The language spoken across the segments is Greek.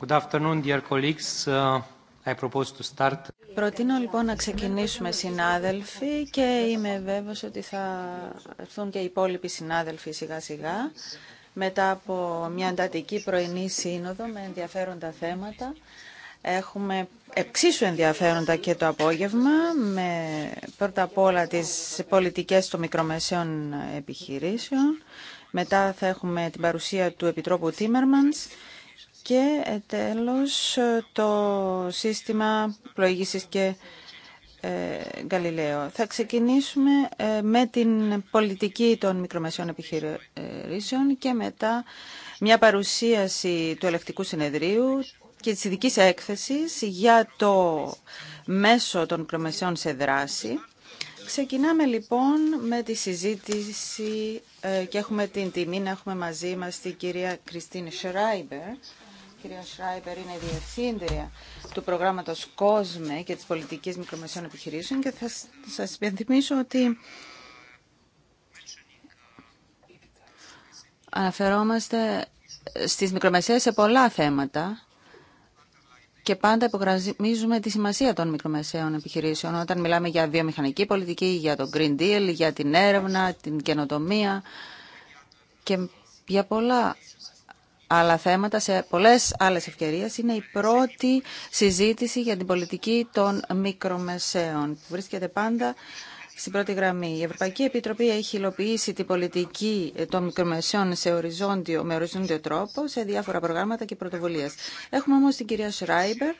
Good afternoon, uh, Προτείνω λοιπόν να ξεκινήσουμε συνάδελφοι και είμαι βέβαιος ότι θα έρθουν και οι υπόλοιποι συνάδελφοι σιγά σιγά μετά από μια εντατική πρωινή σύνοδο με ενδιαφέροντα θέματα. Έχουμε εξίσου ενδιαφέροντα και το απόγευμα με πρώτα απ' όλα τις πολιτικές των μικρομεσαίων επιχειρήσεων μετά θα έχουμε την παρουσία του Επιτρόπου Τίμερμανς και ε, τέλος ε, το σύστημα πλοήγησης και ε, Θα ξεκινήσουμε ε, με την πολιτική των μικρομεσαίων επιχειρήσεων και μετά μια παρουσίαση του ελεκτικού συνεδρίου και της ειδικής έκθεσης για το μέσο των μικρομεσαίων σε δράση. Ξεκινάμε λοιπόν με τη συζήτηση ε, και έχουμε την τιμή να έχουμε μαζί μας την κυρία Κριστίν Σράιμπερ. Η κυρία Σράιμπερ είναι η διευθύντρια του προγράμματος COSME και της πολιτικής μικρομεσαίων επιχειρήσεων και θα σας υπενθυμίσω ότι αναφερόμαστε στις μικρομεσαίες σε πολλά θέματα και πάντα υπογραμμίζουμε τη σημασία των μικρομεσαίων επιχειρήσεων όταν μιλάμε για βιομηχανική πολιτική, για το Green Deal, για την έρευνα, την καινοτομία και για πολλά άλλα θέματα, σε πολλές άλλες ευκαιρίες. Είναι η πρώτη συζήτηση για την πολιτική των μικρομεσαίων που βρίσκεται πάντα στην πρώτη γραμμή. Η Ευρωπαϊκή Επιτροπή έχει υλοποιήσει την πολιτική των μικρομεσαίων σε οριζόντιο, με οριζόντιο τρόπο σε διάφορα προγράμματα και πρωτοβουλίε. Έχουμε όμω την κυρία Σράιμπερ,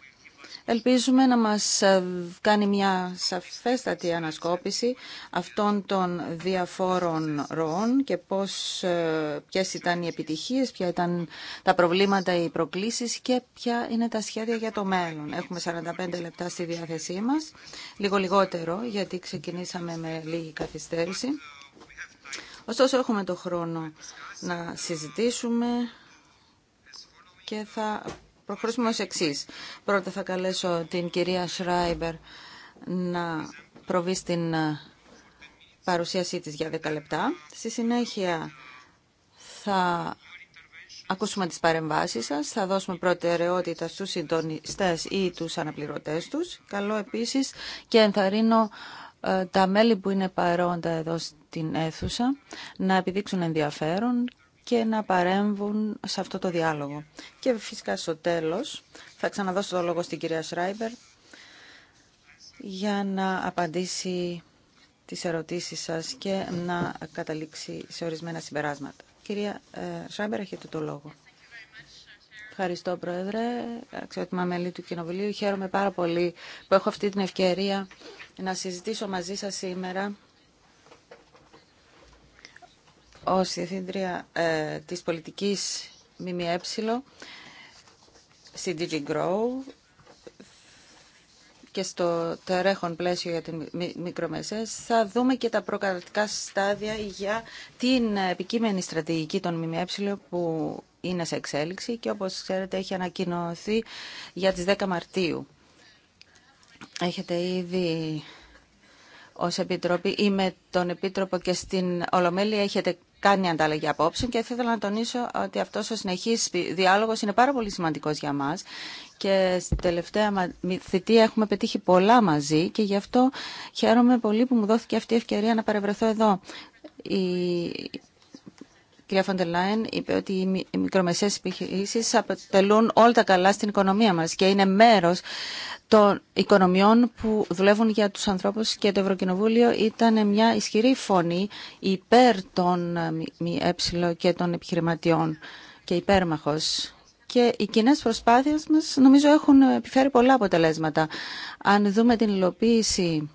ελπίζουμε να μας ε, κάνει μια σαφέστατη ανασκόπηση αυτών των διαφόρων ροών και πώς, ε, ποιες ήταν οι επιτυχίες, ποια ήταν τα προβλήματα, οι προκλήσεις και ποια είναι τα σχέδια για το μέλλον. Έχουμε 45 λεπτά στη διάθεσή μας, λίγο λιγότερο γιατί ξεκινήσαμε με λίγη καθυστέρηση. Ωστόσο έχουμε το χρόνο να συζητήσουμε και θα προχωρήσουμε ως εξής. Πρώτα θα καλέσω την κυρία Σράιμπερ να προβεί στην ε, παρουσίασή της για 10 λεπτά. Στη συνέχεια θα ακούσουμε τις παρεμβάσεις σας, θα δώσουμε προτεραιότητα στους συντονιστές ή τους αναπληρωτές τους. Καλό επίσης και ενθαρρύνω ε, τα μέλη που είναι παρόντα εδώ στην αίθουσα να επιδείξουν ενδιαφέρον και να παρέμβουν σε αυτό το διάλογο. Και φυσικά στο τέλος θα ξαναδώσω το λόγο στην κυρία Σράιμπερ για να απαντήσει τις ερωτήσεις σας και να καταλήξει σε ορισμένα συμπεράσματα. Κυρία Σράιμπερ, έχετε το λόγο. Ευχαριστώ, Πρόεδρε. Αξιότιμα μέλη του Κοινοβουλίου. Χαίρομαι πάρα πολύ που έχω αυτή την ευκαιρία να συζητήσω μαζί σας σήμερα ως Διευθύντρια ε, της Πολιτικής ΜΜΕ στην DG Grow και στο τερέχον πλαίσιο για την μικρομεσές θα δούμε και τα προκαταρκτικά στάδια για την επικείμενη στρατηγική των ΜΜΕ που είναι σε εξέλιξη και όπως ξέρετε έχει ανακοινωθεί για τις 10 Μαρτίου. Έχετε ήδη ως Επιτροπή ή με τον Επίτροπο και στην Ολομέλη έχετε κάνει ανταλλαγή απόψεων και θα ήθελα να τονίσω ότι αυτός ο συνεχής διάλογος είναι πάρα πολύ σημαντικός για μας και στην τελευταία θητεία έχουμε πετύχει πολλά μαζί και γι' αυτό χαίρομαι πολύ που μου δόθηκε αυτή η ευκαιρία να παρευρεθώ εδώ κυρία Φοντελάιν είπε ότι οι μικρομεσαίες επιχείρησει αποτελούν όλα τα καλά στην οικονομία μας και είναι μέρος των οικονομιών που δουλεύουν για τους ανθρώπους και το Ευρωκοινοβούλιο ήταν μια ισχυρή φωνή υπέρ των ΜΕ ε και των επιχειρηματιών και υπέρμαχος. Και οι κοινέ προσπάθειε μα νομίζω έχουν επιφέρει πολλά αποτελέσματα. Αν δούμε την υλοποίηση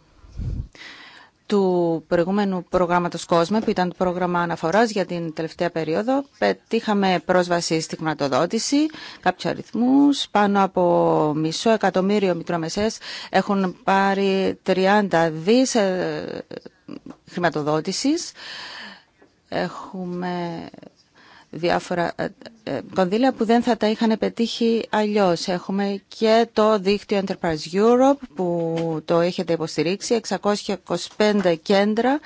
του προηγούμενου προγράμματος COSME, που ήταν το πρόγραμμα αναφοράς για την τελευταία περίοδο, πετύχαμε πρόσβαση στη χρηματοδότηση, κάποιους αριθμούς, πάνω από μισό εκατομμύριο μικρομεσές έχουν πάρει 30 δις ε, χρηματοδότησης. Έχουμε διάφορα ε, ε, κονδύλια που δεν θα τα είχαν πετύχει αλλιώς. Έχουμε και το δίκτυο Enterprise Europe που το έχετε υποστηρίξει, 625 κέντρα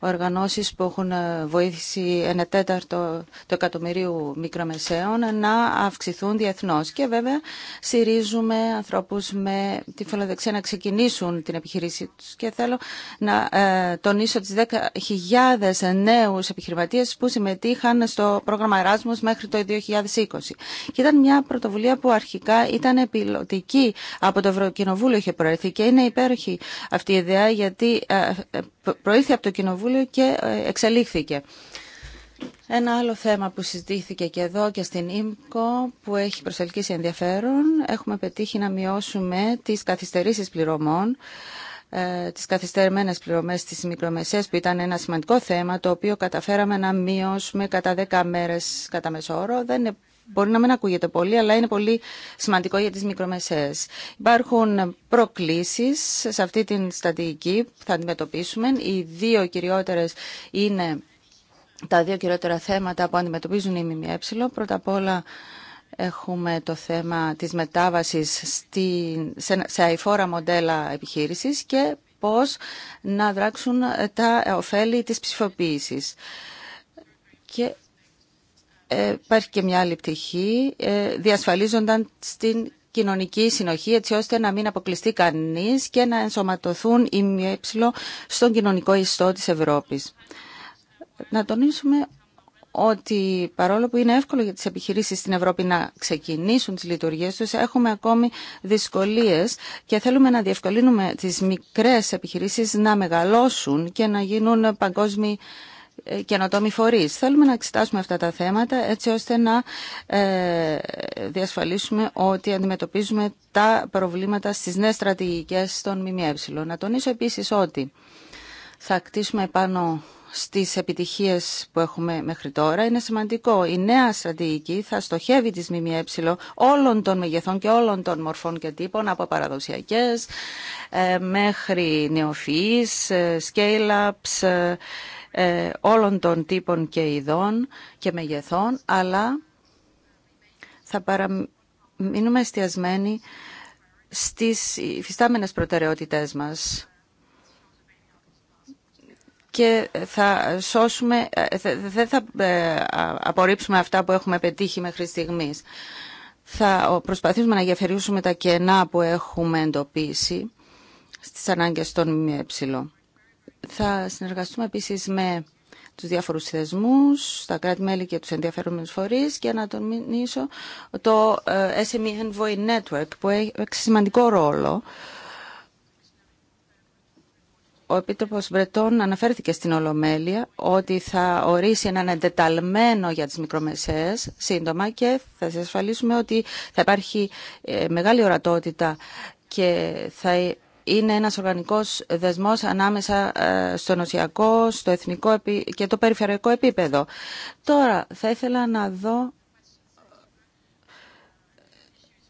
οργανώσεις που έχουν ε, βοήθησει ένα τέταρτο του εκατομμυρίου μικρομεσαίων να αυξηθούν διεθνώς. Και βέβαια συρίζουμε ανθρώπους με τη φιλοδεξία να ξεκινήσουν την επιχειρήση τους. Και θέλω να ε, τονίσω τις 10.000 νέους επιχειρηματίες που συμμετείχαν στο πρόγραμμα Erasmus μέχρι το 2020. Και ήταν μια πρωτοβουλία που αρχικά ήταν επιλοτική από το Ευρωκοινοβούλιο είχε προέρθει και είναι υπέροχη αυτή η ιδέα γιατί ε, προήλθε από το Κοινοβούλιο και ε, εξελίχθηκε. Ένα άλλο θέμα που συζητήθηκε και εδώ και στην ΙΜΚΟ που έχει προσελκύσει ενδιαφέρον. Έχουμε πετύχει να μειώσουμε τις καθυστερήσεις πληρωμών ε, τις καθυστερημένες πληρωμές στις μικρομεσαίες που ήταν ένα σημαντικό θέμα το οποίο καταφέραμε να μειώσουμε κατά 10 μέρες κατά μεσόωρο. Δεν είναι Μπορεί να μην ακούγεται πολύ, αλλά είναι πολύ σημαντικό για τις μικρομεσαίες. Υπάρχουν προκλήσεις σε αυτή την στατική που θα αντιμετωπίσουμε. Οι δύο κυριότερες είναι τα δύο κυριότερα θέματα που αντιμετωπίζουν οι ΜΜΕ. Πρώτα απ' όλα έχουμε το θέμα της μετάβασης στη, σε, σε αηφόρα μοντέλα επιχείρησης και πώς να δράξουν τα ωφέλη της ψηφοποίησης. Και ε, υπάρχει και μια άλλη πτυχή, ε, διασφαλίζονταν στην κοινωνική συνοχή έτσι ώστε να μην αποκλειστεί κανείς και να ενσωματωθούν ή ΜΕ στον κοινωνικό ιστό της Ευρώπης. Να τονίσουμε ότι παρόλο που είναι εύκολο για τις επιχειρήσεις στην Ευρώπη να ξεκινήσουν τις λειτουργίες τους, έχουμε ακόμη δυσκολίες και θέλουμε να διευκολύνουμε τις μικρές επιχειρήσεις να μεγαλώσουν και να γίνουν παγκόσμιοι ε, καινοτόμοι φορεί. Θέλουμε να εξετάσουμε αυτά τα θέματα έτσι ώστε να ε, διασφαλίσουμε ότι αντιμετωπίζουμε τα προβλήματα στις νέες στρατηγικές των ΜΜΕ. Να τονίσω επίσης ότι θα κτίσουμε πάνω στις επιτυχίες που έχουμε μέχρι τώρα. Είναι σημαντικό. Η νέα στρατηγική θα στοχεύει τις ΜΜΕ όλων των μεγεθών και όλων των μορφών και τύπων, από παραδοσιακές ε, μέχρι νεοφυείς, scale-ups, ε, όλων των τύπων και ειδών και μεγεθών, αλλά θα παραμείνουμε εστιασμένοι στις υφιστάμενες προτεραιότητές μας και θα σώσουμε, ε, δεν θα ε, απορρίψουμε αυτά που έχουμε πετύχει μέχρι στιγμής. Θα προσπαθήσουμε να γεφυρίσουμε τα κενά που έχουμε εντοπίσει στις ανάγκες των ΜΕΕ. Θα συνεργαστούμε επίσης με τους διάφορου θεσμού, τα κράτη-μέλη και τους ενδιαφέρουμενου φορεί και να τονίσω το ε, SME Envoy Network που έχει σημαντικό ρόλο. Ο Επίτροπος Μπρετών αναφέρθηκε στην Ολομέλεια ότι θα ορίσει έναν εντεταλμένο για τις μικρομεσαίες σύντομα και θα σα ασφαλίσουμε ότι θα υπάρχει ε, μεγάλη ορατότητα και θα είναι ένας οργανικός δεσμός ανάμεσα ε, στο νοσιακό, στο εθνικό και το περιφερειακό επίπεδο. Τώρα θα ήθελα να δω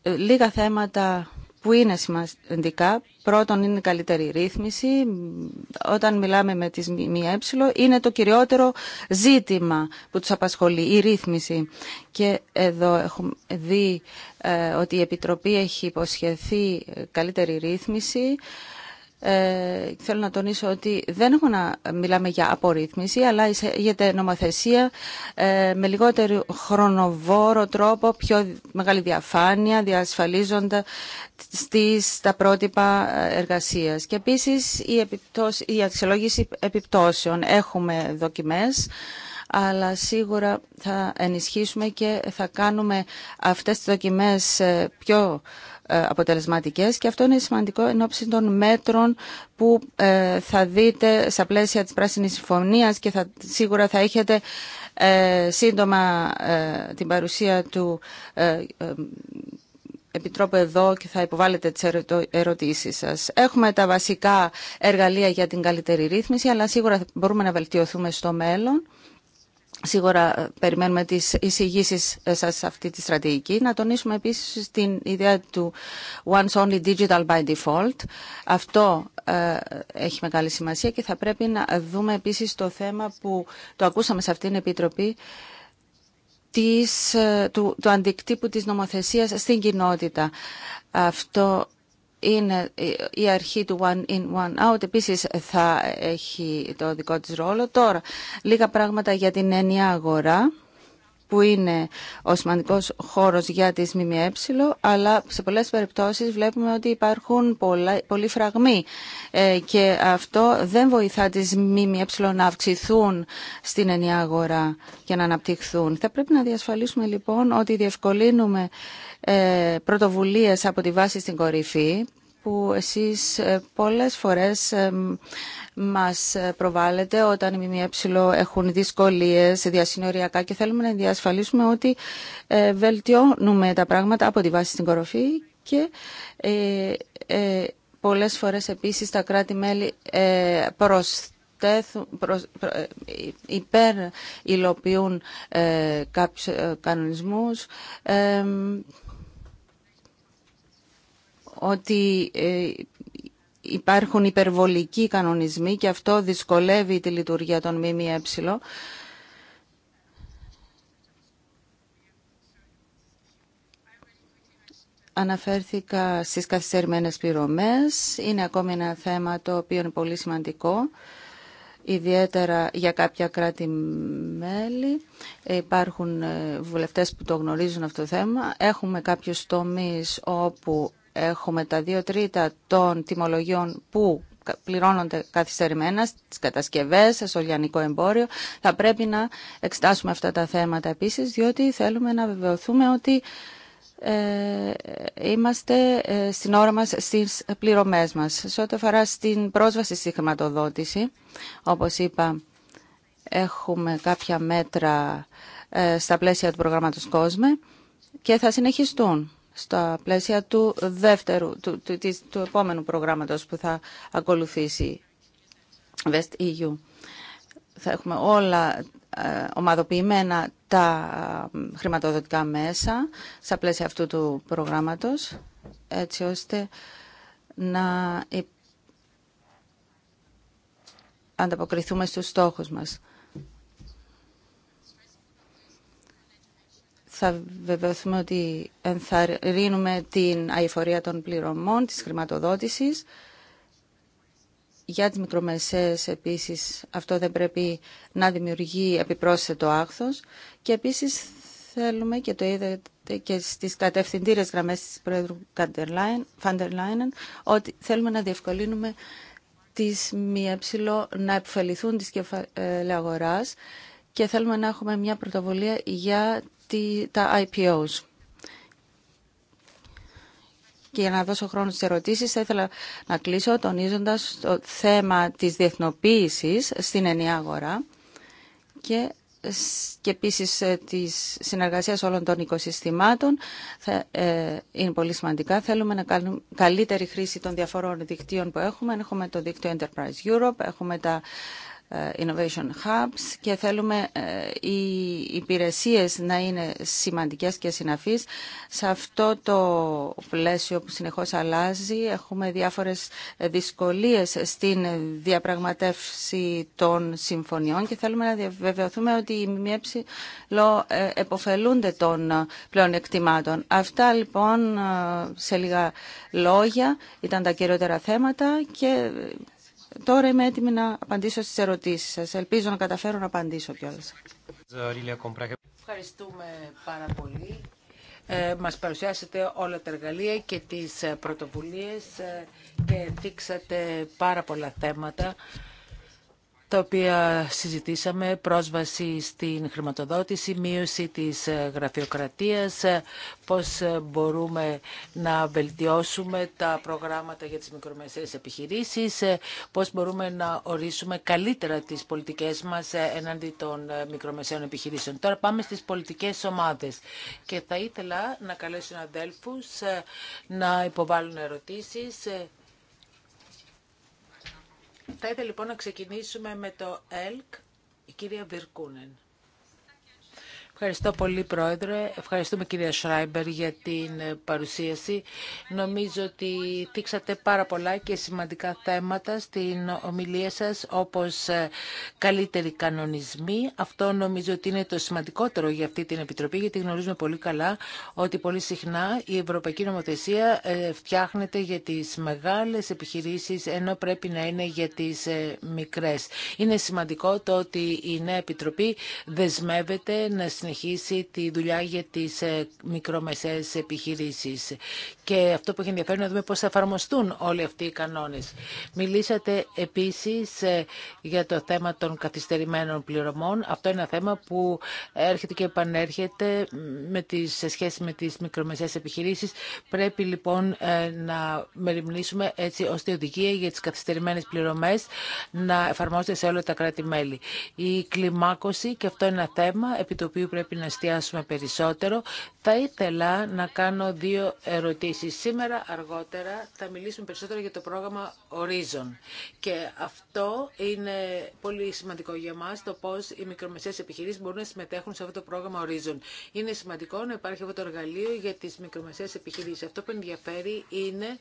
ε, λίγα θέματα που είναι σημαντικά. Πρώτον είναι η καλύτερη ρύθμιση. Όταν μιλάμε με τις έψιλο είναι το κυριότερο ζήτημα που τους απασχολεί, η ρύθμιση. Και εδώ έχουμε δει ε, ότι η Επιτροπή έχει υποσχεθεί ε, καλύτερη ρύθμιση. Ε, θέλω να τονίσω ότι δεν έχουμε να μιλάμε για απορρίθμιση, αλλά για νομοθεσία ε, με λιγότερο χρονοβόρο τρόπο, πιο μεγάλη διαφάνεια, διασφαλίζοντα στις, τα πρότυπα ε, εργασίας. Και επίσης η, η αξιολόγηση επιπτώσεων. Έχουμε δοκιμές αλλά σίγουρα θα ενισχύσουμε και θα κάνουμε αυτές τις δοκιμές πιο ε, αποτελεσματικές και αυτό είναι σημαντικό εν ώψη των μέτρων που ε, θα δείτε στα πλαίσια της Πράσινης Συμφωνίας και θα, σίγουρα θα έχετε ε, σύντομα την παρουσία του Επιτρόπου εδώ και θα υποβάλλετε τις ερωτήσεις σας. Έχουμε τα βασικά εργαλεία για την καλύτερη ρύθμιση, αλλά σίγουρα μπορούμε να βελτιωθούμε στο μέλλον. Σίγουρα ε, περιμένουμε τις εισηγήσεις ε, σας σε αυτή τη στρατηγική. Να τονίσουμε επίσης την ιδέα του Once Only Digital by Default. Αυτό ε, έχει μεγάλη σημασία και θα πρέπει να δούμε επίσης το θέμα που το ακούσαμε σε αυτήν την Επιτροπή της, του, του αντικτύπου της νομοθεσίας στην κοινότητα. Αυτό είναι η αρχή του one in, one out. Επίσης θα έχει το δικό της ρόλο. Τώρα, λίγα πράγματα για την ενιαία αγορά που είναι ο σημαντικός χώρος για τις ΜΜΕ, αλλά σε πολλές περιπτώσεις βλέπουμε ότι υπάρχουν πολλοί φραγμοί ε, και αυτό δεν βοηθά τις ΜΜΕ να αυξηθούν στην ενιαία αγορά και να αναπτυχθούν. Θα πρέπει να διασφαλίσουμε λοιπόν ότι διευκολύνουμε ε, πρωτοβουλίες από τη βάση στην κορυφή που εσείς ε, πολλές φορές ε, μας ε, προβάλλετε όταν οι ΜΜΕ έχουν δυσκολίες διασυνοριακά και θέλουμε να διασφαλίσουμε ότι βελτιώνουμε τα πράγματα από τη βάση στην κοροφή και πολλές φορές επίσης τα κράτη-μέλη υπερ υλοποιούν κάποιους κανονισμούς ότι ε, υπάρχουν υπερβολικοί κανονισμοί και αυτό δυσκολεύει τη λειτουργία των ΜΜΕ. Αναφέρθηκα στις καθυστερημένες πυρομές. Είναι ακόμη ένα θέμα το οποίο είναι πολύ σημαντικό, ιδιαίτερα για κάποια κράτη-μέλη. Υπάρχουν ε, βουλευτές που το γνωρίζουν αυτό το θέμα. Έχουμε κάποιους τομείς όπου έχουμε τα δύο τρίτα των τιμολογιών που πληρώνονται καθυστερημένα στι κατασκευέ, στο λιανικό εμπόριο. Θα πρέπει να εξετάσουμε αυτά τα θέματα επίσης, διότι θέλουμε να βεβαιωθούμε ότι ε, είμαστε ε, στην ώρα μας στις πληρωμές μας. Σε ό,τι αφορά στην πρόσβαση στη χρηματοδότηση, όπως είπα, έχουμε κάποια μέτρα ε, στα πλαίσια του προγράμματος Κόσμε και θα συνεχιστούν στα πλαίσια του δεύτερου, του, του, του, επόμενου προγράμματος που θα ακολουθήσει West EU. Θα έχουμε όλα ε, ομαδοποιημένα τα ε, χρηματοδοτικά μέσα στα πλαίσια αυτού του προγράμματος, έτσι ώστε να ανταποκριθούμε στους στόχους μας. θα βεβαιωθούμε ότι ενθαρρύνουμε την αηφορία των πληρωμών, της χρηματοδότησης. Για τις μικρομεσαίες επίσης αυτό δεν πρέπει να δημιουργεί επιπρόσθετο άγχος και επίσης θέλουμε και το είδατε και στις κατευθυντήρες γραμμές της Πρόεδρου Φαντερλάινεν ότι θέλουμε να διευκολύνουμε τις ΜΕ να επωφεληθούν της κεφαλαίου ε, και θέλουμε να έχουμε μια πρωτοβουλία για τα IPOs. Και για να δώσω χρόνο στις ερωτήσεις, θα ήθελα να κλείσω τονίζοντας το θέμα της διεθνοποίησης στην ενιαία αγορά και και επίσης ε, της συνεργασίας όλων των οικοσυστημάτων θα, ε, είναι πολύ σημαντικά. Θέλουμε να κάνουμε καλύτερη χρήση των διαφορών δικτύων που έχουμε. Έχουμε το δίκτυο Enterprise Europe, έχουμε τα ε, innovation hubs και θέλουμε ε, οι υπηρεσίες να είναι σημαντικές και συναφείς. Σε αυτό το πλαίσιο που συνεχώς αλλάζει έχουμε διάφορες δυσκολίες στην διαπραγματεύση των συμφωνιών και θέλουμε να διαβεβαιωθούμε ότι οι ΜΜΕ εποφελούνται των πλέον εκτιμάτων. Αυτά λοιπόν ε, σε λίγα λόγια ήταν τα κυριότερα θέματα και Τώρα είμαι έτοιμη να απαντήσω στις ερωτήσεις σας. Ελπίζω να καταφέρω να απαντήσω κιόλας. Ευχαριστούμε πάρα πολύ. Ε, μας παρουσιάσετε όλα τα εργαλεία και τις πρωτοβουλίες ε, και δείξατε πάρα πολλά θέματα τα οποία συζητήσαμε, πρόσβαση στην χρηματοδότηση, μείωση της ε, γραφειοκρατίας, ε, πώς ε, μπορούμε να βελτιώσουμε τα προγράμματα για τις μικρομεσαίες επιχειρήσεις, πώς μπορούμε να ορίσουμε καλύτερα τις πολιτικές μας έναντι των μικρομεσαίων επιχειρήσεων. Τώρα πάμε στις πολιτικές ομάδες και θα ήθελα να καλέσω αδέλφους να υποβάλουν ερωτήσεις θα ήθελα λοιπόν να ξεκινήσουμε με το ΕΛΚ, η κυρία Βιρκούνεν. Ευχαριστώ πολύ, Πρόεδρε. Ευχαριστούμε, κυρία Σράιμπερ, για την ε, παρουσίαση. Νομίζω ότι θίξατε πάρα πολλά και σημαντικά θέματα στην ομιλία σας, όπως ε, καλύτεροι κανονισμοί. Αυτό νομίζω ότι είναι το σημαντικότερο για αυτή την Επιτροπή, γιατί γνωρίζουμε πολύ καλά ότι πολύ συχνά η Ευρωπαϊκή Νομοθεσία ε, φτιάχνεται για τις μεγάλες επιχειρήσεις, ενώ πρέπει να είναι για τις μικρές. Είναι σημαντικό το ότι η νέα Επιτροπή δεσμεύεται να συνεχίσει συνεχίσει τη δουλειά για τι ε, μικρομεσαίες επιχειρήσει. Και αυτό που έχει ενδιαφέρον είναι να δούμε πω θα εφαρμοστούν όλοι αυτοί οι κανόνε. Μιλήσατε επίση ε, για το θέμα των καθυστερημένων πληρωμών. Αυτό είναι ένα θέμα που έρχεται και επανέρχεται με τις, σε σχέση με τι μικρομεσαίες επιχειρήσει. Πρέπει λοιπόν ε, να μεριμνήσουμε έτσι ώστε η οδηγία για τι καθυστερημένες πληρωμές να εφαρμόζεται σε όλα τα κράτη-μέλη. Η κλιμάκωση, και αυτό είναι ένα θέμα επί το οποίο πρέπει πρέπει να εστιάσουμε περισσότερο. Θα ήθελα να κάνω δύο ερωτήσεις. Σήμερα αργότερα θα μιλήσουμε περισσότερο για το πρόγραμμα Horizon. Και αυτό είναι πολύ σημαντικό για μας, το πώς οι μικρομεσαίες επιχειρήσεις μπορούν να συμμετέχουν σε αυτό το πρόγραμμα Horizon. Είναι σημαντικό να υπάρχει αυτό το εργαλείο για τις μικρομεσαίες επιχειρήσεις. Αυτό που ενδιαφέρει είναι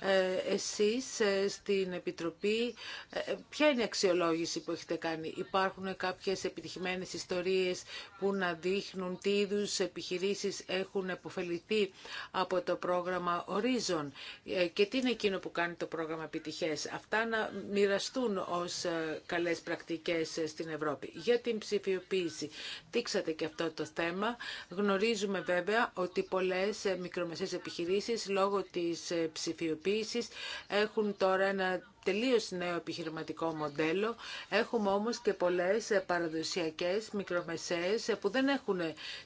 ε, εσείς ε, στην Επιτροπή, ε, ποια είναι η αξιολόγηση που έχετε κάνει. Υπάρχουν κάποιες επιτυχημένες ιστορίες που να δείχνουν τι είδου επιχειρήσεις έχουν επωφεληθεί από το πρόγραμμα Horizon ε, και τι είναι εκείνο που κάνει το πρόγραμμα επιτυχές. Αυτά να μοιραστούν ως ε, καλές πρακτικές ε, στην Ευρώπη. Για την ψηφιοποίηση, Δείξατε και αυτό το θέμα. Γνωρίζουμε βέβαια ότι πολλές μικρομεσαίες επιχειρήσεις λόγω της ψηφιοποίησης έχουν τώρα ένα τελείως νέο επιχειρηματικό μοντέλο. Έχουμε όμως και πολλές παραδοσιακές μικρομεσαίες που δεν έχουν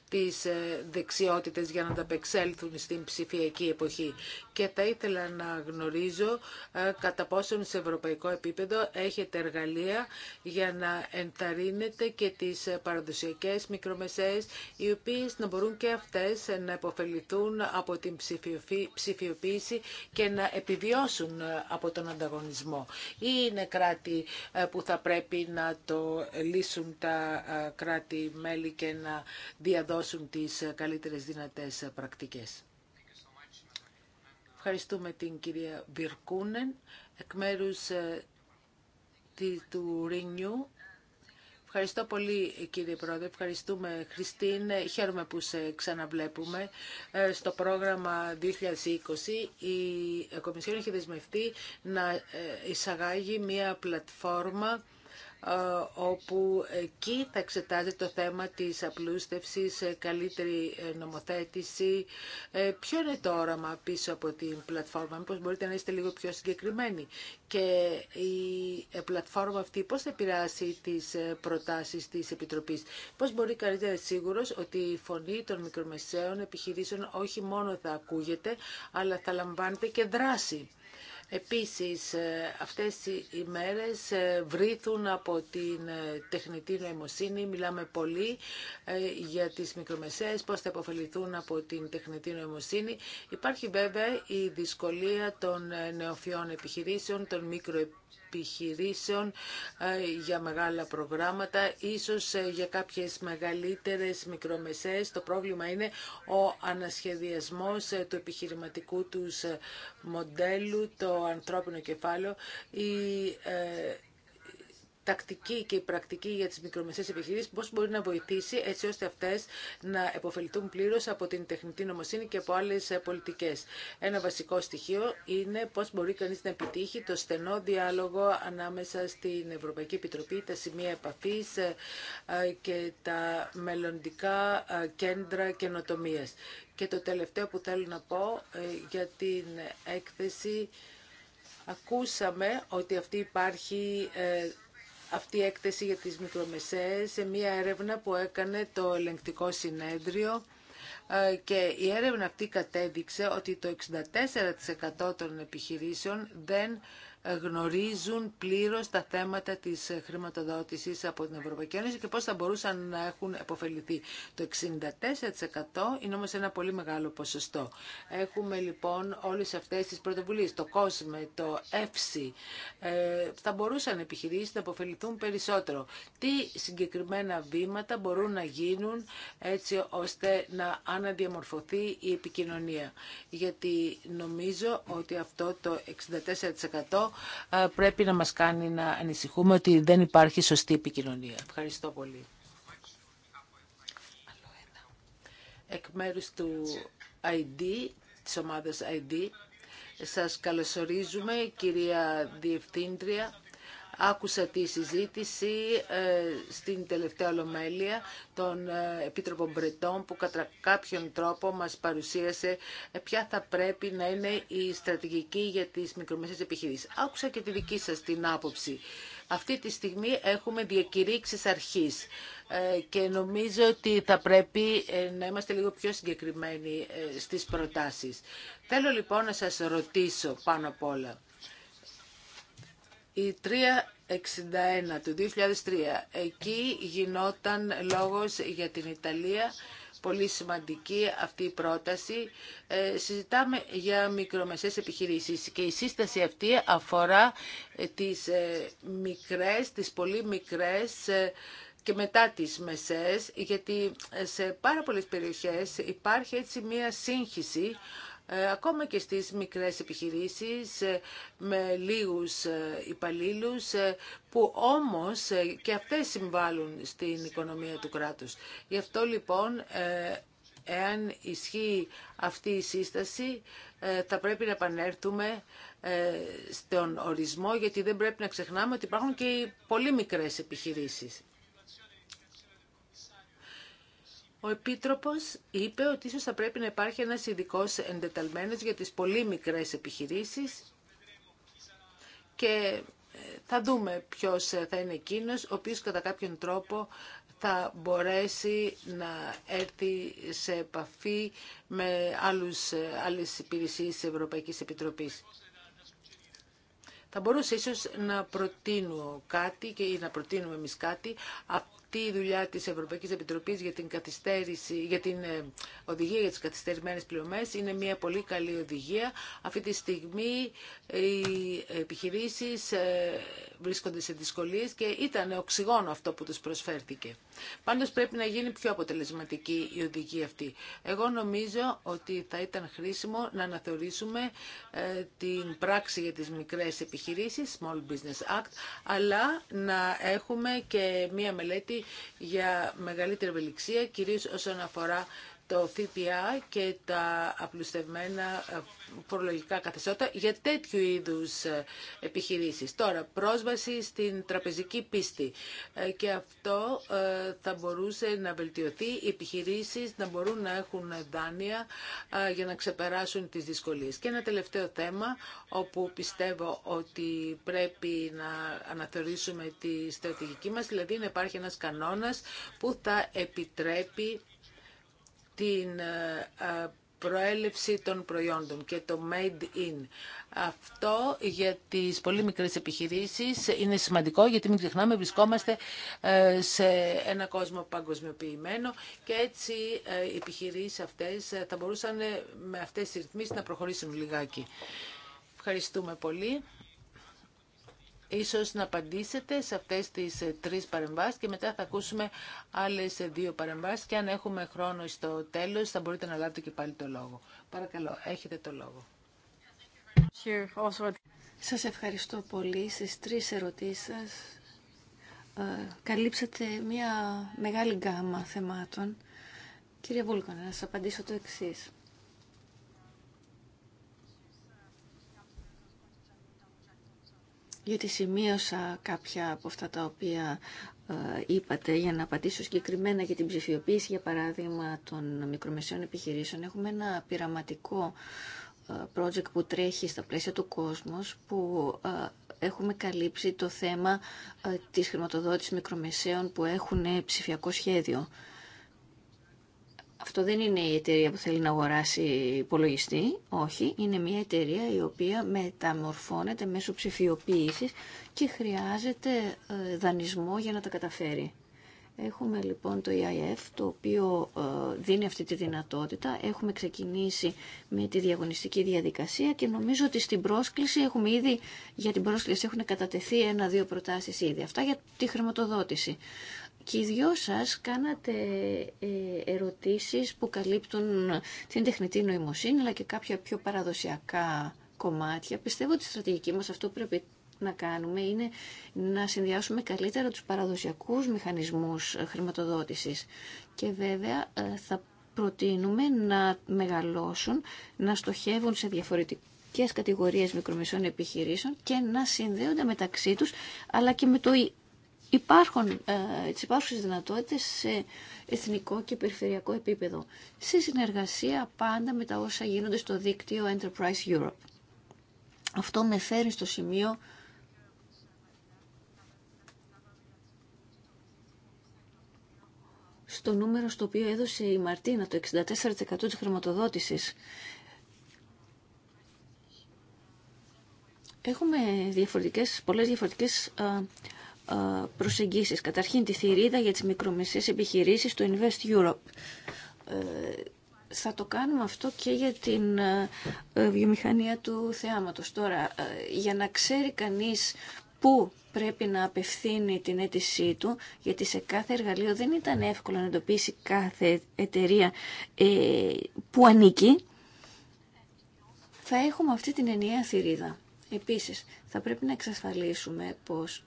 τις ε, δεξιότητες για να ανταπεξέλθουν στην ψηφιακή εποχή. Και θα ήθελα να γνωρίζω ε, κατά πόσον σε ευρωπαϊκό επίπεδο έχετε εργαλεία για να ενθαρρύνετε και τις ε, παραδοσιακές μικρομεσαίες οι οποίες να μπορούν και αυτές να υποφεληθούν από την ψηφιοποίηση και να επιβιώσουν από τον ανταγωνισμό ή είναι κράτη που θα πρέπει να το λύσουν τα ε, κράτη-μέλη και να διαδώσουν τις ε, καλύτερες δυνατές ε, πρακτικές. Ευχαριστούμε την κυρία Βιρκούνεν εκ μέρους του Renew Ευχαριστώ πολύ κύριε Πρόεδρε, ευχαριστούμε Χριστίν, χαίρομαι που σε ξαναβλέπουμε. Ε, στο πρόγραμμα 2020 η Κομισιόν έχει δεσμευτεί να ε, εισαγάγει μια πλατφόρμα όπου εκεί θα εξετάζεται το θέμα της απλούστευσης, ε, καλύτερη ε, νομοθέτηση. Ε, ποιο είναι το όραμα πίσω από την πλατφόρμα, μήπως μπορείτε να είστε λίγο πιο συγκεκριμένοι. Και η πλατφόρμα αυτή πώς θα επηρεάσει τις προτάσεις της Επιτροπής. Πώς μπορεί καλύτερα να είναι σίγουρος ότι η φωνή των μικρομεσαίων επιχειρήσεων όχι μόνο θα ακούγεται, αλλά θα λαμβάνεται και δράση. Επίσης, ε, αυτές οι μέρες ε, βρίθουν από την ε, τεχνητή νοημοσύνη. Μιλάμε πολύ για τις μικρομεσαίες, πώς θα υποφεληθούν από την τεχνητή νοημοσύνη. Υπάρχει βέβαια η δυσκολία των νεοφιών επιχειρήσεων, των μικροεπιχειρήσεων επιχειρήσεων ε, για μεγάλα προγράμματα, ίσως ε, για κάποιες μεγαλύτερες μικρομεσαίες. Το πρόβλημα είναι ο ανασχεδιασμός ε, του επιχειρηματικού τους μοντέλου, το ανθρώπινο κεφάλαιο. Η τακτική και η πρακτική για τις μικρομεσαίες επιχειρήσεις, πώς μπορεί να βοηθήσει έτσι ώστε αυτέ να επωφεληθούν πλήρως από την τεχνητή νομοσύνη και από άλλες πολιτικές. Ένα βασικό στοιχείο είναι πώς μπορεί κανείς να επιτύχει το στενό διάλογο ανάμεσα στην Ευρωπαϊκή Επιτροπή, τα σημεία επαφής ε, και τα μελλοντικά ε, κέντρα καινοτομία. Και το τελευταίο που θέλω να πω ε, για την έκθεση Ακούσαμε ότι αυτή υπάρχει αυτή η έκθεση για τις μικρομεσαίες σε μία έρευνα που έκανε το ελεγκτικό συνέδριο ε, και η έρευνα αυτή κατέδειξε ότι το 64% των επιχειρήσεων δεν γνωρίζουν πλήρως τα θέματα της χρηματοδότησης από την Ευρωπαϊκή Ένωση και πώς θα μπορούσαν να έχουν επωφεληθεί. Το 64% είναι όμως ένα πολύ μεγάλο ποσοστό. Έχουμε λοιπόν όλες αυτές τις πρωτοβουλίες, το COSME, το EFSI. Ε, θα μπορούσαν επιχειρήσεις να επωφεληθούν περισσότερο. Τι συγκεκριμένα βήματα μπορούν να γίνουν έτσι ώστε να αναδιαμορφωθεί η επικοινωνία. Γιατί νομίζω ότι αυτό το 64% ε, πρέπει να μας κάνει να ανησυχούμε ότι δεν υπάρχει σωστή επικοινωνία. Ευχαριστώ πολύ. Εκ μέρους του ID, της ομάδας ID, σας καλωσορίζουμε, κυρία Διευθύντρια. Άκουσα τη συζήτηση ε, στην τελευταία ολομέλεια των ε, Επίτροπων Μπρετών που κατά κάποιον τρόπο μας παρουσίασε ε, ποια θα πρέπει να είναι η στρατηγική για τις μικρομεσαίες επιχειρήσεις. Άκουσα και τη δική σας την άποψη. Αυτή τη στιγμή έχουμε διακηρύξεις αρχής και νομίζω ότι θα πρέπει να είμαστε λίγο πιο συγκεκριμένοι στις προτάσεις. Θέλω λοιπόν να σας ρωτήσω πάνω απ' όλα. Η 361 του 2003, εκεί γινόταν λόγος για την Ιταλία, πολύ σημαντική αυτή η πρόταση. Ε, συζητάμε για μικρομεσαίες επιχειρήσεις και η σύσταση αυτή αφορά ε, τις ε, μικρές, τις πολύ μικρές και μετά τις μεσές, γιατί σε πάρα πολλές περιοχές υπάρχει έτσι μία σύγχυση ε, ακόμα και στις μικρές επιχειρήσεις ε, με λίγους ε, υπαλλήλους που όμως και αυτές συμβάλλουν στην οικονομία του κράτους. Γι' αυτό λοιπόν εάν ισχύει αυτή η σύσταση θα πρέπει να επανέλθουμε στον ορισμό γιατί δεν πρέπει να ξεχνάμε ότι υπάρχουν και οι πολύ μικρές επιχειρήσεις. Ο επίτροπο είπε ότι ίσω θα πρέπει να υπάρχει ένα ειδικό εντεταλμένο για τι πολύ μικρέ επιχειρήσει. και ε, θα δούμε ποιο θα είναι εκείνο, ο οποίο κατά κάποιον τρόπο θα μπορέσει να έρθει σε επαφή με άλλους, ε, άλλες υπηρεσίες της Ευρωπαϊκής Επιτροπής. Θα μπορούσε ίσως να προτείνω κάτι και να προτείνουμε εμεί κάτι η δουλειά της Ευρωπαϊκής Επιτροπής για την, καθυστέρηση, για την ε, οδηγία για τις καθυστερημένες πληρωμές είναι μια πολύ καλή οδηγία. Αυτή τη στιγμή οι επιχειρήσεις ε, βρίσκονται σε δυσκολίες και ήταν οξυγόνο αυτό που τους προσφέρθηκε. Πάντως πρέπει να γίνει πιο αποτελεσματική η οδηγία αυτή. Εγώ νομίζω ότι θα ήταν χρήσιμο να αναθεωρήσουμε ε, την πράξη για τις μικρές επιχειρήσεις, Small Business Act, αλλά να έχουμε και μία μελέτη για μεγαλύτερη ευελιξία, κυρίως όσον αφορά το ΦΠΑ και τα απλουστευμένα ε, φορολογικά καθεστώτα για τέτοιου είδους ε, επιχειρήσεις. Τώρα, πρόσβαση στην τραπεζική πίστη ε, και αυτό θα μπορούσε να βελτιωθεί οι επιχειρήσεις να μπορούν να έχουν δάνεια για να ξεπεράσουν τις δυσκολίες. Και ένα τελευταίο θέμα όπου πιστεύω ότι πρέπει να αναθεωρήσουμε τη στρατηγική μας, δηλαδή να υπάρχει ένας κανόνας που θα επιτρέπει την ε, ε, προέλευση των προϊόντων και το made in. Αυτό για τις πολύ μικρές επιχειρήσεις είναι σημαντικό γιατί μην ξεχνάμε βρισκόμαστε ε, σε ένα κόσμο παγκοσμιοποιημένο και έτσι οι επιχειρήσεις αυτές θα μπορούσαν με αυτές τις ρυθμίσεις να προχωρήσουν λιγάκι. Ευχαριστούμε πολύ. Ίσως να απαντήσετε σε αυτές τις ε, τρεις παρεμβάσεις και μετά θα ακούσουμε άλλες ε, δύο παρεμβάσεις και αν έχουμε χρόνο στο τέλος θα μπορείτε να λάβετε και πάλι το λόγο. Παρακαλώ, έχετε το λόγο. Σας ευχαριστώ πολύ στις τρεις ερωτήσεις σας. Ε, καλύψατε μια μεγάλη γκάμα θεμάτων. Κύριε Βούλκονα, να σας απαντήσω το εξής. γιατί σημείωσα κάποια από αυτά τα οποία ε, είπατε για να απαντήσω συγκεκριμένα για την ψηφιοποίηση, για παράδειγμα, των μικρομεσαίων επιχειρήσεων. Έχουμε ένα πειραματικό ε, project που τρέχει στα πλαίσια του κόσμος που ε, έχουμε καλύψει το θέμα της χρηματοδότησης μικρομεσαίων που έχουν ψηφιακό σχέδιο. Αυτό δεν είναι η εταιρεία που θέλει να αγοράσει υπολογιστή, όχι. Είναι μια εταιρεία η οποία μεταμορφώνεται μέσω ψηφιοποίησης και χρειάζεται ε, δανεισμό για να τα καταφέρει. Έχουμε λοιπόν το EIF το οποίο ε, δίνει αυτή τη δυνατότητα. Έχουμε ξεκινήσει με τη διαγωνιστική διαδικασία και νομίζω ότι στην πρόσκληση έχουμε ήδη, για την πρόσκληση έχουν κατατεθεί ένα-δύο προτάσεις ήδη. Αυτά για τη χρηματοδότηση και οι δυο σας κάνατε ε, ερωτήσεις που καλύπτουν την τεχνητή νοημοσύνη αλλά και κάποια πιο παραδοσιακά κομμάτια. Πιστεύω ότι η στρατηγική μας αυτό πρέπει να κάνουμε είναι να συνδυάσουμε καλύτερα τους παραδοσιακούς μηχανισμούς χρηματοδότησης. Και βέβαια ε, θα προτείνουμε να μεγαλώσουν, να στοχεύουν σε διαφορετικές κατηγορίες μικρομεσών επιχειρήσεων και να συνδέονται μεταξύ τους, αλλά και με το υπάρχουν ε, τις υπάρχουσες δυνατότητες σε εθνικό και περιφερειακό επίπεδο, σε συνεργασία πάντα με τα όσα γίνονται στο δίκτυο Enterprise Europe. Αυτό με φέρει στο σημείο στο νούμερο στο οποίο έδωσε η Μαρτίνα, το 64% της χρηματοδότησης. Έχουμε διαφορετικές, πολλές διαφορετικές ε, ε, προσεγγίσεις. Καταρχήν τη θηρίδα για τις μικρομεσαίες επιχειρήσεις του Invest Europe. Ε, θα το κάνουμε αυτό και για την ε, βιομηχανία του θεάματος. Τώρα, για να ξέρει κανείς πού πρέπει να απευθύνει την αίτησή του, γιατί σε κάθε εργαλείο δεν ήταν εύκολο να εντοπίσει κάθε εταιρεία που ανήκει, θα έχουμε αυτή την ενιαία θηρίδα. Επίσης, θα πρέπει να εξασφαλίσουμε πως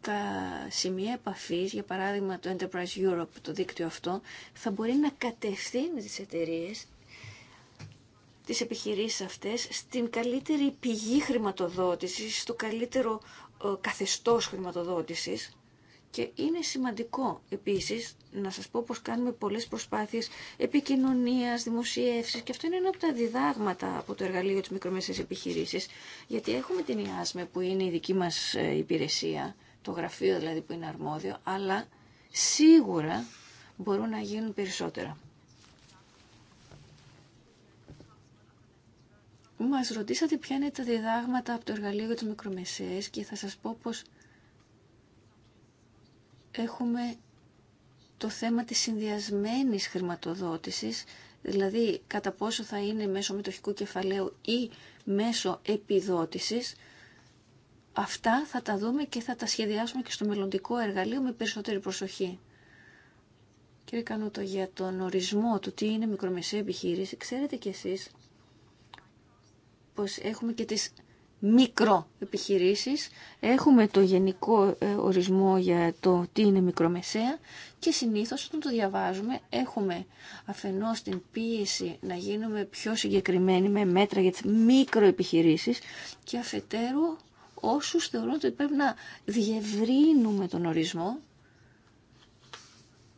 τα σημεία επαφής, για παράδειγμα το Enterprise Europe, το δίκτυο αυτό, θα μπορεί να κατευθύνει τις εταιρείε τις επιχειρήσεις αυτές στην καλύτερη πηγή χρηματοδότησης, στο καλύτερο ε, καθεστώς χρηματοδότησης. Και είναι σημαντικό επίσης να σας πω πως κάνουμε πολλές προσπάθειες επικοινωνίας, δημοσίευσης και αυτό είναι ένα από τα διδάγματα από το εργαλείο της μικρομεσαίας επιχειρήσης γιατί έχουμε την ΙΑΣΜΕ που είναι η δική μας ε, υπηρεσία το γραφείο δηλαδή που είναι αρμόδιο, αλλά σίγουρα μπορούν να γίνουν περισσότερα. Μας ρωτήσατε ποια είναι τα διδάγματα από το εργαλείο για τις μικρομεσαίες και θα σας πω πως έχουμε το θέμα της συνδυασμένης χρηματοδότησης, δηλαδή κατά πόσο θα είναι μέσω μετοχικού κεφαλαίου ή μέσω επιδότησης, Αυτά θα τα δούμε και θα τα σχεδιάσουμε και στο μελλοντικό εργαλείο με περισσότερη προσοχή. Κύριε Κανούτο, για τον ορισμό του τι είναι μικρομεσαία επιχείρηση, ξέρετε κι εσείς πως έχουμε και τις μικροεπιχειρήσεις, έχουμε το γενικό ε, ορισμό για το τι είναι μικρομεσαία και συνήθως όταν το διαβάζουμε έχουμε αφενός την πίεση να γίνουμε πιο συγκεκριμένοι με μέτρα για τις μικροεπιχειρήσεις και αφετέρου όσους θεωρούν ότι πρέπει να διευρύνουμε τον ορισμό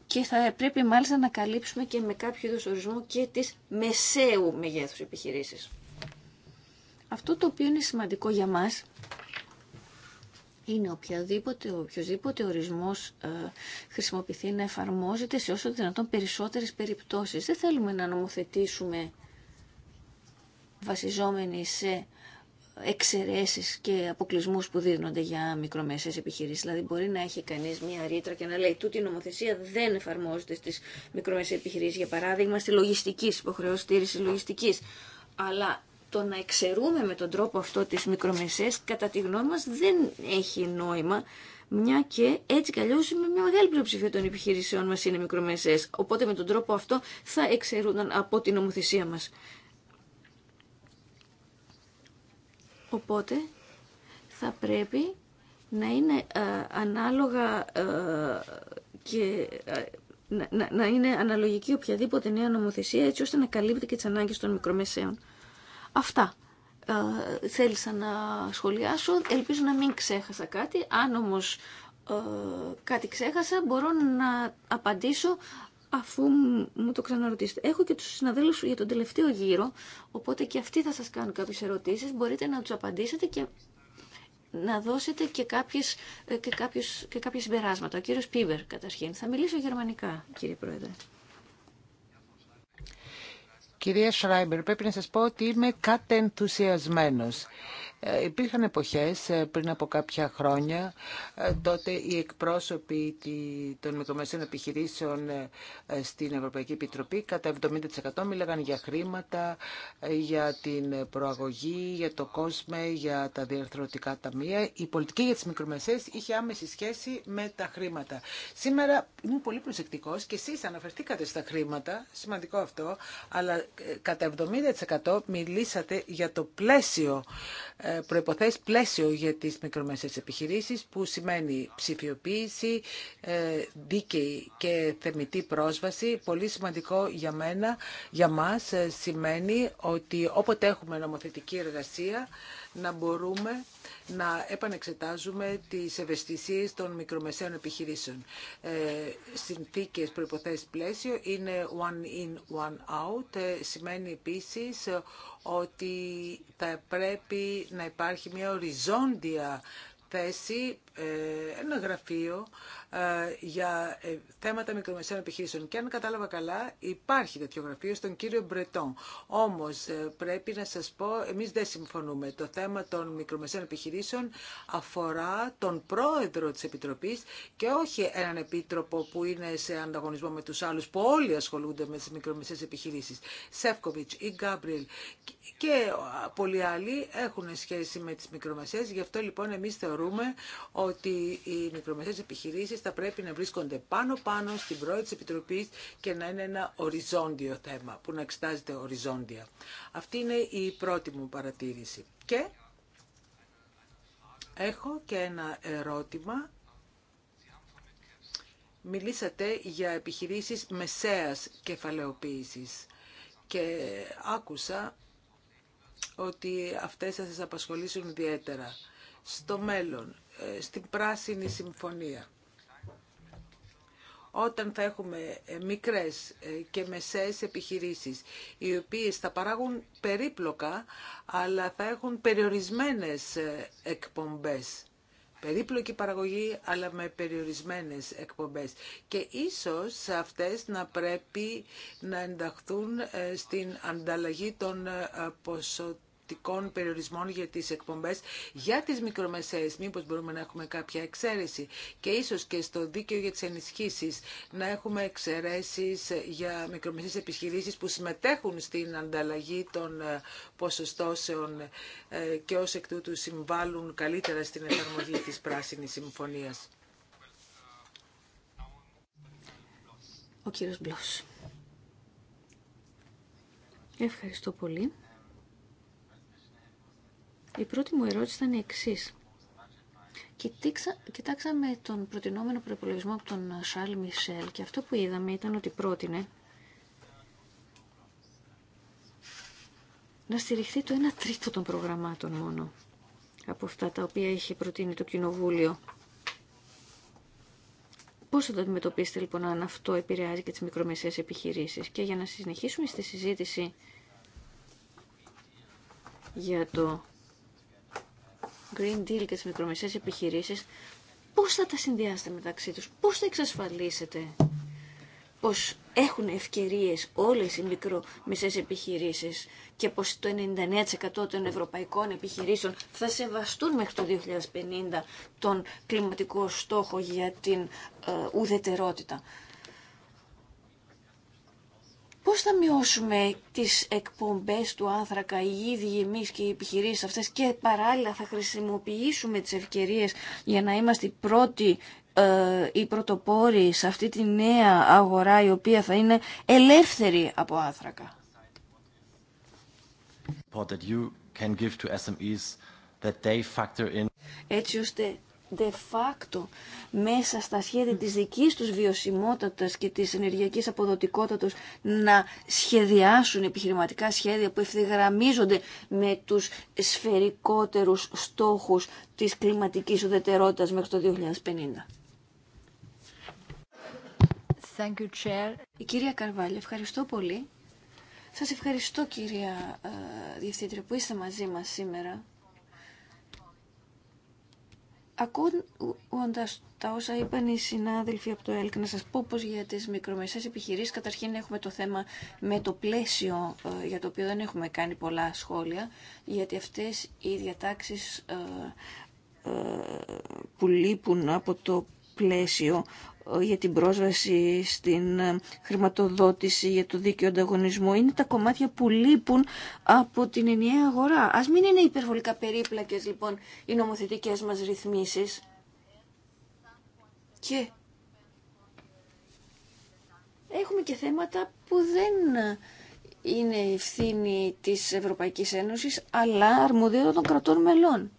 και θα πρέπει μάλιστα να καλύψουμε και με κάποιο είδο ορισμό και τις μεσαίου μεγέθους επιχειρήσεις. Αυτό το οποίο είναι σημαντικό για μας είναι οποιαδήποτε, οποιοδήποτε ορισμός ε, χρησιμοποιηθεί να εφαρμόζεται σε όσο δυνατόν περισσότερες περιπτώσεις. Δεν θέλουμε να νομοθετήσουμε βασιζόμενοι σε εξαιρέσεις και αποκλεισμούς που δίνονται για μικρομεσαίες επιχειρήσεις. Δηλαδή μπορεί να έχει κανείς μία ρήτρα και να λέει τούτη η νομοθεσία δεν εφαρμόζεται στις μικρομεσαίες επιχειρήσεις. Για παράδειγμα στη λογιστική, στις υποχρεώσεις λογιστικής. Αλλά το να εξαιρούμε με τον τρόπο αυτό τις μικρομεσαίες κατά τη γνώμη μας δεν έχει νόημα μια και έτσι κι με μια μεγάλη πλειοψηφία των επιχειρήσεών μα είναι μικρομεσαίε. Οπότε με τον τρόπο αυτό θα εξαιρούνταν από την νομοθεσία μα. Οπότε θα πρέπει να είναι ε, ανάλογα ε, και ε, να είναι αναλογική οποιαδήποτε νέα νομοθεσία έτσι ώστε να καλύπτει και τις ανάγκες των μικρομεσαίων. Αυτά ε, θέλησα να σχολιάσω. Ελπίζω να μην ξέχασα κάτι. Αν όμως κάτι ξέχασα μπορώ να απαντήσω αφού μου το ξαναρωτήσετε. Έχω και τους συναδέλφους για τον τελευταίο γύρο, οπότε και αυτοί θα σας κάνουν κάποιες ερωτήσεις. Μπορείτε να τους απαντήσετε και να δώσετε και, κάποιες, ε, και, κάποιους, και κάποια συμπεράσματα. Ο κύριος Πίβερ, καταρχήν. Θα μιλήσω γερμανικά, κύριε Πρόεδρε. Κυρία Σράιμπερ, πρέπει να σας πω ότι είμαι κατενθουσιασμένος. Ε, υπήρχαν εποχές ε, πριν από κάποια χρόνια, ε, τότε οι εκπρόσωποι των μικρομεσαίων επιχειρήσεων στην Ευρωπαϊκή Επιτροπή κατά 70% μίλαγαν για χρήματα, για την προαγωγή, για το κόσμο, για τα διαρθρωτικά ταμεία. Η πολιτική για τις μικρομεσαίες είχε άμεση σχέση με τα χρήματα. Σήμερα ήμουν πολύ προσεκτικός και εσείς αναφερθήκατε στα χρήματα, σημαντικό αυτό, αλλά κατά 70% μιλήσατε για το πλαίσιο προϋποθέσεις πλαίσιο για τις μικρομεσαίες επιχειρήσεις που σημαίνει ψηφιοποίηση, ε, δίκαιη και θεμητή πρόσβαση. Πολύ σημαντικό για μένα, για μας ε, σημαίνει ότι όποτε έχουμε νομοθετική εργασία να μπορούμε να επανεξετάζουμε τις ευαισθησίες των μικρομεσαίων επιχειρήσεων. Ε, συνθήκες, προϋποθέσεις πλαίσιο είναι one in, one out. Ε, σημαίνει επίσης ότι θα πρέπει να υπάρχει μια οριζόντια θέση ε, ένα γραφείο ε, για ε, θέματα μικρομεσαίων επιχειρήσεων. Και αν κατάλαβα καλά, υπάρχει τέτοιο γραφείο στον κύριο Μπρετόν. Όμως πρέπει να σα πω, εμεί δεν συμφωνούμε. Το θέμα των μικρομεσαίων επιχειρήσεων αφορά τον πρόεδρο τη Επιτροπής και όχι έναν επίτροπο που είναι σε ανταγωνισμό με του άλλου που όλοι ασχολούνται με τι μικρομεσαίες επιχειρήσει. Σεύκοβιτ ή Γκάμπριελ και πολλοί άλλοι έχουν σχέση με τι μικρομεσαίε. Γι' αυτό λοιπόν εμεί θεωρούμε ότι οι μικρομεσαίες επιχειρήσεις θα πρέπει να βρίσκονται πάνω-πάνω στην πρώτη της Επιτροπής και να είναι ένα οριζόντιο θέμα, που να εξετάζεται οριζόντια. Αυτή είναι η πρώτη μου παρατήρηση. Και έχω και ένα ερώτημα. Μιλήσατε για επιχειρήσεις μεσαίας κεφαλαιοποίησης και άκουσα ότι αυτές θα σας απασχολήσουν ιδιαίτερα. Στο μέλλον, στην Πράσινη Συμφωνία. Όταν θα έχουμε ε, μικρές ε, και μεσαίες επιχειρήσεις, οι οποίες θα παράγουν περίπλοκα, αλλά θα έχουν περιορισμένες ε, εκπομπές. Περίπλοκη παραγωγή, αλλά με περιορισμένες εκπομπές. Και ίσως αυτές να πρέπει να ενταχθούν στην ανταλλαγή των ποσοτήτων περιορισμών για τις εκπομπές για τις μικρομεσαίες. Μήπως μπορούμε να έχουμε κάποια εξαίρεση και ίσως και στο δίκαιο για τις ενισχύσεις να έχουμε εξαιρέσεις για μικρομεσαίες επιχειρήσεις που συμμετέχουν στην ανταλλαγή των ε, ποσοστώσεων ε, και ως εκ τούτου συμβάλλουν καλύτερα στην εφαρμογή της Πράσινης Συμφωνίας. Ο κύριος Μπλος. Ευχαριστώ πολύ. Η πρώτη μου ερώτηση ήταν η εξή. Κοιτάξαμε τον προτινόμενο προπολογισμό από τον Σαλ Μισελ και αυτό που είδαμε ήταν ότι πρότεινε να στηριχθεί το 1 τρίτο των προγραμμάτων μόνο από αυτά τα οποία είχε προτείνει το Κοινοβούλιο. Πώς θα το αντιμετωπίσετε λοιπόν αν αυτό επηρεάζει και τις μικρομεσαίες επιχειρήσεις. Και για να συνεχίσουμε στη συζήτηση για το Green Deal και τις μικρομεσαίες επιχειρήσεις, πώς θα τα συνδυάσετε μεταξύ τους, πώς θα εξασφαλίσετε πως έχουν ευκαιρίες όλες οι μικρομεσαίες επιχειρήσεις και πως το 99% των ευρωπαϊκών επιχειρήσεων θα σεβαστούν μέχρι το 2050 τον κλιματικό στόχο για την ε, ουδετερότητα. Πώς θα μειώσουμε τις εκπομπές του άνθρακα οι ίδιοι εμείς και οι επιχειρήσεις αυτές και παράλληλα θα χρησιμοποιήσουμε τις ευκαιρίες για να είμαστε οι πρώτοι ε, οι πρωτοπόροι σε αυτή τη νέα αγορά η οποία θα είναι ελεύθερη από άνθρακα. Έτσι ώστε de facto μέσα στα σχέδια της δικής τους βιωσιμότητας και της ενεργειακής αποδοτικότητας να σχεδιάσουν επιχειρηματικά σχέδια που ευθυγραμμίζονται με τους σφαιρικότερους στόχους της κλιματικής ουδετερότητας μέχρι το 2050. Thank you, Chair. Η κυρία Καρβάλη, ευχαριστώ πολύ. Σας ευχαριστώ κυρία ε, Διευθύντρια που είστε μαζί μας σήμερα. Ακούγοντα τα όσα είπαν οι συνάδελφοι από το ΕΛΚ, να σα πω πω για τι μικρομεσαίες επιχειρήσει, καταρχήν έχουμε το θέμα με το πλαίσιο ε, για το οποίο δεν έχουμε κάνει πολλά σχόλια, γιατί αυτέ οι διατάξει ε, ε, που λείπουν από το πλαίσιο για την πρόσβαση στην ε, χρηματοδότηση, για το δίκαιο ανταγωνισμό. Είναι τα κομμάτια που λείπουν από την ενιαία αγορά. Ας μην είναι υπερβολικά περίπλακες λοιπόν οι νομοθετικές μας ρυθμίσεις. Και έχουμε και θέματα που δεν είναι ευθύνη της Ευρωπαϊκής Ένωσης, αλλά αρμοδιότητα των κρατών μελών.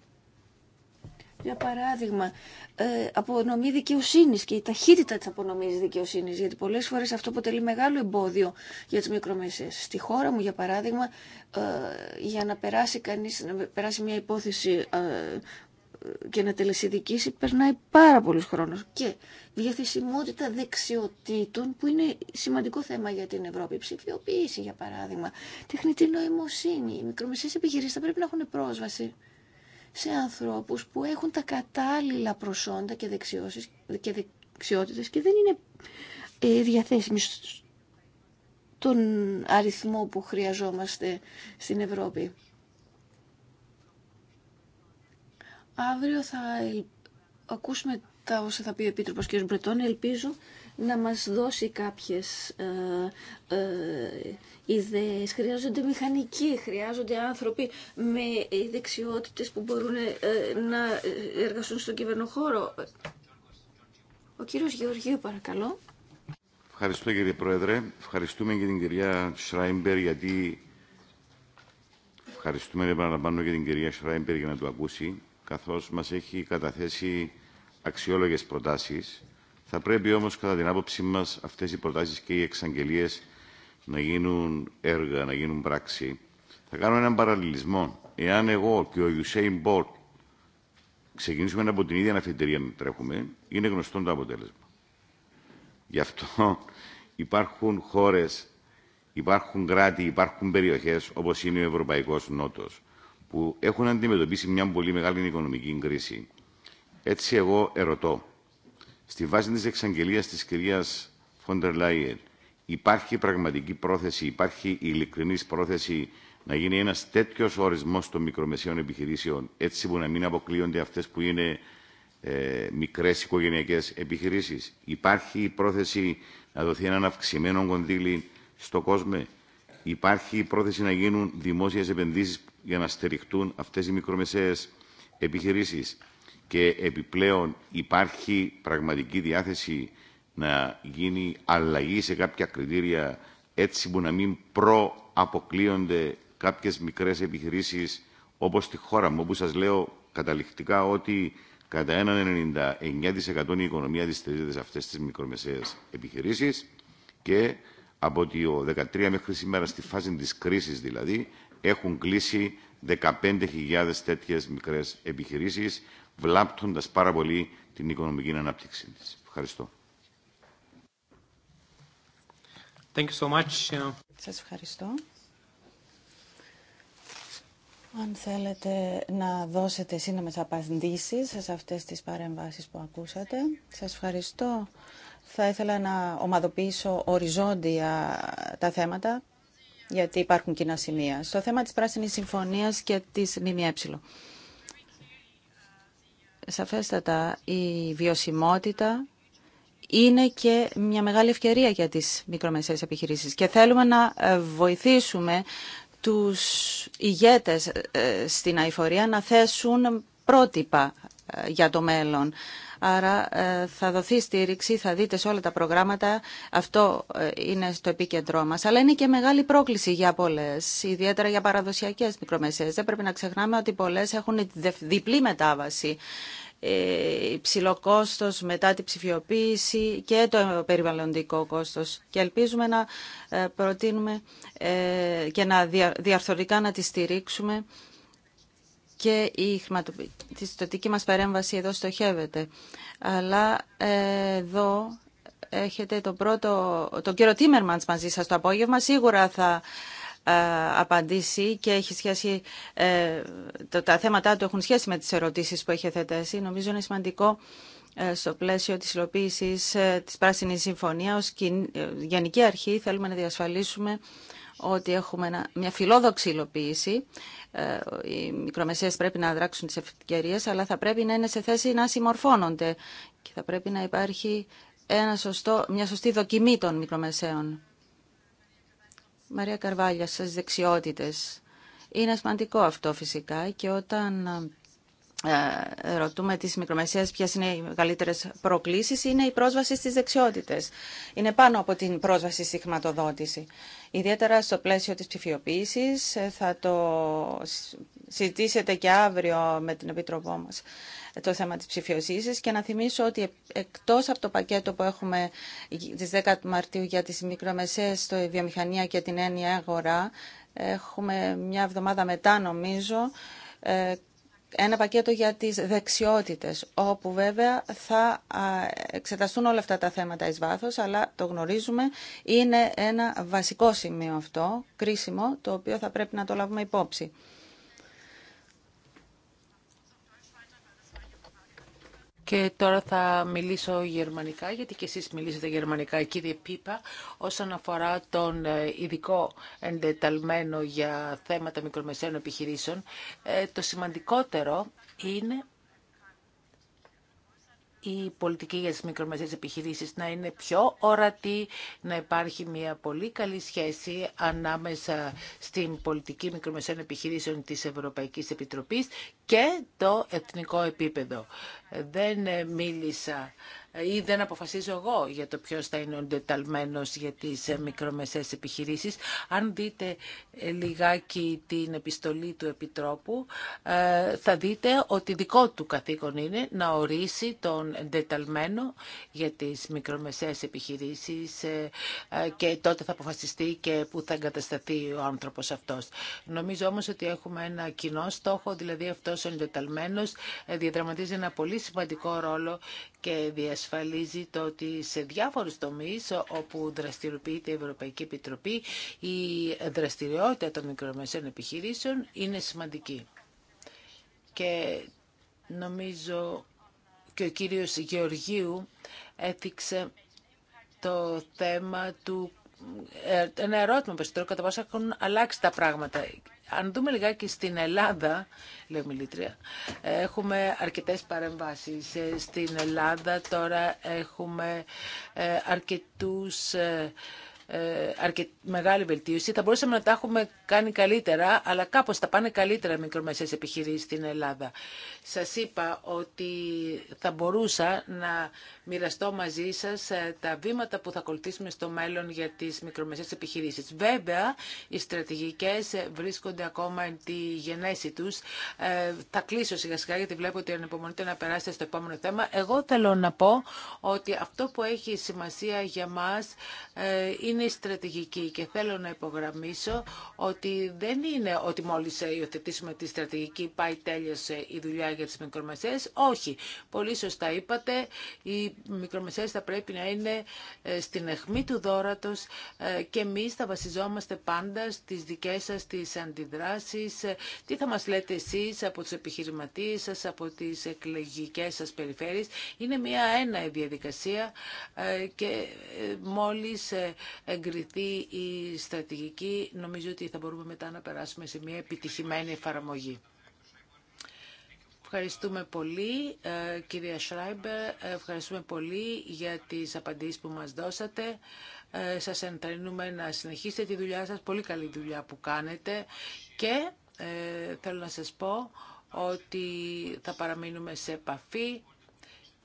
Για παράδειγμα, ε, απονομή δικαιοσύνη και η ταχύτητα τη απονομή δικαιοσύνη. Γιατί πολλέ φορέ αυτό αποτελεί μεγάλο εμπόδιο για τι μικρομεσαίε. Στη χώρα μου, για παράδειγμα, ε, για να περάσει κανεί, να περάσει μια υπόθεση ε, και να τελεσυδικήσει περνάει πάρα πολλού χρόνος και διαθεσιμότητα δεξιοτήτων που είναι σημαντικό θέμα για την Ευρώπη. Ψηφιοποίηση για παράδειγμα, τεχνητή νοημοσύνη, οι μικρομεσαίες επιχειρήσεις θα πρέπει να έχουν πρόσβαση σε ανθρώπους που έχουν τα κατάλληλα προσόντα και, δεξιώσεις, και δεξιότητες και δεν είναι ε, διαθέσιμοι τον αριθμό που χρειαζόμαστε στην Ευρώπη. Αύριο θα ακούσουμε τα όσα θα πει ο Επίτροπος κ. Μπρετών. Ελπίζω να μας δώσει κάποιες ε, ε, ιδέες. Χρειάζονται μηχανικοί, χρειάζονται άνθρωποι με δεξιότητες που μπορούν ε, να εργαστούν στον κυβερνοχώρο. Ο κύριος Γεωργίου, παρακαλώ. Ευχαριστώ κύριε Πρόεδρε. Ευχαριστούμε και την κυρία Σράιμπερ γιατί... Ευχαριστούμε, επαναλαμβάνω, και την κυρία Σράιμπερ για να το ακούσει, καθώς μας έχει καταθέσει αξιόλογες προτάσεις θα πρέπει όμω κατά την άποψή μα αυτέ οι προτάσει και οι εξαγγελίε να γίνουν έργα, να γίνουν πράξη. Θα κάνω έναν παραλληλισμό. Εάν εγώ και ο Ιουσέιν Μπορτ ξεκινήσουμε από την ίδια αφιτερία να τρέχουμε, είναι γνωστό το αποτέλεσμα. Γι' αυτό υπάρχουν χώρε, υπάρχουν κράτη, υπάρχουν περιοχέ, όπω είναι ο Ευρωπαϊκό Νότο, που έχουν αντιμετωπίσει μια πολύ μεγάλη οικονομική κρίση. Έτσι εγώ ερωτώ στη βάση της εξαγγελίας της κυρίας Φόντερ Λάιερ, υπάρχει πραγματική πρόθεση, υπάρχει ειλικρινής πρόθεση να γίνει ένας τέτοιος ορισμός των μικρομεσαίων επιχειρήσεων έτσι που να μην αποκλείονται αυτές που είναι ε, μικρές οικογενειακές επιχειρήσεις. Υπάρχει η πρόθεση να δοθεί έναν αυξημένο κονδύλι στο κόσμο. Υπάρχει η πρόθεση να γίνουν δημόσιες επενδύσεις για να στηριχτούν αυτές οι μικρομεσαίες επιχειρήσεις και επιπλέον υπάρχει πραγματική διάθεση να γίνει αλλαγή σε κάποια κριτήρια έτσι που να μην προαποκλείονται κάποιες μικρές επιχειρήσεις όπως στη χώρα μου όπου σας λέω καταληκτικά ότι κατά έναν 99% η οικονομία δυστρέφεται σε αυτές τις μικρομεσαίες επιχειρήσεις και από το 13 μέχρι σήμερα στη φάση της κρίσης δηλαδή έχουν κλείσει 15.000 τέτοιες μικρές επιχειρήσεις βλάπτοντας πάρα πολύ την οικονομική ανάπτυξή της. Ευχαριστώ. Thank you so much. Σας ευχαριστώ. Αν θέλετε να δώσετε σύνομες απαντήσεις σε αυτές τις παρεμβάσεις που ακούσατε, σας ευχαριστώ. Θα ήθελα να ομαδοποιήσω οριζόντια τα θέματα, γιατί υπάρχουν κοινά σημεία. Στο θέμα της Πράσινης Συμφωνίας και της ΜΜΕ σαφέστατα η βιωσιμότητα είναι και μια μεγάλη ευκαιρία για τις μικρομεσαίες επιχειρήσεις και θέλουμε να ε, βοηθήσουμε τους ηγέτες ε, στην αηφορία να θέσουν πρότυπα ε, για το μέλλον. Άρα ε, θα δοθεί στήριξη, θα δείτε σε όλα τα προγράμματα. Αυτό ε, είναι στο επίκεντρό μα. Αλλά είναι και μεγάλη πρόκληση για πολλέ, ιδιαίτερα για παραδοσιακέ μικρομεσαίε. Δεν πρέπει να ξεχνάμε ότι πολλέ έχουν διπλή μετάβαση ε, υψηλό κόστο μετά την ψηφιοποίηση και το περιβαλλοντικό κόστος. Και ελπίζουμε να προτείνουμε και να διαρθωρικά να τη στηρίξουμε και η χρηματοπιστωτική μας παρέμβαση εδώ στοχεύεται. Αλλά ε, εδώ έχετε τον πρώτο, τον κύριο Τίμερμαντς μαζί σας το απόγευμα. Σίγουρα θα ε, απαντήσει και έχει σχέση, ε, τα θέματα του έχουν σχέση με τις ερωτήσεις που έχει θέσει. Νομίζω είναι σημαντικό στο πλαίσιο της υλοποίησης της Πράσινης Συμφωνίας, ως Γενική Αρχή θέλουμε να διασφαλίσουμε ότι έχουμε μια φιλόδοξη υλοποίηση. Ε, οι μικρομεσαίες πρέπει να δράξουν τις ευκαιρίε, αλλά θα πρέπει να είναι σε θέση να συμμορφώνονται και θα πρέπει να υπάρχει ένα σωστό, μια σωστή δοκιμή των μικρομεσαίων. Μαρία Καρβάλια, στι δεξιότητε. Είναι σημαντικό αυτό φυσικά και όταν ε, ρωτούμε τις μικρομεσαίες ποιες είναι οι μεγαλύτερες προκλήσεις, είναι η πρόσβαση στις δεξιότητες. Είναι πάνω από την πρόσβαση στη χρηματοδότηση. Ιδιαίτερα στο πλαίσιο της ψηφιοποίηση ε, θα το συζητήσετε και αύριο με την Επιτροπό μας το θέμα της ψηφιοποίησης και να θυμίσω ότι εκτός από το πακέτο που έχουμε τις 10 Μαρτίου για τις μικρομεσαίες στο βιομηχανία και την έννοια αγορά, έχουμε μια εβδομάδα μετά νομίζω ε, ένα πακέτο για τις δεξιότητες, όπου βέβαια θα εξεταστούν όλα αυτά τα θέματα εις βάθος, αλλά το γνωρίζουμε, είναι ένα βασικό σημείο αυτό, κρίσιμο, το οποίο θα πρέπει να το λάβουμε υπόψη. Και τώρα θα μιλήσω γερμανικά, γιατί και εσείς μιλήσατε γερμανικά, κύριε Πίπα, όσον αφορά τον ε, ειδικό εντεταλμένο για θέματα μικρομεσαίων επιχειρήσεων. Ε, το σημαντικότερο είναι η πολιτική για τις μικρομεσαίες επιχειρήσεις να είναι πιο ορατή, να υπάρχει μια πολύ καλή σχέση ανάμεσα στην πολιτική μικρομεσαίων επιχειρήσεων της Ευρωπαϊκής Επιτροπής και το εθνικό επίπεδο. Δεν μίλησα ή δεν αποφασίζω εγώ για το ποιος θα είναι ο εντεταλμένος για τις ε, μικρομεσαίες επιχειρήσεις. Αν δείτε ε, λιγάκι την επιστολή του Επιτρόπου, ε, θα δείτε ότι δικό του καθήκον είναι να ορίσει τον εντεταλμένο για τις μικρομεσαίες επιχειρήσεις και τότε θα αποφασιστεί και πού θα εγκατασταθεί ο άνθρωπος αυτός. Νομίζω όμως ότι έχουμε ένα κοινό στόχο, δηλαδή αυτός ο εντεταλμένος διαδραματίζει ένα πολύ σημαντικό ρόλο και διασφαλίζει το ότι σε διάφορους τομείς όπου δραστηριοποιείται η Ευρωπαϊκή Επιτροπή η δραστηριότητα των μικρομεσαίων επιχειρήσεων είναι σημαντική. Και νομίζω και ο κύριος Γεωργίου έθιξε το θέμα του ε, ένα ερώτημα τώρα κατά πόσο έχουν αλλάξει τα πράγματα αν δούμε λιγάκι στην Ελλάδα, λέω μιλήτρια, έχουμε αρκετές παρεμβάσεις. Ε, στην Ελλάδα τώρα έχουμε ε, αρκετούς ε, αρκετή μεγάλη βελτίωση. Θα μπορούσαμε να τα έχουμε κάνει καλύτερα, αλλά κάπως θα πάνε καλύτερα μικρομεσαίες επιχειρήσεις στην Ελλάδα. Σας είπα ότι θα μπορούσα να μοιραστώ μαζί σας ε, τα βήματα που θα ακολουθήσουμε στο μέλλον για τις μικρομεσαίες επιχειρήσεις. Βέβαια, οι στρατηγικές ε, βρίσκονται ακόμα τη γενέση τους. Ε, θα κλείσω σιγά σιγά γιατί βλέπω ότι ανεπομονείτε να περάσετε στο επόμενο θέμα. Εγώ θέλω να πω ότι αυτό που έχει σημασία για μας ε, είναι η στρατηγική και θέλω να υπογραμμίσω ότι δεν είναι ότι μόλις ε, υιοθετήσουμε τη στρατηγική πάει τέλειωσε η δουλειά για τις μικρομεσαίες. Όχι. Πολύ σωστά είπατε, οι μικρομεσαίες θα πρέπει να είναι ε, στην αιχμή του δόρατος ε, και εμείς θα βασιζόμαστε πάντα στις δικέ σα, τι αντιδράσεις. Τι θα μας λέτε εσείς από τους επιχειρηματίες σα, από τις εκλογικέ σα περιφέρειες. Είναι μια ένα διαδικασία και μόλι εγκριθεί η στρατηγική νομίζω ότι θα μπορούμε μετά να περάσουμε σε μια επιτυχημένη εφαρμογή. Ευχαριστούμε πολύ, ε, κυρία Σράιμπερ. Ευχαριστούμε πολύ για τις απαντήσεις που μας δώσατε. Ε, σας ενθαρρύνουμε να συνεχίσετε τη δουλειά σας, πολύ καλή δουλειά που κάνετε. Και ε, θέλω να σας πω ότι θα παραμείνουμε σε επαφή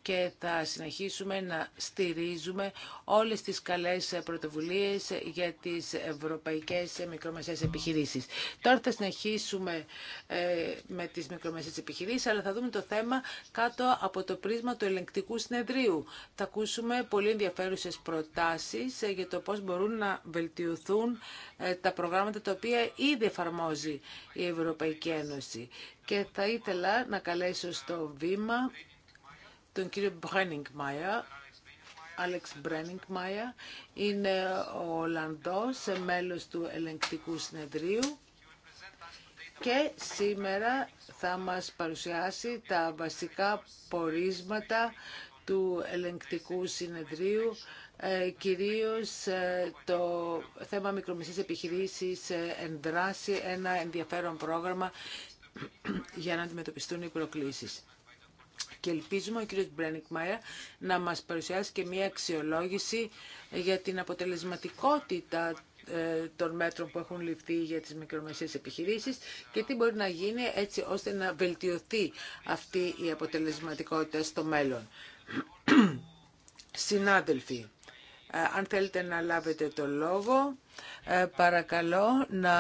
και θα συνεχίσουμε να στηρίζουμε όλες τις καλές πρωτοβουλίες για τις ευρωπαϊκές μικρομεσαίες επιχειρήσεις. Τώρα θα συνεχίσουμε ε, με τις μικρομεσαίες επιχειρήσεις, αλλά θα δούμε το θέμα κάτω από το πρίσμα του ελεγκτικού συνεδρίου. Θα ακούσουμε πολύ ενδιαφέρουσες προτάσεις ε, για το πώς μπορούν να βελτιωθούν ε, τα προγράμματα τα οποία ήδη εφαρμόζει η Ευρωπαϊκή Ένωση. Και θα ήθελα να καλέσω στο βήμα τον κύριο Μπρένιγκ Άλεξ Μπρένιγκ Μάια είναι ο Ολλανδός, μέλος του ελεγκτικού συνεδρίου και σήμερα θα μας παρουσιάσει τα βασικά πορίσματα του ελεγκτικού συνεδρίου ε, κυρίως ε, το θέμα μικρομεσής επιχειρήσεις ε, ενδράσει ένα ενδιαφέρον πρόγραμμα για να αντιμετωπιστούν οι προκλήσεις και ελπίζουμε ο κ. Μπρένικμαϊρ να μας παρουσιάσει και μια αξιολόγηση για την αποτελεσματικότητα ε, των μέτρων που έχουν ληφθεί για τις μικρομεσαίες επιχειρήσεις και τι μπορεί να γίνει έτσι ώστε να βελτιωθεί αυτή η αποτελεσματικότητα στο μέλλον. Συνάδελφοι, ε, αν θέλετε να λάβετε το λόγο, ε, παρακαλώ να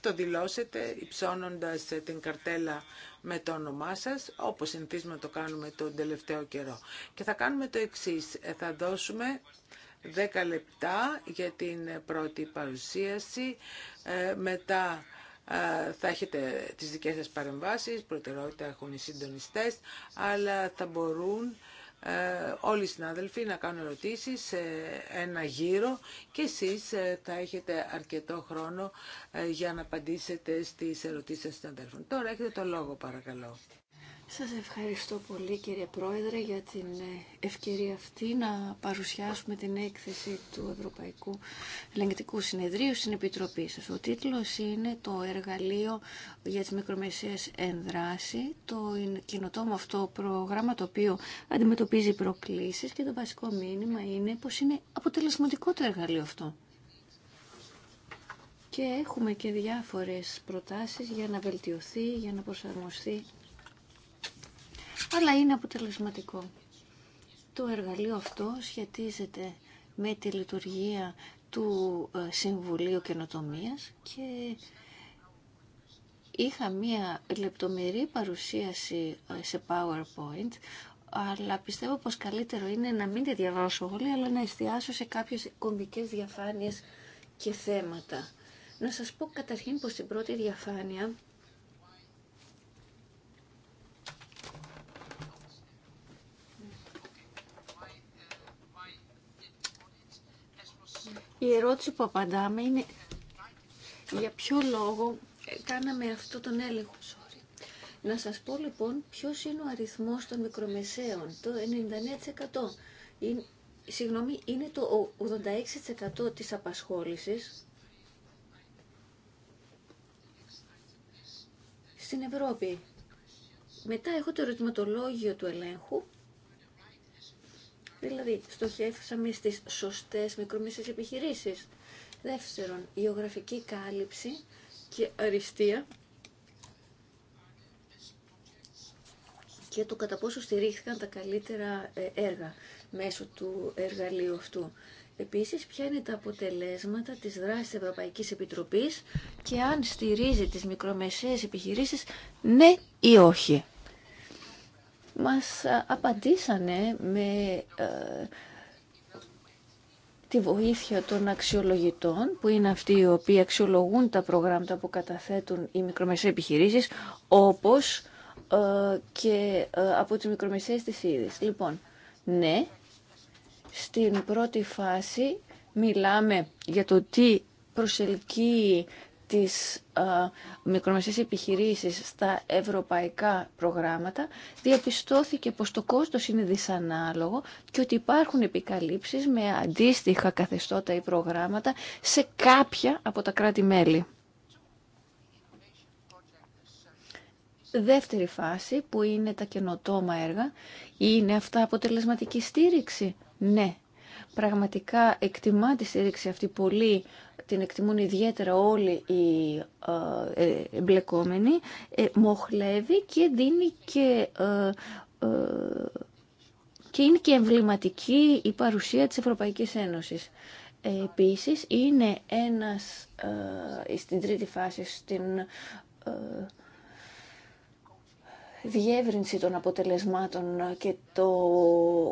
το δηλώσετε υψώνοντας την καρτέλα με το όνομά σας, όπως συνηθίζουμε το κάνουμε τον τελευταίο καιρό. Και θα κάνουμε το εξής. Ε, θα δώσουμε 10 λεπτά για την πρώτη παρουσίαση. Ε, μετά ε, θα έχετε τις δικές σας παρεμβάσεις, προτεραιότητα έχουν οι συντονιστές, αλλά θα μπορούν ε, όλοι οι συνάδελφοι να κάνουν ερωτήσεις σε ένα γύρο και εσείς ε, θα έχετε αρκετό χρόνο ε, για να απαντήσετε στις ερωτήσεις των συναδέλφων. Τώρα έχετε το λόγο παρακαλώ. Σας ευχαριστώ πολύ κύριε Πρόεδρε για την ε, ευκαιρία αυτή να παρουσιάσουμε την έκθεση του Ευρωπαϊκού Ελεγκτικού Συνεδρίου στην Επιτροπή σας. Ο τίτλος είναι «Το εργαλείο για τις μικρομεσαίες ενδράση», το κοινοτόμο αυτό πρόγραμμα το οποίο αντιμετωπίζει προκλήσεις και το βασικό μήνυμα είναι πως είναι αποτελεσματικό το εργαλείο αυτό. Και έχουμε και διάφορες προτάσεις για να βελτιωθεί, για να προσαρμοστεί αλλά είναι αποτελεσματικό. Το εργαλείο αυτό σχετίζεται με τη λειτουργία του ε, Συμβουλίου Καινοτομίας και είχα μία λεπτομερή παρουσίαση ε, σε PowerPoint αλλά πιστεύω πως καλύτερο είναι να μην τη διαβάσω όλοι, αλλά να εστιάσω σε κάποιες κομβικές διαφάνειες και θέματα. Να σας πω καταρχήν πως στην πρώτη διαφάνεια Η ερώτηση που απαντάμε είναι για ποιο λόγο ε, κάναμε αυτό τον έλεγχο. Sorry. Να σας πω λοιπόν ποιος είναι ο αριθμός των μικρομεσαίων. Το 99% είναι, συγγνώμη, είναι το 86% της απασχόλησης στην Ευρώπη. Μετά έχω το ερωτηματολόγιο του ελέγχου Δηλαδή, στοχεύσαμε στι σωστές μικρομεσαίες επιχειρήσεις. Δεύτερον, γεωγραφική κάλυψη και αριστεία και το κατά πόσο στηρίχθηκαν τα καλύτερα ε, έργα μέσω του εργαλείου αυτού. Επίσης, ποια είναι τα αποτελέσματα της δράσης της Ευρωπαϊκής Επιτροπής και αν στηρίζει τις μικρομεσαίες επιχειρήσεις, ναι ή όχι μας ε, απαντήσανε με ε, τη βοήθεια των αξιολογητών, που είναι αυτοί οι οποίοι αξιολογούν τα προγράμματα που καταθέτουν οι μικρομεσαίες επιχειρήσεις, όπως ε, και από τις μικρομεσαίες της ίδης Λοιπόν, ναι, στην πρώτη φάση μιλάμε για το τι προσελκύει τις α, μικρομεσαίες επιχειρήσεις στα ευρωπαϊκά προγράμματα, διαπιστώθηκε πως το κόστος είναι δυσανάλογο και ότι υπάρχουν επικαλύψεις με αντίστοιχα καθεστώτα ή προγράμματα σε κάποια από τα κράτη-μέλη. Δεύτερη φάση που είναι τα καινοτόμα έργα είναι αυτά αποτελεσματική στήριξη. Ναι, πραγματικά εκτιμά τη στήριξη αυτή πολύ, την εκτιμούν ιδιαίτερα όλοι οι ε, ε, εμπλεκόμενοι, ε, μοχλεύει και δίνει και... και είναι και εμβληματική η παρουσία της Ευρωπαϊκής Ένωσης. Επίσης, είναι ένας στην τρίτη φάση στην διεύρυνση των αποτελεσμάτων και το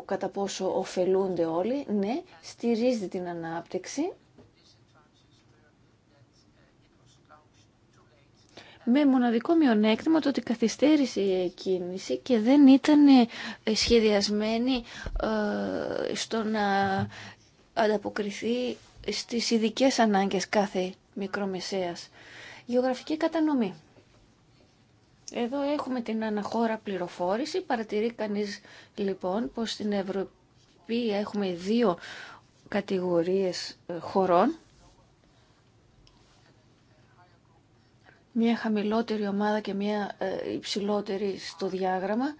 κατά πόσο ωφελούνται όλοι, ναι, στηρίζει την ανάπτυξη. με μοναδικό μειονέκτημα το ότι καθυστέρησε η κίνηση και δεν ήταν ε, σχεδιασμένη ε, στο να ανταποκριθεί στις ειδικέ ανάγκες κάθε μικρομεσαίας. Γεωγραφική κατανομή. Εδώ έχουμε την αναχώρα πληροφόρηση. Παρατηρεί κανείς λοιπόν πως στην Ευρωπή έχουμε δύο κατηγορίες ε, χωρών. Μια χαμηλότερη ομάδα και μια ε, υψηλότερη στο διάγραμμα.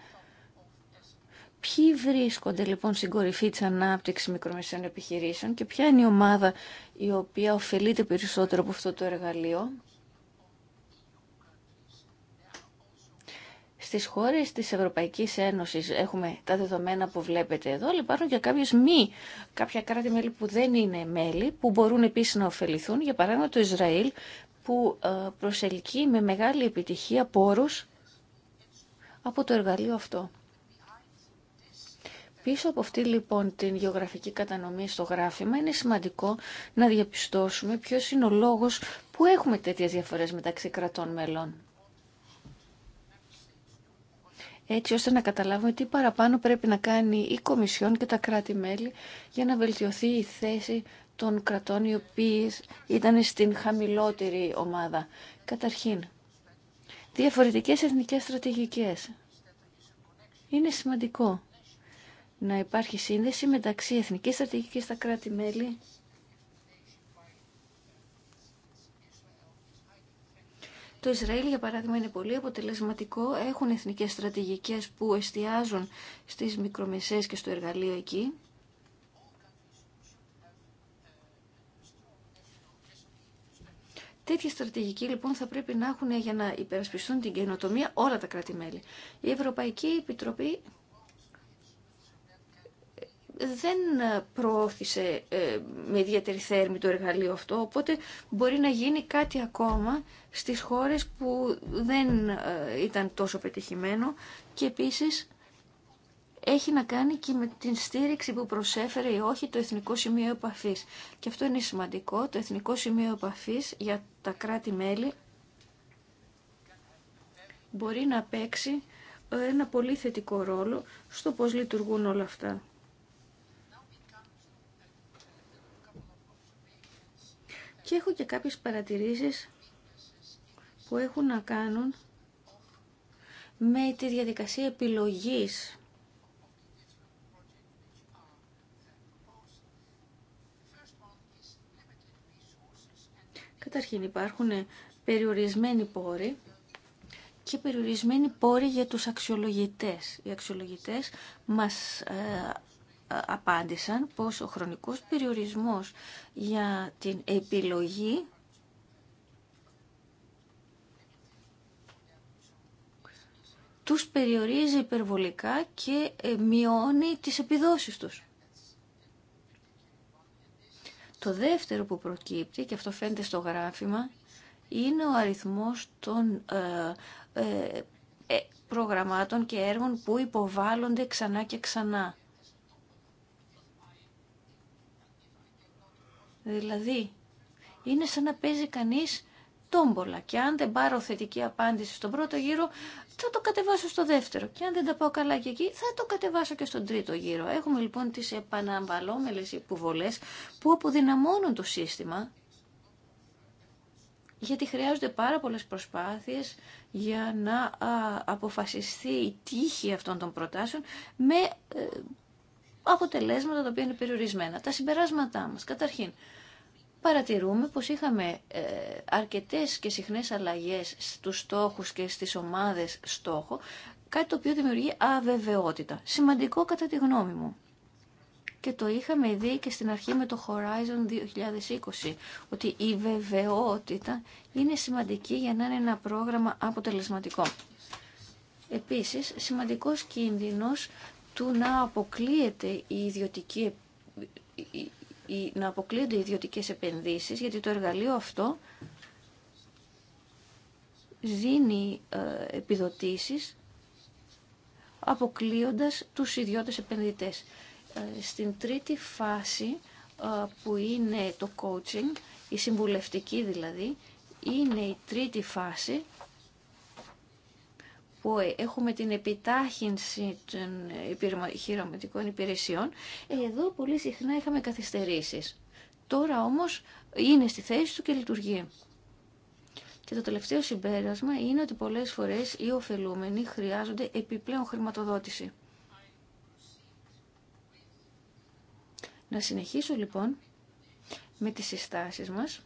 Ποιοι βρίσκονται λοιπόν στην κορυφή της ανάπτυξης μικρομεσαίων επιχειρήσεων και ποια είναι η ομάδα η οποία ωφελείται περισσότερο από αυτό το εργαλείο. στις χώρες της Ευρωπαϊκής Ένωσης έχουμε τα δεδομένα που βλέπετε εδώ, αλλά υπάρχουν και κάποιες μη, κάποια κράτη-μέλη που δεν είναι μέλη, που μπορούν επίσης να ωφεληθούν, για παράδειγμα το Ισραήλ, που ε, προσελκύει με μεγάλη επιτυχία πόρους από το εργαλείο αυτό. Πίσω από αυτή λοιπόν την γεωγραφική κατανομή στο γράφημα είναι σημαντικό να διαπιστώσουμε ποιος είναι ο λόγος που έχουμε τέτοιες διαφορές μεταξύ κρατών μελών έτσι ώστε να καταλάβουμε τι παραπάνω πρέπει να κάνει η Κομισιόν και τα κράτη-μέλη για να βελτιωθεί η θέση των κρατών οι οποίοι ήταν στην χαμηλότερη ομάδα. Καταρχήν, διαφορετικές εθνικές στρατηγικές. Είναι σημαντικό να υπάρχει σύνδεση μεταξύ εθνικής στρατηγικής στα κράτη-μέλη Το Ισραήλ, για παράδειγμα, είναι πολύ αποτελεσματικό. Έχουν εθνικές στρατηγικές που εστιάζουν στις μικρομεσαίε και στο εργαλείο εκεί. Τέτοια στρατηγική λοιπόν θα πρέπει να έχουν για να υπερασπιστούν την καινοτομία όλα τα κράτη-μέλη. Η Ευρωπαϊκή Επιτροπή δεν ε, προώθησε ε, με ιδιαίτερη θέρμη το εργαλείο αυτό, οπότε μπορεί να γίνει κάτι ακόμα στις χώρες που δεν ε, ήταν τόσο πετυχημένο και επίσης έχει να κάνει και με την στήριξη που προσέφερε ή όχι το Εθνικό Σημείο Επαφής. Και αυτό είναι σημαντικό, το Εθνικό Σημείο Επαφής για τα κράτη-μέλη μπορεί να παίξει ένα πολύ θετικό ρόλο στο πώς λειτουργούν όλα αυτά. Και έχω και κάποιες παρατηρήσεις που έχουν να κάνουν με τη διαδικασία επιλογής Καταρχήν υπάρχουν περιορισμένοι πόροι και περιορισμένοι πόροι για τους αξιολογητές. Οι αξιολογητές μας ε, ε, απάντησαν πως ο χρονικός περιορισμός για την επιλογή τους περιορίζει υπερβολικά και ε, μειώνει τις επιδόσεις τους. Το δεύτερο που προκύπτει, και αυτό φαίνεται στο γράφημα, είναι ο αριθμός των ε, ε προγραμμάτων και έργων που υποβάλλονται ξανά και ξανά. Δηλαδή, είναι σαν να παίζει κανείς τόμπολα και αν δεν πάρω θετική απάντηση στον πρώτο γύρο θα το κατεβάσω στο δεύτερο και αν δεν τα πάω καλά και εκεί θα το κατεβάσω και στον τρίτο γύρο. Έχουμε λοιπόν τι επαναμβαλόμενε υποβολέ που αποδυναμώνουν το σύστημα γιατί χρειάζονται πάρα πολλές προσπάθειες για να αποφασιστεί η τύχη αυτών των προτάσεων με ε, αποτελέσματα τα οποία είναι περιορισμένα. Τα συμπεράσματά μας. Καταρχήν, παρατηρούμε πως είχαμε ε, αρκετές και συχνές αλλαγές στους στόχους και στις ομάδες στόχο, κάτι το οποίο δημιουργεί αβεβαιότητα. Σημαντικό κατά τη γνώμη μου. Και το είχαμε δει και στην αρχή με το Horizon 2020, ότι η βεβαιότητα είναι σημαντική για να είναι ένα πρόγραμμα αποτελεσματικό. Επίσης, σημαντικός κίνδυνος του να αποκλείεται η ιδιωτική να αποκλείονται οι ιδιωτικές επενδύσεις γιατί το εργαλείο αυτό δίνει ε, επιδοτήσεις αποκλείοντας τους ιδιώτες επενδυτές. Ε, στην τρίτη φάση ε, που είναι το coaching, η συμβουλευτική δηλαδή, είναι η τρίτη φάση που έχουμε την επιτάχυνση των χειρομετικών υπηρεσιών, ε, εδώ πολύ συχνά είχαμε καθυστερήσεις. Τώρα όμως είναι στη θέση του και λειτουργεί. Και το τελευταίο συμπέρασμα είναι ότι πολλές φορές οι ωφελούμενοι χρειάζονται επιπλέον χρηματοδότηση. Να συνεχίσω λοιπόν με τις συστάσεις μας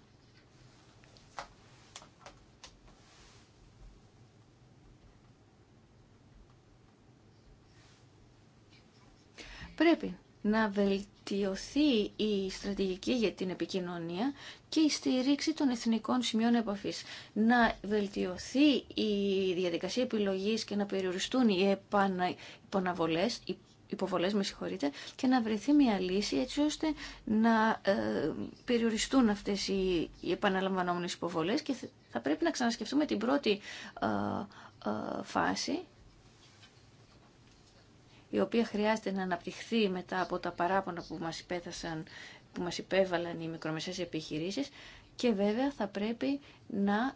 Πρέπει να βελτιωθεί η στρατηγική για την επικοινωνία και η στήριξη των εθνικών σημείων επαφής. Να βελτιωθεί η διαδικασία επιλογής και να περιοριστούν οι επανα... υποναβολές, υποβολές με συγχωρείτε, και να βρεθεί μια λύση έτσι ώστε να ε, περιοριστούν αυτές οι, οι επαναλαμβανόμενες υποβολές και θα πρέπει να ξανασκεφτούμε την πρώτη ε, ε, φάση η οποία χρειάζεται να αναπτυχθεί μετά από τα παράπονα που μας, υπέθασαν, που μας υπέβαλαν οι μικρομεσαίες επιχειρήσεις και βέβαια θα πρέπει να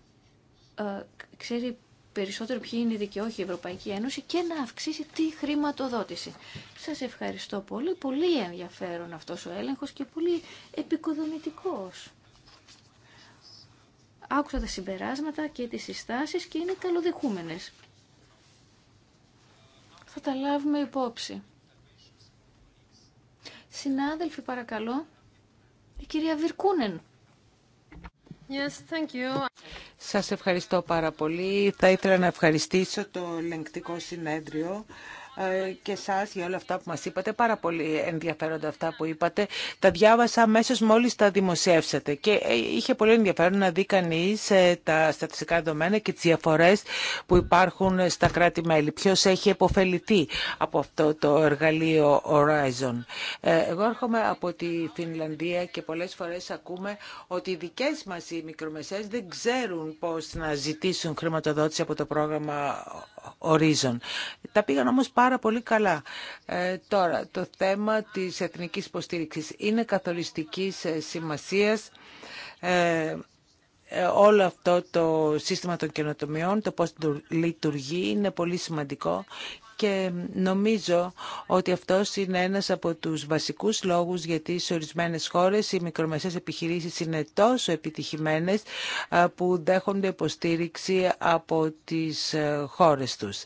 ε, ξέρει περισσότερο ποιοι είναι οι η Ευρωπαϊκή Ένωση και να αυξήσει τη χρηματοδότηση. Σας ευχαριστώ πολύ. Πολύ ενδιαφέρον αυτός ο έλεγχος και πολύ επικοδομητικός. Άκουσα τα συμπεράσματα και τις συστάσεις και είναι καλοδεχούμενες θα τα λάβουμε υπόψη. Συνάδελφοι, παρακαλώ, η κυρία Βιρκούνεν. Yes, thank you. Σας ευχαριστώ πάρα πολύ. Θα ήθελα να ευχαριστήσω το ελεγκτικό συνέδριο ε, και εσά για όλα αυτά που μα είπατε. Πάρα πολύ ενδιαφέροντα αυτά που είπατε. Τα διάβασα αμέσω μόλι τα δημοσιεύσατε και ε, είχε πολύ ενδιαφέρον να δει κανεί ε, τα στατιστικά δεδομένα και τι διαφορέ που υπάρχουν στα κράτη-μέλη. Ποιο έχει επωφεληθεί από αυτό το εργαλείο Horizon. Εγώ έρχομαι από τη Φινλανδία και πολλέ φορέ ακούμε ότι οι δικέ μα οι μικρομεσαίε δεν ξέρουν πώ να ζητήσουν χρηματοδότηση από το πρόγραμμα Horizon. Τα πήγαν όμω πάρα πάρα πολύ καλά. Ε, τώρα, το θέμα της εθνικής υποστήριξης είναι καθοριστικής ε, σημασίας. Ε, ε, όλο αυτό το σύστημα των καινοτομιών, το πώς λειτουργεί είναι πολύ σημαντικό και νομίζω ότι αυτός είναι ένας από τους βασικούς λόγους γιατί σε ορισμένες χώρες οι μικρομεσαίες επιχειρήσεις είναι τόσο επιτυχημένες ε, που δέχονται υποστήριξη από τις χώρες τους.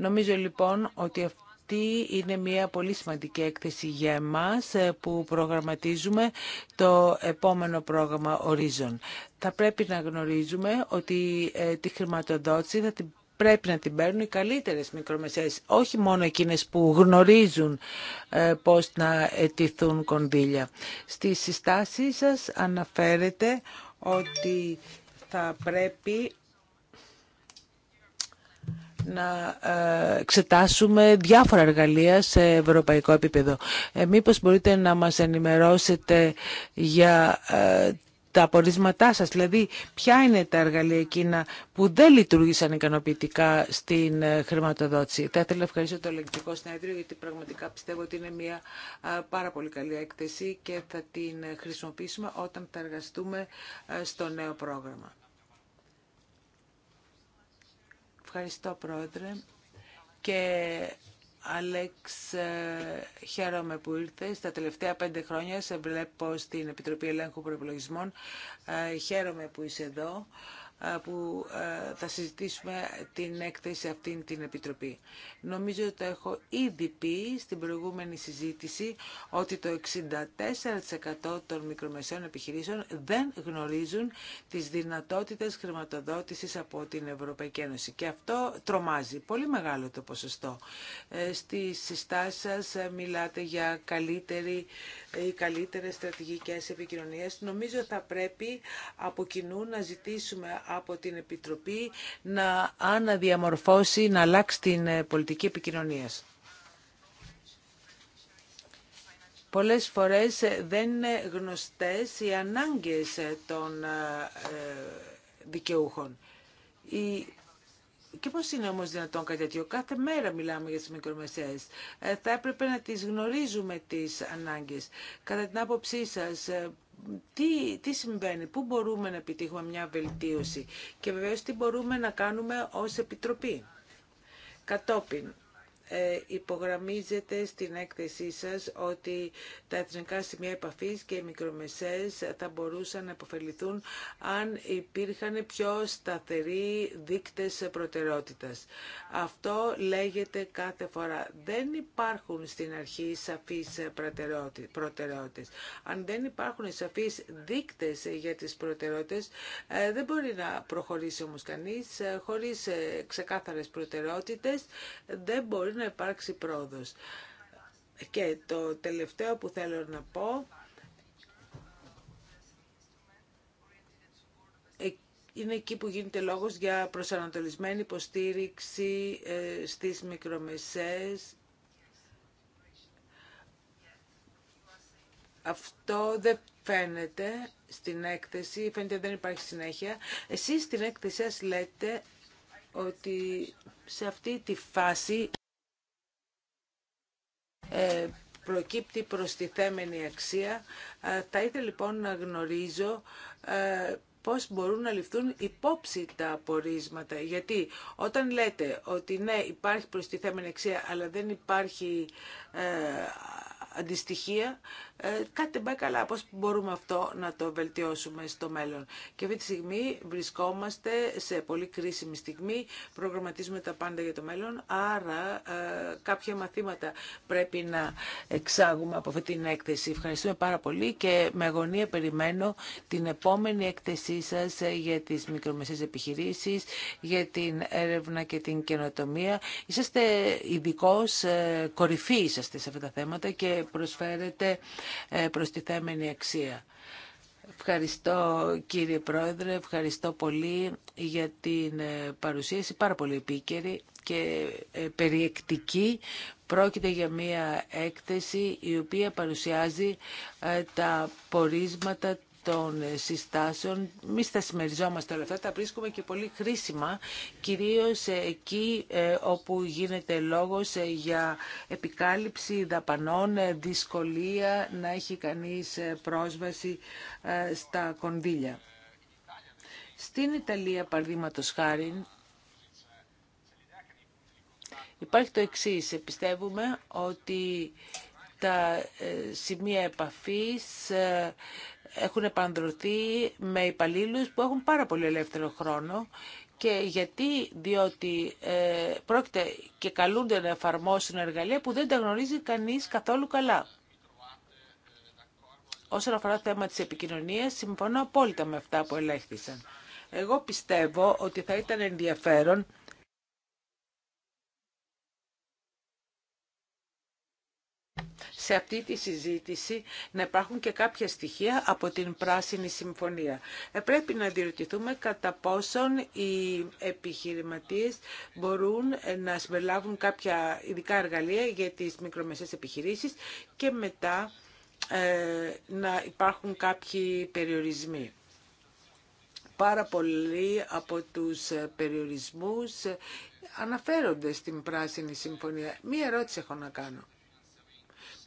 Νομίζω λοιπόν ότι αυτή είναι μια πολύ σημαντική έκθεση για εμάς ε, που προγραμματίζουμε το επόμενο πρόγραμμα Horizon. Θα πρέπει να γνωρίζουμε ότι ε, τη χρηματοδότηση θα πρέπει να την παίρνουν οι καλύτερες μικρομεσαίες, όχι μόνο εκείνες που γνωρίζουν ε, πώς να ετηθούν κονδύλια. Στη συστάση σας αναφέρεται ότι θα πρέπει να ε, εξετάσουμε διάφορα εργαλεία σε ευρωπαϊκό επίπεδο. Ε, μήπως μπορείτε να μας ενημερώσετε για ε, τα απορίσματά σας, δηλαδή ποια είναι τα εργαλεία εκείνα που δεν λειτουργήσαν ικανοποιητικά στην ε, χρηματοδότηση. Θα ήθελα να ευχαριστήσω το ελεγκτικό συνέδριο γιατί πραγματικά πιστεύω ότι είναι μια πάρα πολύ καλή έκθεση και θα την χρησιμοποιήσουμε όταν θα εργαστούμε στο νέο πρόγραμμα. Ευχαριστώ, Πρόεδρε. Και Άλεξ, ε, χαίρομαι που ήρθε. Στα τελευταία πέντε χρόνια σε βλέπω στην Επιτροπή Ελέγχου Προπολογισμών. Ε, χαίρομαι που είσαι εδώ. Ε, που ε, θα συζητήσουμε την έκθεση αυτήν την Επιτροπή. Νομίζω ότι το έχω ήδη πει στην προηγούμενη συζήτηση ότι το 64% των μικρομεσαίων επιχειρήσεων δεν γνωρίζουν τις δυνατότητες χρηματοδότησης από την Ευρωπαϊκή Ένωση. Και αυτό τρομάζει. Πολύ μεγάλο το ποσοστό. Ε, στις συστάσεις σας μιλάτε για καλύτερη ή καλύτερες στρατηγικές επικοινωνίες. Νομίζω θα πρέπει από κοινού να ζητήσουμε από την Επιτροπή να αναδιαμορφώσει, να αλλάξει την ε, πολιτική επικοινωνίας. Πολλές φορές ε, δεν είναι γνωστές οι ανάγκες ε, των δικαιούχων. Και πώς είναι όμως δυνατόν κάτι τέτοιο. Κάθε μέρα μιλάμε για τις μικρομεσαίες. θα έπρεπε να τις γνωρίζουμε τις ανάγκες. Κατά την άποψή σας, τι, συμβαίνει, πού μπορούμε να επιτύχουμε μια βελτίωση και βεβαίως τι μπορούμε να κάνουμε ως Επιτροπή. Κατόπιν, ε, υπογραμμίζετε στην έκθεσή σας ότι τα εθνικά σημεία επαφής και οι μικρομεσαίες θα μπορούσαν να υποφεληθούν αν υπήρχαν πιο σταθεροί δείκτες προτεραιότητας. Αυτό λέγεται κάθε φορά. Δεν υπάρχουν στην αρχή σαφείς προτεραιότητες. Αν δεν υπάρχουν σαφείς δείκτες για τις προτεραιότητες, ε, δεν μπορεί να προχωρήσει όμως κανείς ε, χωρίς ξεκάθαρες προτεραιότητες, δεν μπορεί να υπάρξει πρόοδος. Και το τελευταίο που θέλω να πω είναι εκεί που γίνεται λόγος για προσανατολισμένη υποστήριξη ε, στις μικρομεσές. Αυτό δεν φαίνεται στην έκθεση, φαίνεται δεν υπάρχει συνέχεια. Εσείς στην έκθεση σας λέτε ότι σε αυτή τη φάση ε, προκύπτει προστιθέμενη αξία. Θα ε, ήθελα λοιπόν να γνωρίζω ε, πώς μπορούν να ληφθούν υπόψη τα απορίσματα. Γιατί όταν λέτε ότι ναι υπάρχει προστιθέμενη αξία αλλά δεν υπάρχει ε, αντιστοιχεία, ε, κάτι δεν πάει καλά. πώ μπορούμε αυτό να το βελτιώσουμε στο μέλλον. Και αυτή τη στιγμή βρισκόμαστε σε πολύ κρίσιμη στιγμή, προγραμματίζουμε τα πάντα για το μέλλον, άρα ε, κάποια μαθήματα πρέπει να εξάγουμε από αυτή την έκθεση. Ευχαριστούμε πάρα πολύ και με αγωνία περιμένω την επόμενη έκθεσή σα ε, για τι μικρομεσαίε επιχειρήσει, για την έρευνα και την καινοτομία. Είσαστε ειδικό κορυφή είσαστε σε αυτά τα θέματα και προσφέρετε ε, προστιθέμενη αξία. Ευχαριστώ κύριε Πρόεδρε, ευχαριστώ πολύ για την ε, παρουσίαση, πάρα πολύ επίκαιρη και ε, περιεκτική. Πρόκειται για μια έκθεση η οποία παρουσιάζει τα πορίσματα των ε, συστάσεων. Μη στα συμμεριζόμαστε όλα αυτά, τα βρίσκουμε και πολύ χρήσιμα, κυρίως ε, εκεί ε, όπου γίνεται λόγος για επικάλυψη δαπανών, δυσκολία να έχει κανείς πρόσβαση στα κονδύλια. Στην Ιταλία, παραδείγματο χάρη, υπάρχει το εξής. Πιστεύουμε ότι τα σημεία επαφής έχουν επανδρωθεί με υπαλλήλους που έχουν πάρα πολύ ελεύθερο χρόνο και γιατί, διότι ε, πρόκειται και καλούνται να εφαρμόσουν εργαλεία που δεν τα γνωρίζει κανείς καθόλου καλά. Όσον αφορά το θέμα της επικοινωνίας, συμφωνώ απόλυτα με αυτά που ελέγχθησαν. Εγώ πιστεύω ότι θα ήταν ενδιαφέρον σε αυτή τη συζήτηση να υπάρχουν και κάποια στοιχεία από την Πράσινη Συμφωνία. Ε, πρέπει να διερωτηθούμε κατά πόσον οι επιχειρηματίες μπορούν ε, να συμπεριλάβουν κάποια ειδικά εργαλεία για τις μικρομεσαίες επιχειρήσεις και μετά ε, να υπάρχουν κάποιοι περιορισμοί πάρα πολλοί από τους περιορισμούς αναφέρονται στην Πράσινη Συμφωνία. Μία ερώτηση έχω να κάνω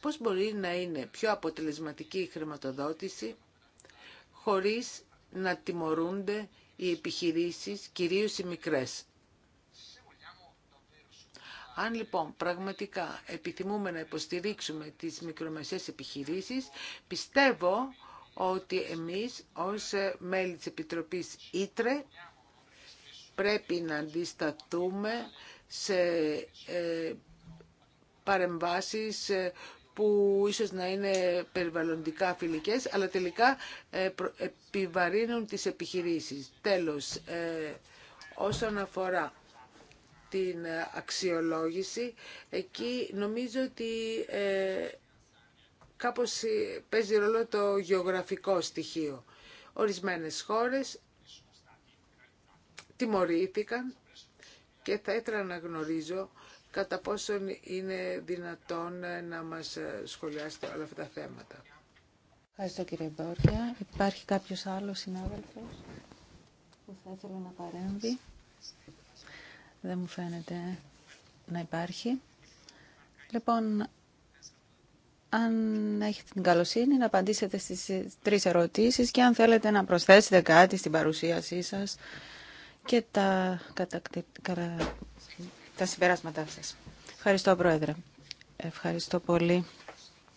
πώς μπορεί να είναι πιο αποτελεσματική η χρηματοδότηση χωρίς να τιμωρούνται οι επιχειρήσεις, κυρίως οι μικρές. Αν λοιπόν πραγματικά επιθυμούμε να υποστηρίξουμε τις μικρομεσαίες επιχειρήσεις, πιστεύω ότι εμείς ως μέλη της Επιτροπής Ήτρε πρέπει να αντισταθούμε σε ε, παρεμβάσεις ε, που ίσως να είναι περιβαλλοντικά φιλικές, αλλά τελικά ε, επιβαρύνουν τις επιχειρήσεις. Τέλος, ε, όσον αφορά την ε, αξιολόγηση, εκεί νομίζω ότι κάπως παίζει ρόλο το γεωγραφικό στοιχείο. Ορισμένες χώρες τιμωρήθηκαν και θα ήθελα να γνωρίζω κατά πόσον είναι δυνατόν να μας σχολιάσετε όλα αυτά τα θέματα. Ευχαριστώ κύριε Μπόρια. Υπάρχει κάποιος άλλος συνάδελφος που θα ήθελε να παρέμβει. Δεν μου φαίνεται να υπάρχει. Λοιπόν, αν έχετε την καλοσύνη να απαντήσετε στις τρεις ερωτήσεις και αν θέλετε να προσθέσετε κάτι στην παρουσίασή σας και τα κατακτη τα συμπεράσματά σας. Ευχαριστώ, Πρόεδρε. Ευχαριστώ πολύ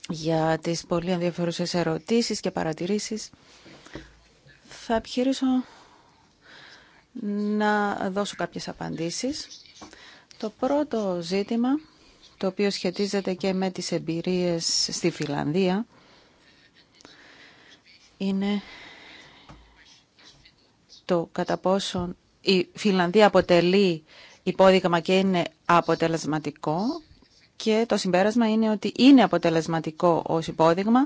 για τις πολύ ενδιαφέρουσες ερωτήσεις και παρατηρήσεις. Θα επιχειρήσω να δώσω κάποιες απαντήσεις. Το πρώτο ζήτημα, το οποίο σχετίζεται και με τις εμπειρίες στη Φιλανδία, είναι το κατά πόσον η Φιλανδία αποτελεί υπόδειγμα και είναι αποτελεσματικό και το συμπέρασμα είναι ότι είναι αποτελεσματικό ως υπόδειγμα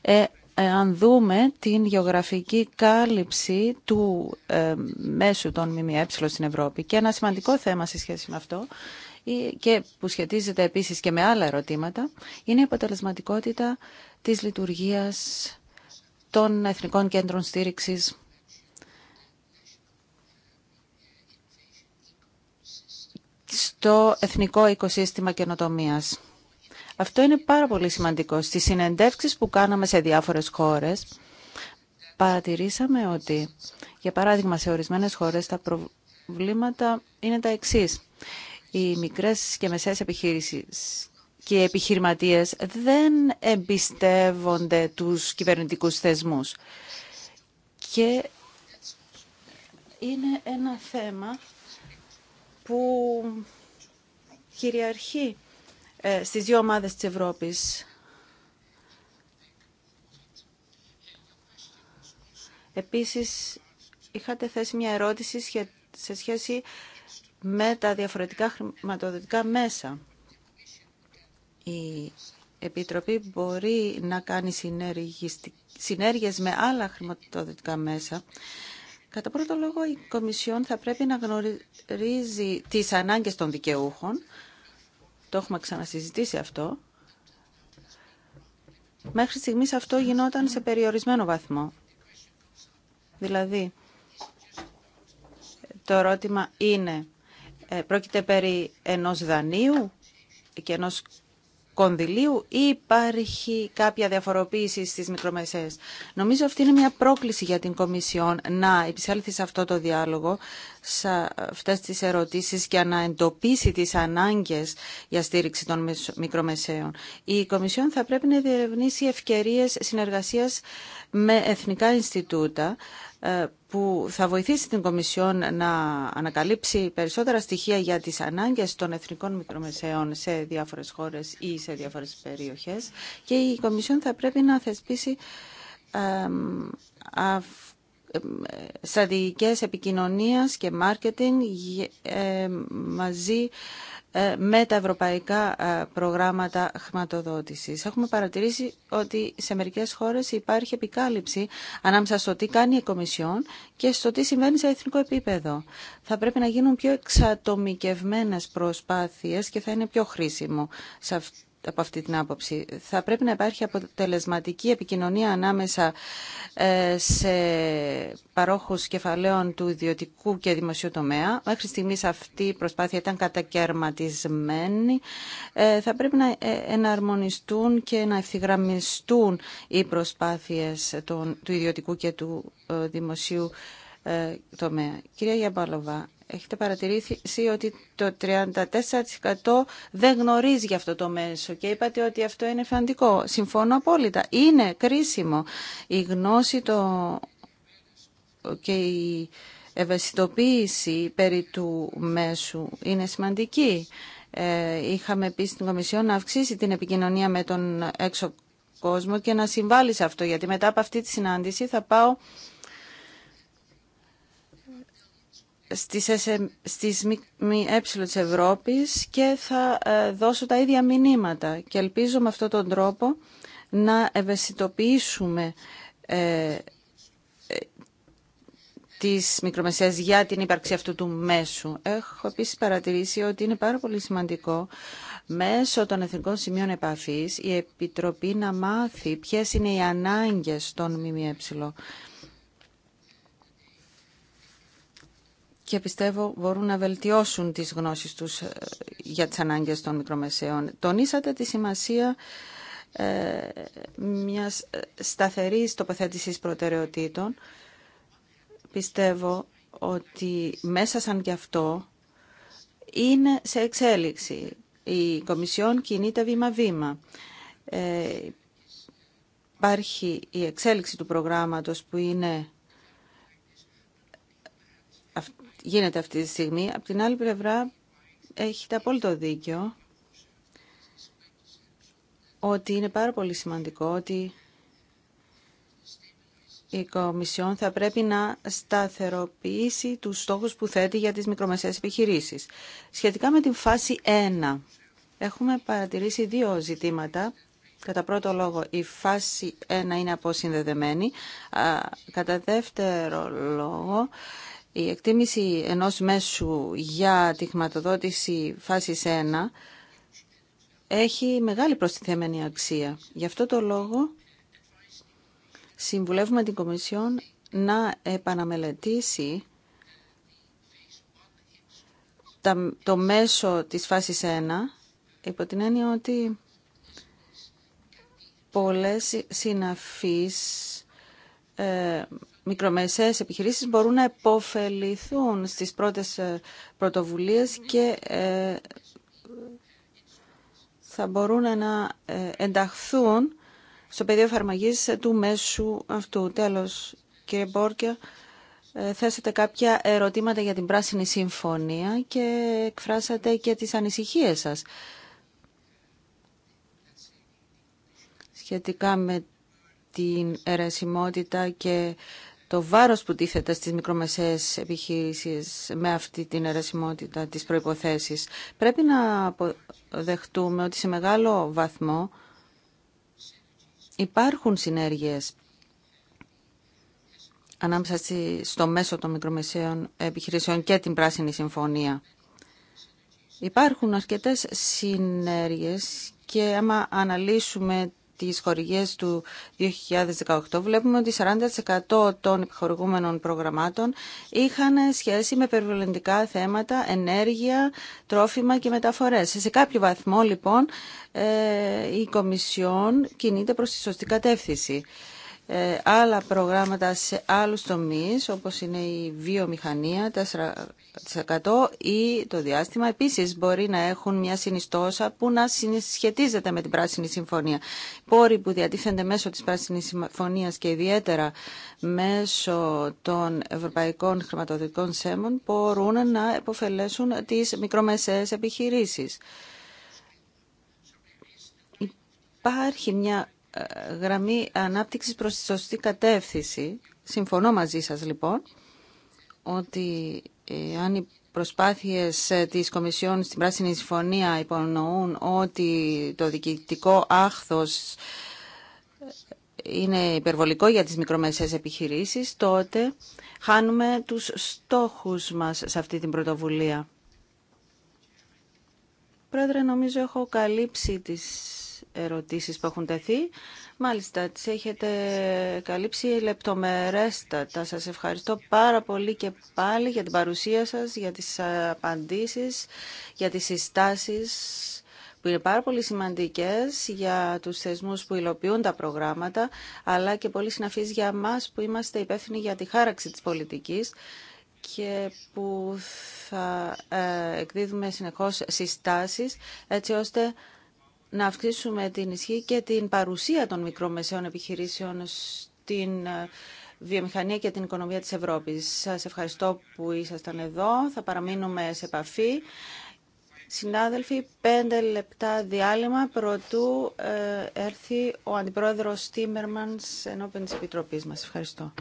ε, ε αν δούμε την γεωγραφική κάλυψη του ε, μέσου των ΜΜΕ στην Ευρώπη. Και ένα σημαντικό θέμα σε σχέση με αυτό ε, και που σχετίζεται επίσης και με άλλα ερωτήματα, είναι η αποτελεσματικότητα της λειτουργίας των Εθνικών Κέντρων Στήριξης στο Εθνικό Οικοσύστημα Καινοτομίας. Αυτό είναι πάρα πολύ σημαντικό. Στις συνεντεύξεις που κάναμε σε διάφορες χώρες, παρατηρήσαμε ότι, για παράδειγμα, σε ορισμένες χώρες τα προβλήματα είναι τα εξής. Οι μικρές και μεσαίες επιχείρησεις και οι επιχειρηματίες δεν εμπιστεύονται τους κυβερνητικούς θεσμούς. Και είναι ένα θέμα που κυριαρχεί ε, στις δύο ομάδες της Ευρώπης. Επίσης, είχατε θέσει μια ερώτηση σε σχέση με τα διαφορετικά χρηματοδοτικά μέσα. Η Επιτροπή μπορεί να κάνει συνέργειες με άλλα χρηματοδοτικά μέσα Κατά πρώτο λόγο, η Κομισιόν θα πρέπει να γνωρίζει τις ανάγκες των δικαιούχων. Το έχουμε ξανασυζητήσει αυτό. Μέχρι στιγμής αυτό γινόταν σε περιορισμένο βαθμό. Δηλαδή, το ερώτημα είναι, ε, πρόκειται περί ενός δανείου και ενός κονδυλίου ή υπάρχει κάποια διαφοροποίηση στις μικρομεσαίες. Νομίζω αυτή είναι μια πρόκληση για την Κομισιόν να επισέλθει σε αυτό το διάλογο, σε αυτές τις ερωτήσεις και να εντοπίσει τις ανάγκες για στήριξη των μικρομεσαίων. Η Κομισιόν θα πρέπει να διερευνήσει ευκαιρίες συνεργασίας με εθνικά Ινστιτούτα, ε, που θα βοηθήσει την Κομισιόν να ανακαλύψει περισσότερα στοιχεία για τις ανάγκες των εθνικών μικρομεσαίων σε διάφορες χώρες ή σε διάφορες περιοχές και η Κομισιόν θα πρέπει να θεσπίσει ε, στρατηγικές επικοινωνίας και μάρκετινγκ ε, μαζί ε, με τα ευρωπαϊκά ε, προγράμματα χρηματοδότησης. Έχουμε παρατηρήσει ότι σε μερικές χώρες υπάρχει επικάλυψη ανάμεσα στο τι κάνει η Κομισιόν και στο τι συμβαίνει σε εθνικό επίπεδο. Θα πρέπει να γίνουν πιο εξατομικευμένες προσπάθειες και θα είναι πιο χρήσιμο σε αυτό από αυτή την άποψη. Θα πρέπει να υπάρχει αποτελεσματική επικοινωνία ανάμεσα ε, σε παρόχους κεφαλαίων του ιδιωτικού και δημοσίου τομέα. Μέχρι στιγμής αυτή η προσπάθεια ήταν κατακαιρματισμένη. Ε, θα πρέπει να ε, εναρμονιστούν και να ευθυγραμμιστούν οι προσπάθειες του ιδιωτικού και του δημοσίου τομέα. Κυρία Γιαμπάλοβα, έχετε παρατηρήσει ότι το 34% δεν γνωρίζει για αυτό το μέσο και είπατε ότι αυτό είναι φαντικό. Συμφωνώ απόλυτα. Είναι κρίσιμο η γνώση το... και η ευαισθητοποίηση περί του μέσου είναι σημαντική. Ε, είχαμε πει στην Κομισιόν να αυξήσει την επικοινωνία με τον έξω κόσμο και να συμβάλλει σε αυτό, γιατί μετά από αυτή τη συνάντηση θα πάω στις, SM, στις ΜΕ της Ευρώπης και θα ε, δώσω τα ίδια μηνύματα και ελπίζω με αυτόν τον τρόπο να ευαισθητοποιήσουμε ε, ε της μικρομεσαίας για την ύπαρξη αυτού του μέσου. Έχω επίσης παρατηρήσει ότι είναι πάρα πολύ σημαντικό μέσω των Εθνικών Σημείων Επαφής η Επιτροπή να μάθει ποιες είναι οι ανάγκες των ΜΜΕ. και πιστεύω μπορούν να βελτιώσουν τις γνώσεις τους ε, για τις ανάγκες των μικρομεσαίων. Τονίσατε τη σημασία ε, μιας ε, σταθερής τοποθέτησης προτεραιοτήτων. Πιστεύω ότι μέσα σαν κι αυτό είναι σε εξέλιξη. Η Κομισιόν κινείται βήμα-βήμα. Ε, υπάρχει η εξέλιξη του προγράμματος που είναι γίνεται αυτή τη στιγμή. Από την άλλη πλευρά έχετε απόλυτο δίκιο ότι είναι πάρα πολύ σημαντικό ότι η Κομισιόν θα πρέπει να σταθεροποιήσει τους στόχους που θέτει για τις μικρομεσαίες επιχειρήσεις. Σχετικά με την φάση 1, έχουμε παρατηρήσει δύο ζητήματα. Κατά πρώτο λόγο, η φάση 1 είναι αποσυνδεδεμένη. Κατά δεύτερο λόγο, η εκτίμηση ενός μέσου για τη χρηματοδότηση φάσης 1 έχει μεγάλη προστιθέμενη αξία. Γι' αυτό το λόγο συμβουλεύουμε την Κομισιόν να επαναμελετήσει το μέσο της φάσης 1 υπό την έννοια ότι πολλές συναφείς ε, μικρομεσαίες επιχειρήσεις μπορούν να επωφεληθούν στις πρώτες ε, πρωτοβουλίες και ε, θα μπορούν να ε, ενταχθούν στο πεδίο εφαρμογή του μέσου αυτού. Τέλος, κύριε Μπόρκια, θέσατε κάποια ερωτήματα για την Πράσινη Συμφωνία και εκφράσατε και τις ανησυχίες σας σχετικά με την αιρεσιμότητα και το βάρος που τίθεται στις μικρομεσαίες επιχειρήσεις με αυτή την αιρεσιμότητα της προϋποθέσεις. Πρέπει να αποδεχτούμε ότι σε μεγάλο βαθμό υπάρχουν συνέργειες ανάμεσα στο μέσο των μικρομεσαίων επιχειρήσεων και την Πράσινη Συμφωνία. Υπάρχουν αρκετές συνέργειες και άμα αναλύσουμε τις χορηγίες του 2018 βλέπουμε ότι 40% των επιχορηγούμενων προγραμμάτων είχαν σχέση με περιβαλλοντικά θέματα, ενέργεια, τρόφιμα και μεταφορές. Σε κάποιο βαθμό λοιπόν ε, η Κομισιόν κινείται προς τη σωστή κατεύθυνση. Ε, άλλα προγράμματα σε άλλους τομείς, όπως είναι η βιομηχανία, 4% ή το διάστημα. Επίσης μπορεί να έχουν μια συνιστόσα που να σχετίζεται με την Πράσινη Συμφωνία. Πόροι που διατίθενται μέσω της Πράσινης Συμφωνίας και ιδιαίτερα μέσω των ευρωπαϊκών χρηματοδοτικών σέμων μπορούν να επωφελέσουν τις μικρομεσαίες επιχειρήσεις. Υπάρχει μια γραμμή ανάπτυξης προς τη σωστή κατεύθυνση. Συμφωνώ μαζί σας λοιπόν ότι ε, αν οι προσπάθειες ε, της Κομισιόν στην Πράσινη Συμφωνία υπονοούν ότι το διοικητικό άχθος ε, είναι υπερβολικό για τις μικρομεσαίες επιχειρήσεις, τότε χάνουμε τους στόχους μας σε αυτή την πρωτοβουλία. Πρόεδρε, νομίζω έχω καλύψει τις ερωτήσεις που έχουν τεθεί. Μάλιστα, τις έχετε καλύψει λεπτομερέστατα. Σας ευχαριστώ πάρα πολύ και πάλι για την παρουσία σας, για τις απαντήσεις, για τις συστάσεις που είναι πάρα πολύ σημαντικές για τους θεσμούς που υλοποιούν τα προγράμματα, αλλά και πολύ συναφείς για μας που είμαστε υπεύθυνοι για τη χάραξη της πολιτικής και που θα ε, εκδίδουμε συνεχώς συστάσεις έτσι ώστε να αυξήσουμε την ισχύ και την παρουσία των μικρομεσαίων επιχειρήσεων στην ε, βιομηχανία και την οικονομία της Ευρώπης. Σας ευχαριστώ που ήσασταν εδώ. Θα παραμείνουμε σε επαφή. Συνάδελφοι, πέντε λεπτά διάλειμμα προτού ε, έρθει ο Αντιπρόεδρος Τίμερμανς ενώπιν της Επιτροπής μας. Ευχαριστώ.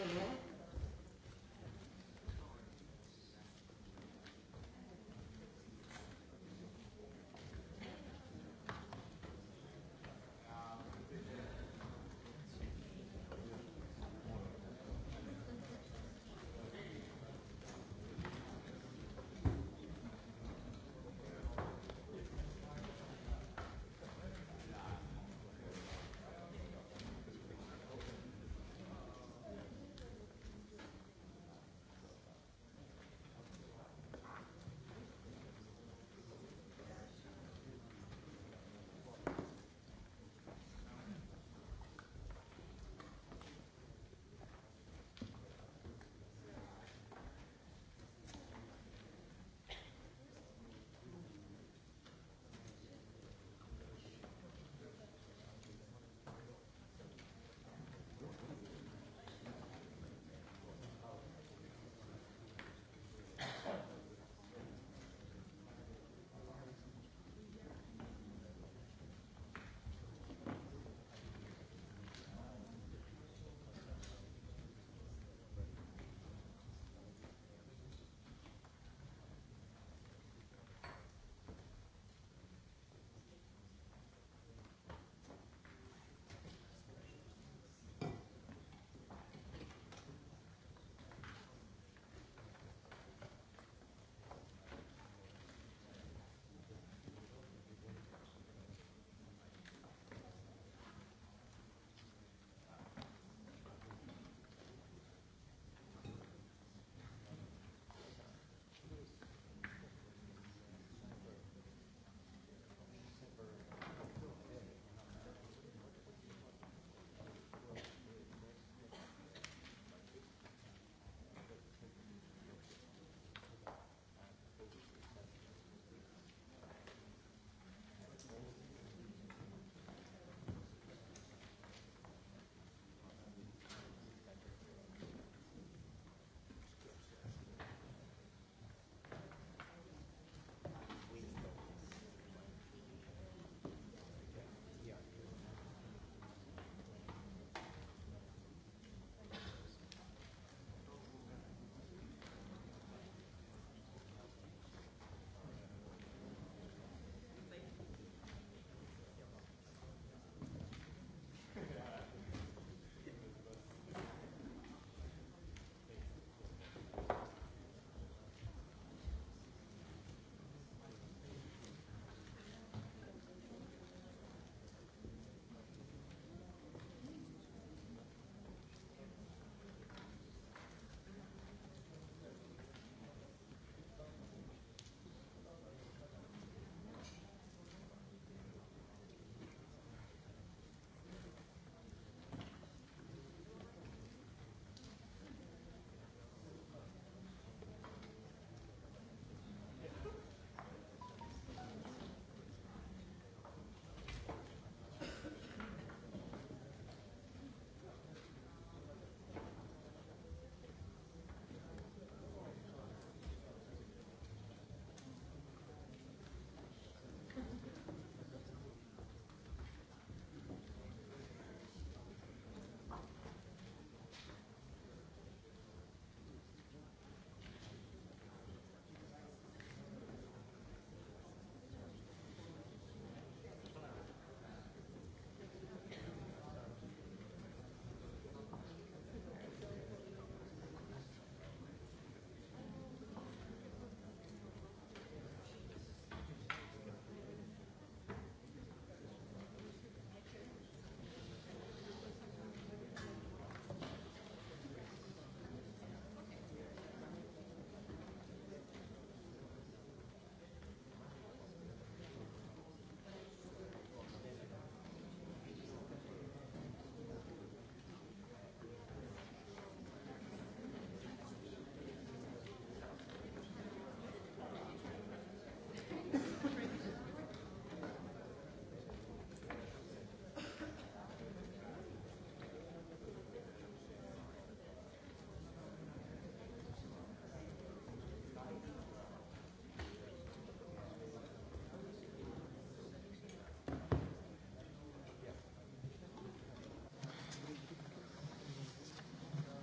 AUTHORWAVE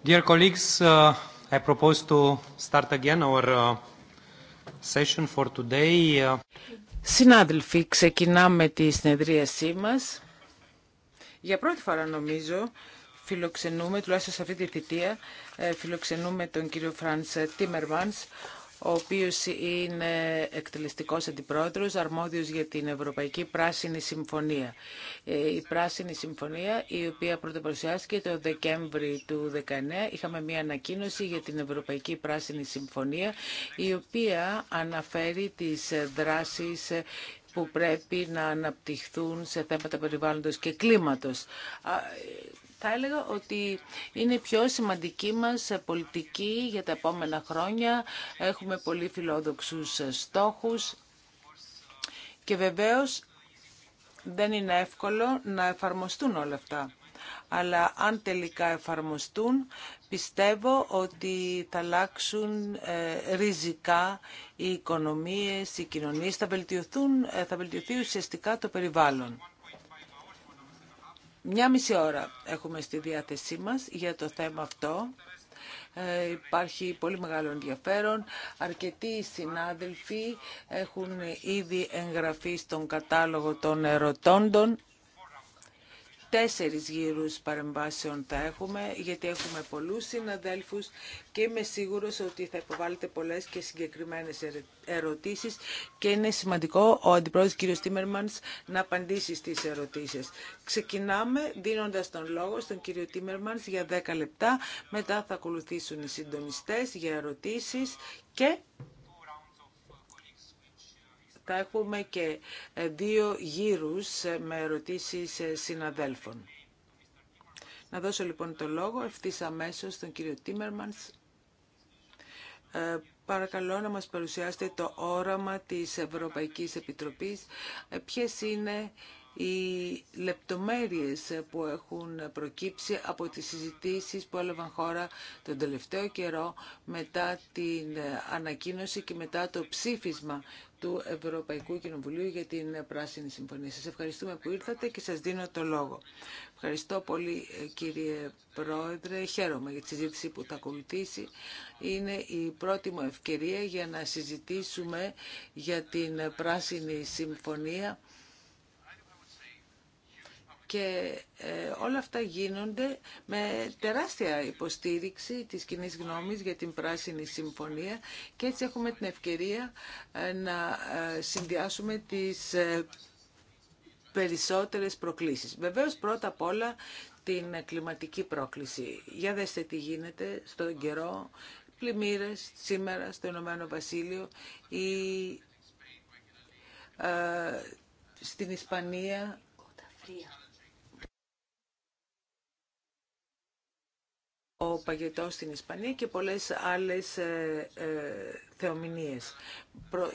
Dear colleagues, uh, I propose to start again our uh, session for today. Uh. Συνάδελφοι, ξεκινάμε τη συνεδρίασή μας. Για πρώτη φορά νομίζω φιλοξενούμε, τουλάχιστον σε αυτή τη θητεία, ε, φιλοξενούμε τον κύριο Φρανς Τίμερμανς, ο οποίος είναι εκτελεστικός αντιπρόεδρος, αρμόδιος για την Ευρωπαϊκή Πράσινη Συμφωνία. Ε, η Πράσινη Συμφωνία, η οποία πρωτοπαρουσιάστηκε το Δεκέμβρη του 2019, είχαμε μια ανακοίνωση για την Ευρωπαϊκή Πράσινη Συμφωνία, η οποία αναφέρει τις δράσεις που πρέπει να αναπτυχθούν σε θέματα περιβάλλοντος και κλίματος. Θα έλεγα ότι είναι η πιο σημαντική μας πολιτική για τα επόμενα χρόνια. Έχουμε πολύ φιλόδοξους στόχους και βεβαίως δεν είναι εύκολο να εφαρμοστούν όλα αυτά. Αλλά αν τελικά εφαρμοστούν, πιστεύω ότι θα αλλάξουν ε, ριζικά οι οικονομίες, οι κοινωνίες, θα, βελτιωθούν, ε, θα βελτιωθεί ουσιαστικά το περιβάλλον. Μια μισή ώρα έχουμε στη διάθεσή μας για το θέμα αυτό. Ε, υπάρχει πολύ μεγάλο ενδιαφέρον. Αρκετοί συνάδελφοι έχουν ήδη εγγραφεί στον κατάλογο των ερωτώντων τέσσερις γύρους παρεμβάσεων θα έχουμε, γιατί έχουμε πολλούς συναδέλφους και είμαι σίγουρος ότι θα υποβάλλετε πολλές και συγκεκριμένες ερωτήσεις και είναι σημαντικό ο Αντιπρόεδρος κ. Τίμερμανς να απαντήσει στις ερωτήσεις. Ξεκινάμε δίνοντας τον λόγο στον κ. Τίμερμανς για 10 λεπτά, μετά θα ακολουθήσουν οι συντονιστές για ερωτήσεις και θα έχουμε και ε, δύο γύρους ε, με ερωτήσεις ε, συναδέλφων. Να δώσω λοιπόν το λόγο ευθύ αμέσω στον κύριο Τίμερμανς. παρακαλώ να μας παρουσιάσετε το όραμα της Ευρωπαϊκής Επιτροπής. Ε, ποιες είναι οι λεπτομέρειες που έχουν προκύψει από τις συζητήσεις που έλαβαν χώρα τον τελευταίο καιρό μετά την ανακοίνωση και μετά το ψήφισμα του Ευρωπαϊκού Κοινοβουλίου για την Πράσινη Συμφωνία. Σας ευχαριστούμε που ήρθατε και σας δίνω το λόγο. Ευχαριστώ πολύ κύριε Πρόεδρε. Χαίρομαι για τη συζήτηση που θα ακολουθήσει. Είναι η πρώτη μου ευκαιρία για να συζητήσουμε για την Πράσινη Συμφωνία και ε, όλα αυτά γίνονται με τεράστια υποστήριξη της κοινή γνώμης για την Πράσινη Συμφωνία και έτσι έχουμε την ευκαιρία ε, να ε, συνδυάσουμε τις περισσότερες προκλήσεις. Βεβαίως πρώτα απ' όλα την κλιματική πρόκληση. Για δέστε τι γίνεται στον καιρό πλημμύρες σήμερα στο Ηνωμένο Βασίλειο ή στην Ισπανία ο παγετός στην Ισπανία και πολλές άλλες ε, ε θεομηνίες.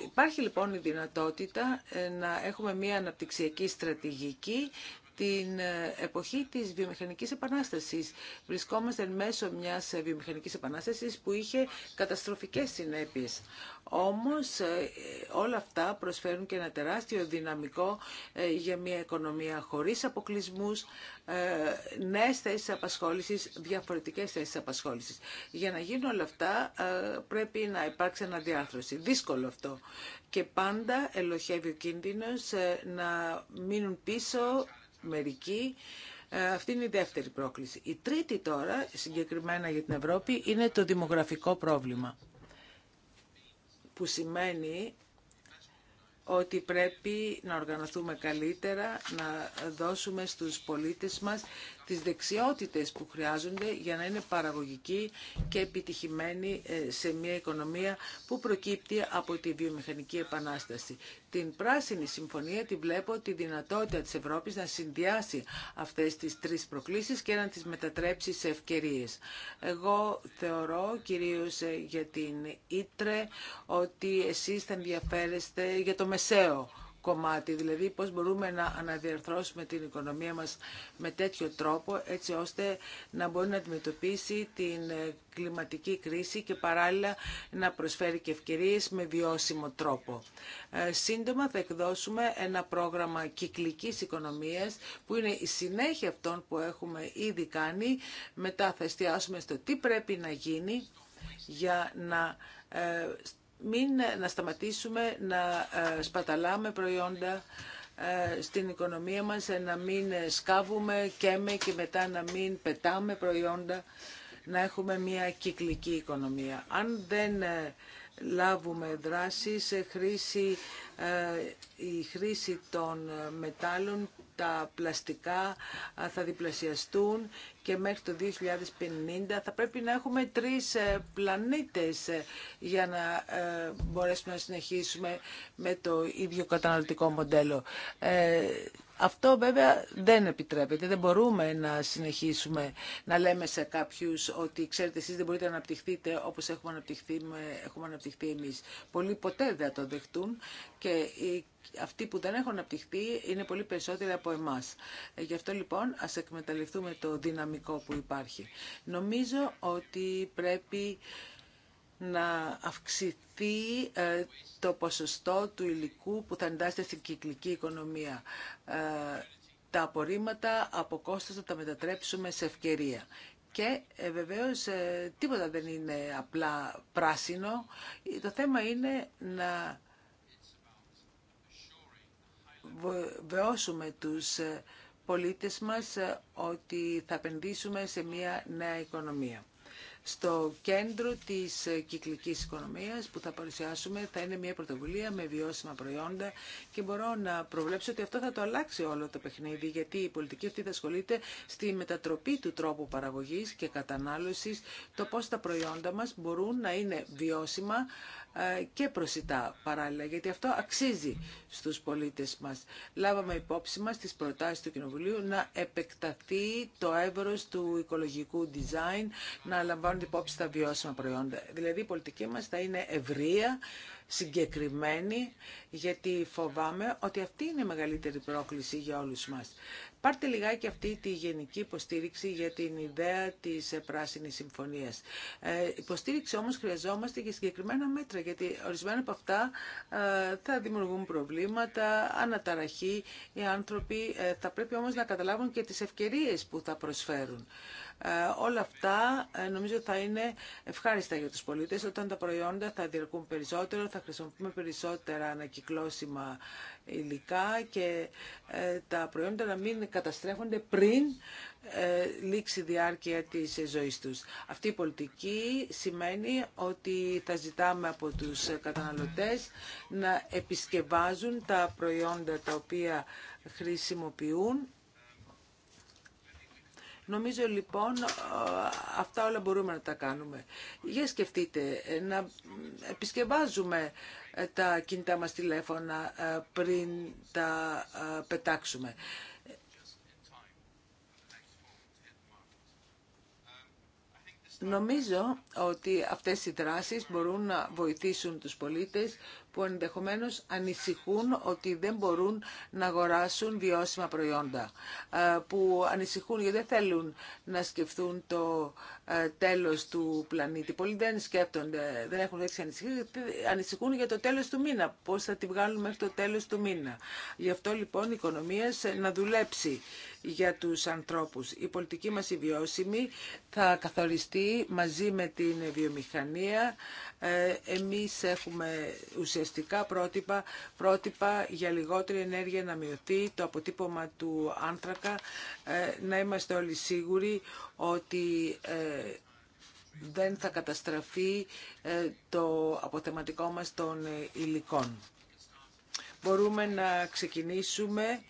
Υπάρχει λοιπόν η δυνατότητα ε, να έχουμε μια αναπτυξιακή στρατηγική την ε, εποχή της βιομηχανικής επανάστασης. Βρισκόμαστε εν μέσω μιας ε, βιομηχανικής επανάστασης που είχε καταστροφικές συνέπειες. Όμως ε, όλα αυτά προσφέρουν και ένα τεράστιο δυναμικό για μια οικονομία χωρίς αποκλεισμούς, νέες θέσεις απασχόλησης, διαφορετικές θέσεις απασχόλησης. Για να γίνουν όλα αυτά πρέπει να υπάρξει αναδιάρθρωση. Δύσκολο αυτό. Και πάντα ελοχεύει ο κίνδυνος να μείνουν πίσω μερικοί. Ε, αυτή είναι η δεύτερη πρόκληση. Η τρίτη τώρα, συγκεκριμένα για την Ευρώπη, είναι το δημογραφικό πρόβλημα. Που σημαίνει ότι πρέπει να οργανωθούμε καλύτερα, να δώσουμε στους πολίτες μας τις δεξιότητες που χρειάζονται για να είναι παραγωγικοί και επιτυχημένοι ε, σε μια οικονομία που προκύπτει από τη βιομηχανική επανάσταση την Πράσινη Συμφωνία τη βλέπω τη δυνατότητα της Ευρώπης να συνδυάσει αυτές τις τρεις προκλήσεις και να τις μετατρέψει σε ευκαιρίες. Εγώ θεωρώ κυρίως ε, για την Ήτρε ότι εσείς θα ενδιαφέρεστε για το μεσαίο κομμάτι, δηλαδή πώς μπορούμε να αναδιαρθρώσουμε την οικονομία μας με τέτοιο τρόπο, έτσι ώστε να μπορεί να αντιμετωπίσει την ε, κλιματική κρίση και παράλληλα να προσφέρει και ευκαιρίες με βιώσιμο τρόπο. Ε, σύντομα θα εκδώσουμε ένα πρόγραμμα κυκλικής οικονομίας που είναι η συνέχεια αυτών που έχουμε ήδη κάνει. Μετά θα εστιάσουμε στο τι πρέπει να γίνει για να ε, μην ε, να σταματήσουμε να ε, σπαταλάμε προϊόντα ε, στην οικονομία μας, να μην σκάβουμε, καίμε και μετά να μην πετάμε προϊόντα, να έχουμε μια κυκλική οικονομία. Αν δεν λάβουμε δράσεις, χρήση, η χρήση των μετάλλων, τα πλαστικά θα διπλασιαστούν και μέχρι το 2050 θα πρέπει να έχουμε τρεις ε, πλανήτες ε, για να ε, μπορέσουμε να συνεχίσουμε με το ίδιο καταναλωτικό μοντέλο. Αυτό βέβαια δεν επιτρέπεται. Δεν μπορούμε να συνεχίσουμε να λέμε σε κάποιους ότι ξέρετε εσείς δεν μπορείτε να αναπτυχθείτε όπως έχουμε αναπτυχθεί, έχουμε αναπτυχθεί εμείς. Πολλοί ποτέ δεν το δεχτούν και αυτοί που δεν έχουν αναπτυχθεί είναι πολύ περισσότεροι από εμάς. Ε, γι' αυτό λοιπόν α εκμεταλλευτούμε το δυναμικό που υπάρχει. Νομίζω ότι πρέπει να αυξηθεί ε, το ποσοστό του υλικού που θα εντάσσεται στην κυκλική οικονομία. Ε, τα απορρίμματα από κόστος θα τα μετατρέψουμε σε ευκαιρία. Και ε, βεβαίως ε, τίποτα δεν είναι απλά πράσινο. Το θέμα είναι να βεώσουμε τους πολίτες μας ότι θα επενδύσουμε σε μια νέα οικονομία στο κέντρο της ε, κυκλικής οικονομίας που θα παρουσιάσουμε θα είναι μια πρωτοβουλία με βιώσιμα προϊόντα και μπορώ να προβλέψω ότι αυτό θα το αλλάξει όλο το παιχνίδι γιατί η πολιτική αυτή θα ασχολείται στη μετατροπή του τρόπου παραγωγής και κατανάλωσης το πώς τα προϊόντα μας μπορούν να είναι βιώσιμα ε, και προσιτά παράλληλα, γιατί αυτό αξίζει στους πολίτες μας. Λάβαμε υπόψη μας τις προτάσεις του Κοινοβουλίου να επεκταθεί το έβρος του οικολογικού design, να λαμβάνουν υπόψη τα βιώσιμα προϊόντα. Δηλαδή η πολιτική μας θα είναι ευρεία, συγκεκριμένη, γιατί φοβάμαι ότι αυτή είναι η μεγαλύτερη πρόκληση για όλους μας. Πάρτε λιγάκι αυτή τη γενική υποστήριξη για την ιδέα της ε, Πράσινης Συμφωνίας. Ε, υποστήριξη όμως χρειαζόμαστε και συγκεκριμένα μέτρα, γιατί ορισμένα από αυτά ε, θα δημιουργούν προβλήματα, αναταραχή οι άνθρωποι. Ε, θα πρέπει όμως να καταλάβουν και τις ευκαιρίες που θα προσφέρουν. Ε, όλα αυτά ε, νομίζω θα είναι ευχάριστα για τους πολίτες όταν τα προϊόντα θα διαρκούν περισσότερο, θα χρησιμοποιούμε περισσότερα ανακυκλώσιμα υλικά και ε, τα προϊόντα να μην καταστρέφονται πριν λήξει διάρκεια της ζωής τους. Αυτή η πολιτική σημαίνει ότι θα ζητάμε από τους καταναλωτές να επισκευάζουν τα προϊόντα τα οποία χρησιμοποιούν Νομίζω λοιπόν ε, αυτά όλα μπορούμε να τα κάνουμε. Για σκεφτείτε, ε, να επισκευάζουμε ε, τα κινητά μας τηλέφωνα πριν τα πετάξουμε. Νομίζω ότι αυτές οι δράσεις μπορούν να βοηθήσουν τους πολίτες που ενδεχομένως ανησυχούν ότι δεν μπορούν να αγοράσουν βιώσιμα προϊόντα, ε, που ανησυχούν γιατί δεν θέλουν να σκεφτούν το ε, τέλος του πλανήτη. Πολλοί δεν σκέφτονται, δεν έχουν τέτοιες γιατί ανησυχούν για το τέλος του μήνα, πώς θα τη βγάλουν μέχρι το τέλος του μήνα. Γι' αυτό λοιπόν η οικονομία να δουλέψει για τους ανθρώπους. Η πολιτική μας η βιώσιμη θα καθοριστεί μαζί με την βιομηχανία. Ε, εμείς έχουμε ουσιαστικά ουσιαστικά πρότυπα, πρότυπα για λιγότερη ενέργεια να μειωθεί, το αποτύπωμα του άνθρακα, ε, να είμαστε όλοι σίγουροι ότι ε, δεν θα καταστραφεί ε, το αποθεματικό μας των υλικών. Μπορούμε να ξεκινήσουμε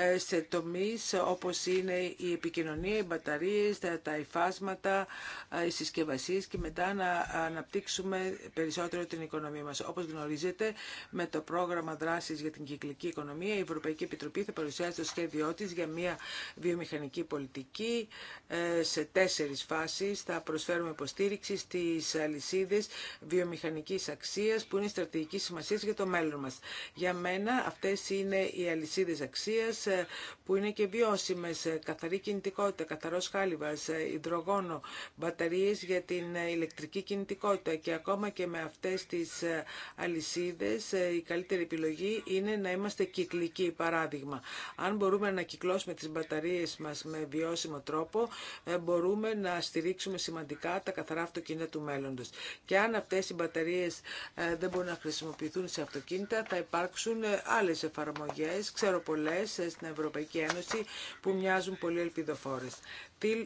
ε, σε τομείς όπως είναι η επικοινωνία, οι μπαταρίες, τα υφάσματα, ε, οι συσκευασίες και μετά να αναπτύξουμε περισσότερο την οικονομία μας. Όπως γνωρίζετε, με το πρόγραμμα δράσης για την κυκλική οικονομία, η Ευρωπαϊκή Επιτροπή θα παρουσιάσει το σχέδιό της για μια βιομηχανική πολιτική ε, σε τέσσερις φάσεις. Θα προσφέρουμε υποστήριξη στις αλυσίδες βιομηχανικής αξίας που είναι στρατηγική σημασία για το μέλλον μας. Για μένα αυτές είναι οι αλυσίδες αξίας ε, που είναι και βιώσιμες, ε, καθαρή κινητικότητα, καθαρός χάλιβας, ε, υδρογόνο, μπαταρίες για την ηλεκτρική κινητικότητα και ακόμα και με αυτές τις αλυσίδες η καλύτερη επιλογή είναι να είμαστε κυκλικοί παράδειγμα. Αν μπορούμε να κυκλώσουμε τις μπαταρίες μας με βιώσιμο τρόπο μπορούμε να στηρίξουμε σημαντικά τα καθαρά αυτοκίνητα του μέλλοντος. Και αν αυτές οι μπαταρίες δεν μπορούν να χρησιμοποιηθούν σε αυτοκίνητα θα υπάρξουν άλλες εφαρμογές, ξέρω πολλές, στην Ευρωπαϊκή Ένωση που μοιάζουν πολύ ελπιδοφόρες.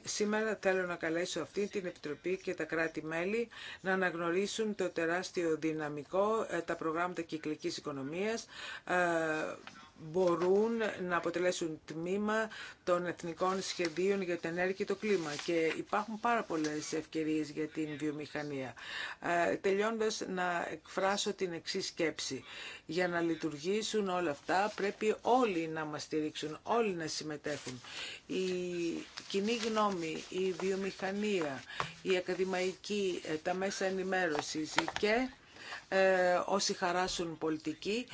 Σήμερα θέλω να καλέσω αυτή την Επιτροπή και τα κράτη-μέλη να αναγνωρίσουν το τεράστιο δυναμικό, ε, τα προγράμματα κυκλικής οικονομίας ε, μπορούν να αποτελέσουν τμήμα των εθνικών σχεδίων για την ενέργεια και το κλίμα. Και υπάρχουν πάρα πολλές ευκαιρίες για την βιομηχανία. Ε, να εκφράσω την εξή σκέψη. Για να λειτουργήσουν όλα αυτά πρέπει όλοι να μας στηρίξουν, όλοι να συμμετέχουν. Η κοινή γνώμη, η βιομηχανία, η ακαδημαϊκή, ε, τα μέσα ενημέρωσης και ε, όσοι χαράσουν πολιτική,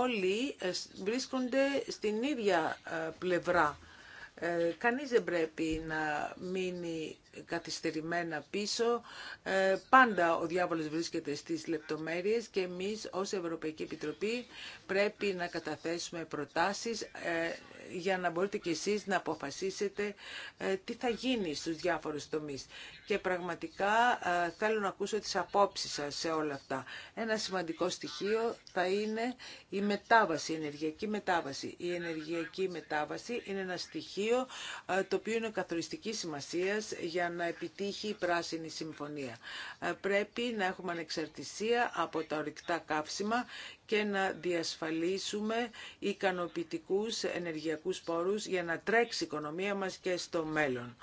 όλοι ε, βρίσκονται στην ίδια ε, πλευρά. Κανείς δεν πρέπει να μείνει καθυστερημένα πίσω. Ε, πάντα ο διάβολος βρίσκεται στις λεπτομέρειες και εμείς ως Ευρωπαϊκή Επιτροπή πρέπει να καταθέσουμε προτάσεις ε, για να μπορείτε κι εσείς να αποφασίσετε ε, τι θα γίνει στους διάφορους τομείς. Και πραγματικά θέλω να ακούσω τις απόψεις σας σε όλα αυτά. Ένα σημαντικό στοιχείο θα είναι η μετάβαση, η ενεργειακή μετάβαση. Η ενεργειακή μετάβαση είναι ένα στοιχείο το οποίο είναι καθοριστική σημασίας για να επιτύχει η Πράσινη Συμφωνία. Ε, πρέπει να έχουμε ανεξαρτησία από τα ορυκτά καύσιμα και να διασφαλίσουμε ικανοποιητικούς ενεργειακούς πόρους για να τρέξει η οικονομία μας και στο μέλλον.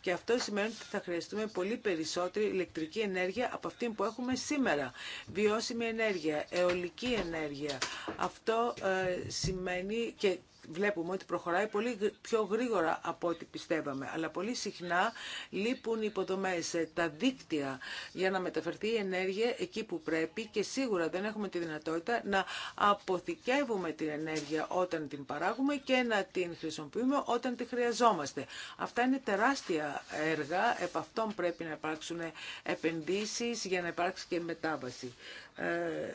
Και αυτό σημαίνει ότι θα χρειαστούμε πολύ περισσότερη ηλεκτρική ενέργεια από αυτή που έχουμε σήμερα. Βιώσιμη ενέργεια, αιωλική ενέργεια. Αυτό ε, σημαίνει και βλέπουμε ότι προχωράει πολύ πιο γρήγορα από ό,τι πιστεύαμε. Αλλά πολύ συχνά λείπουν οι υποδομές, ε, τα δίκτυα για να μεταφερθεί η ενέργεια εκεί που πρέπει και σίγουρα δεν έχουμε τη δυνατότητα να αποθηκεύουμε την ενέργεια όταν την παράγουμε και να την χρησιμοποιούμε όταν τη χρειαζόμαστε. Αυτά είναι τεράστια έργα, επ' αυτών πρέπει να υπάρξουν επενδύσεις για να υπάρξει και μετάβαση. Ε,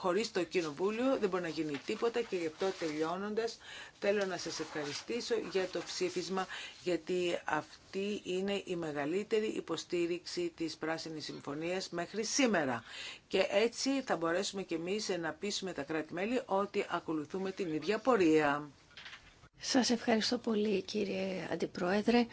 Χωρίς το Κοινοβούλιο δεν μπορεί να γίνει τίποτα και γι' αυτό τελειώνοντας θέλω να σας ευχαριστήσω για το ψήφισμα γιατί αυτή είναι η μεγαλύτερη υποστήριξη της Πράσινης Συμφωνίας μέχρι σήμερα. Και έτσι θα μπορέσουμε και εμείς να πείσουμε τα κράτη-μέλη ότι ακολουθούμε την ίδια πορεία. Σας ευχαριστώ πολύ κύριε Αντιπρόεδρε.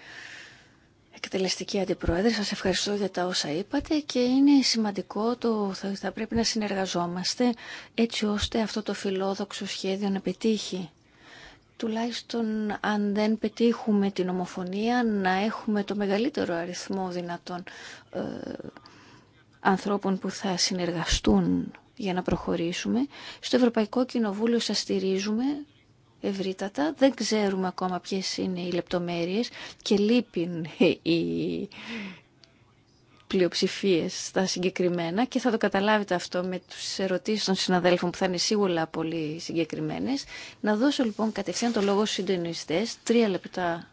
Εκτελεστική Αντιπρόεδρε, σας ευχαριστώ για τα όσα είπατε και είναι σημαντικό το θα πρέπει να συνεργαζόμαστε έτσι ώστε αυτό το φιλόδοξο σχέδιο να πετύχει. Τουλάχιστον αν δεν πετύχουμε την ομοφωνία να έχουμε το μεγαλύτερο αριθμό δυνατών ε, ανθρώπων που θα συνεργαστούν για να προχωρήσουμε. Στο Ευρωπαϊκό Κοινοβούλιο σας στηρίζουμε ευρύτατα. Δεν ξέρουμε ακόμα ποιες είναι οι λεπτομέρειες και λείπουν οι πλειοψηφίε στα συγκεκριμένα και θα το καταλάβετε αυτό με τι ερωτήσεις των συναδέλφων που θα είναι σίγουρα πολύ συγκεκριμένες. Να δώσω λοιπόν κατευθείαν το λόγο στους συντονιστέ, τρία λεπτά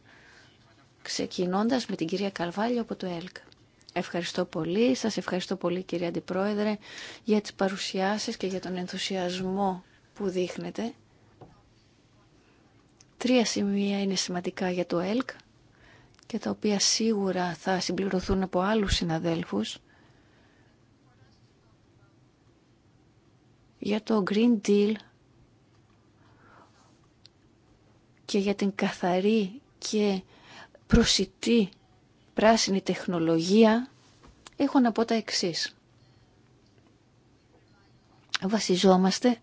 ξεκινώντας με την κυρία Καλβάλιο από το ΕΛΚ. Ευχαριστώ πολύ. Σας ευχαριστώ πολύ κυρία Αντιπρόεδρε για τις παρουσιάσεις και για τον ενθουσιασμό που δείχνετε. Τρία σημεία είναι σημαντικά για το ΕΛΚ και τα οποία σίγουρα θα συμπληρωθούν από άλλους συναδέλφους. Για το Green Deal και για την καθαρή και προσιτή πράσινη τεχνολογία έχω να πω τα εξής. Βασιζόμαστε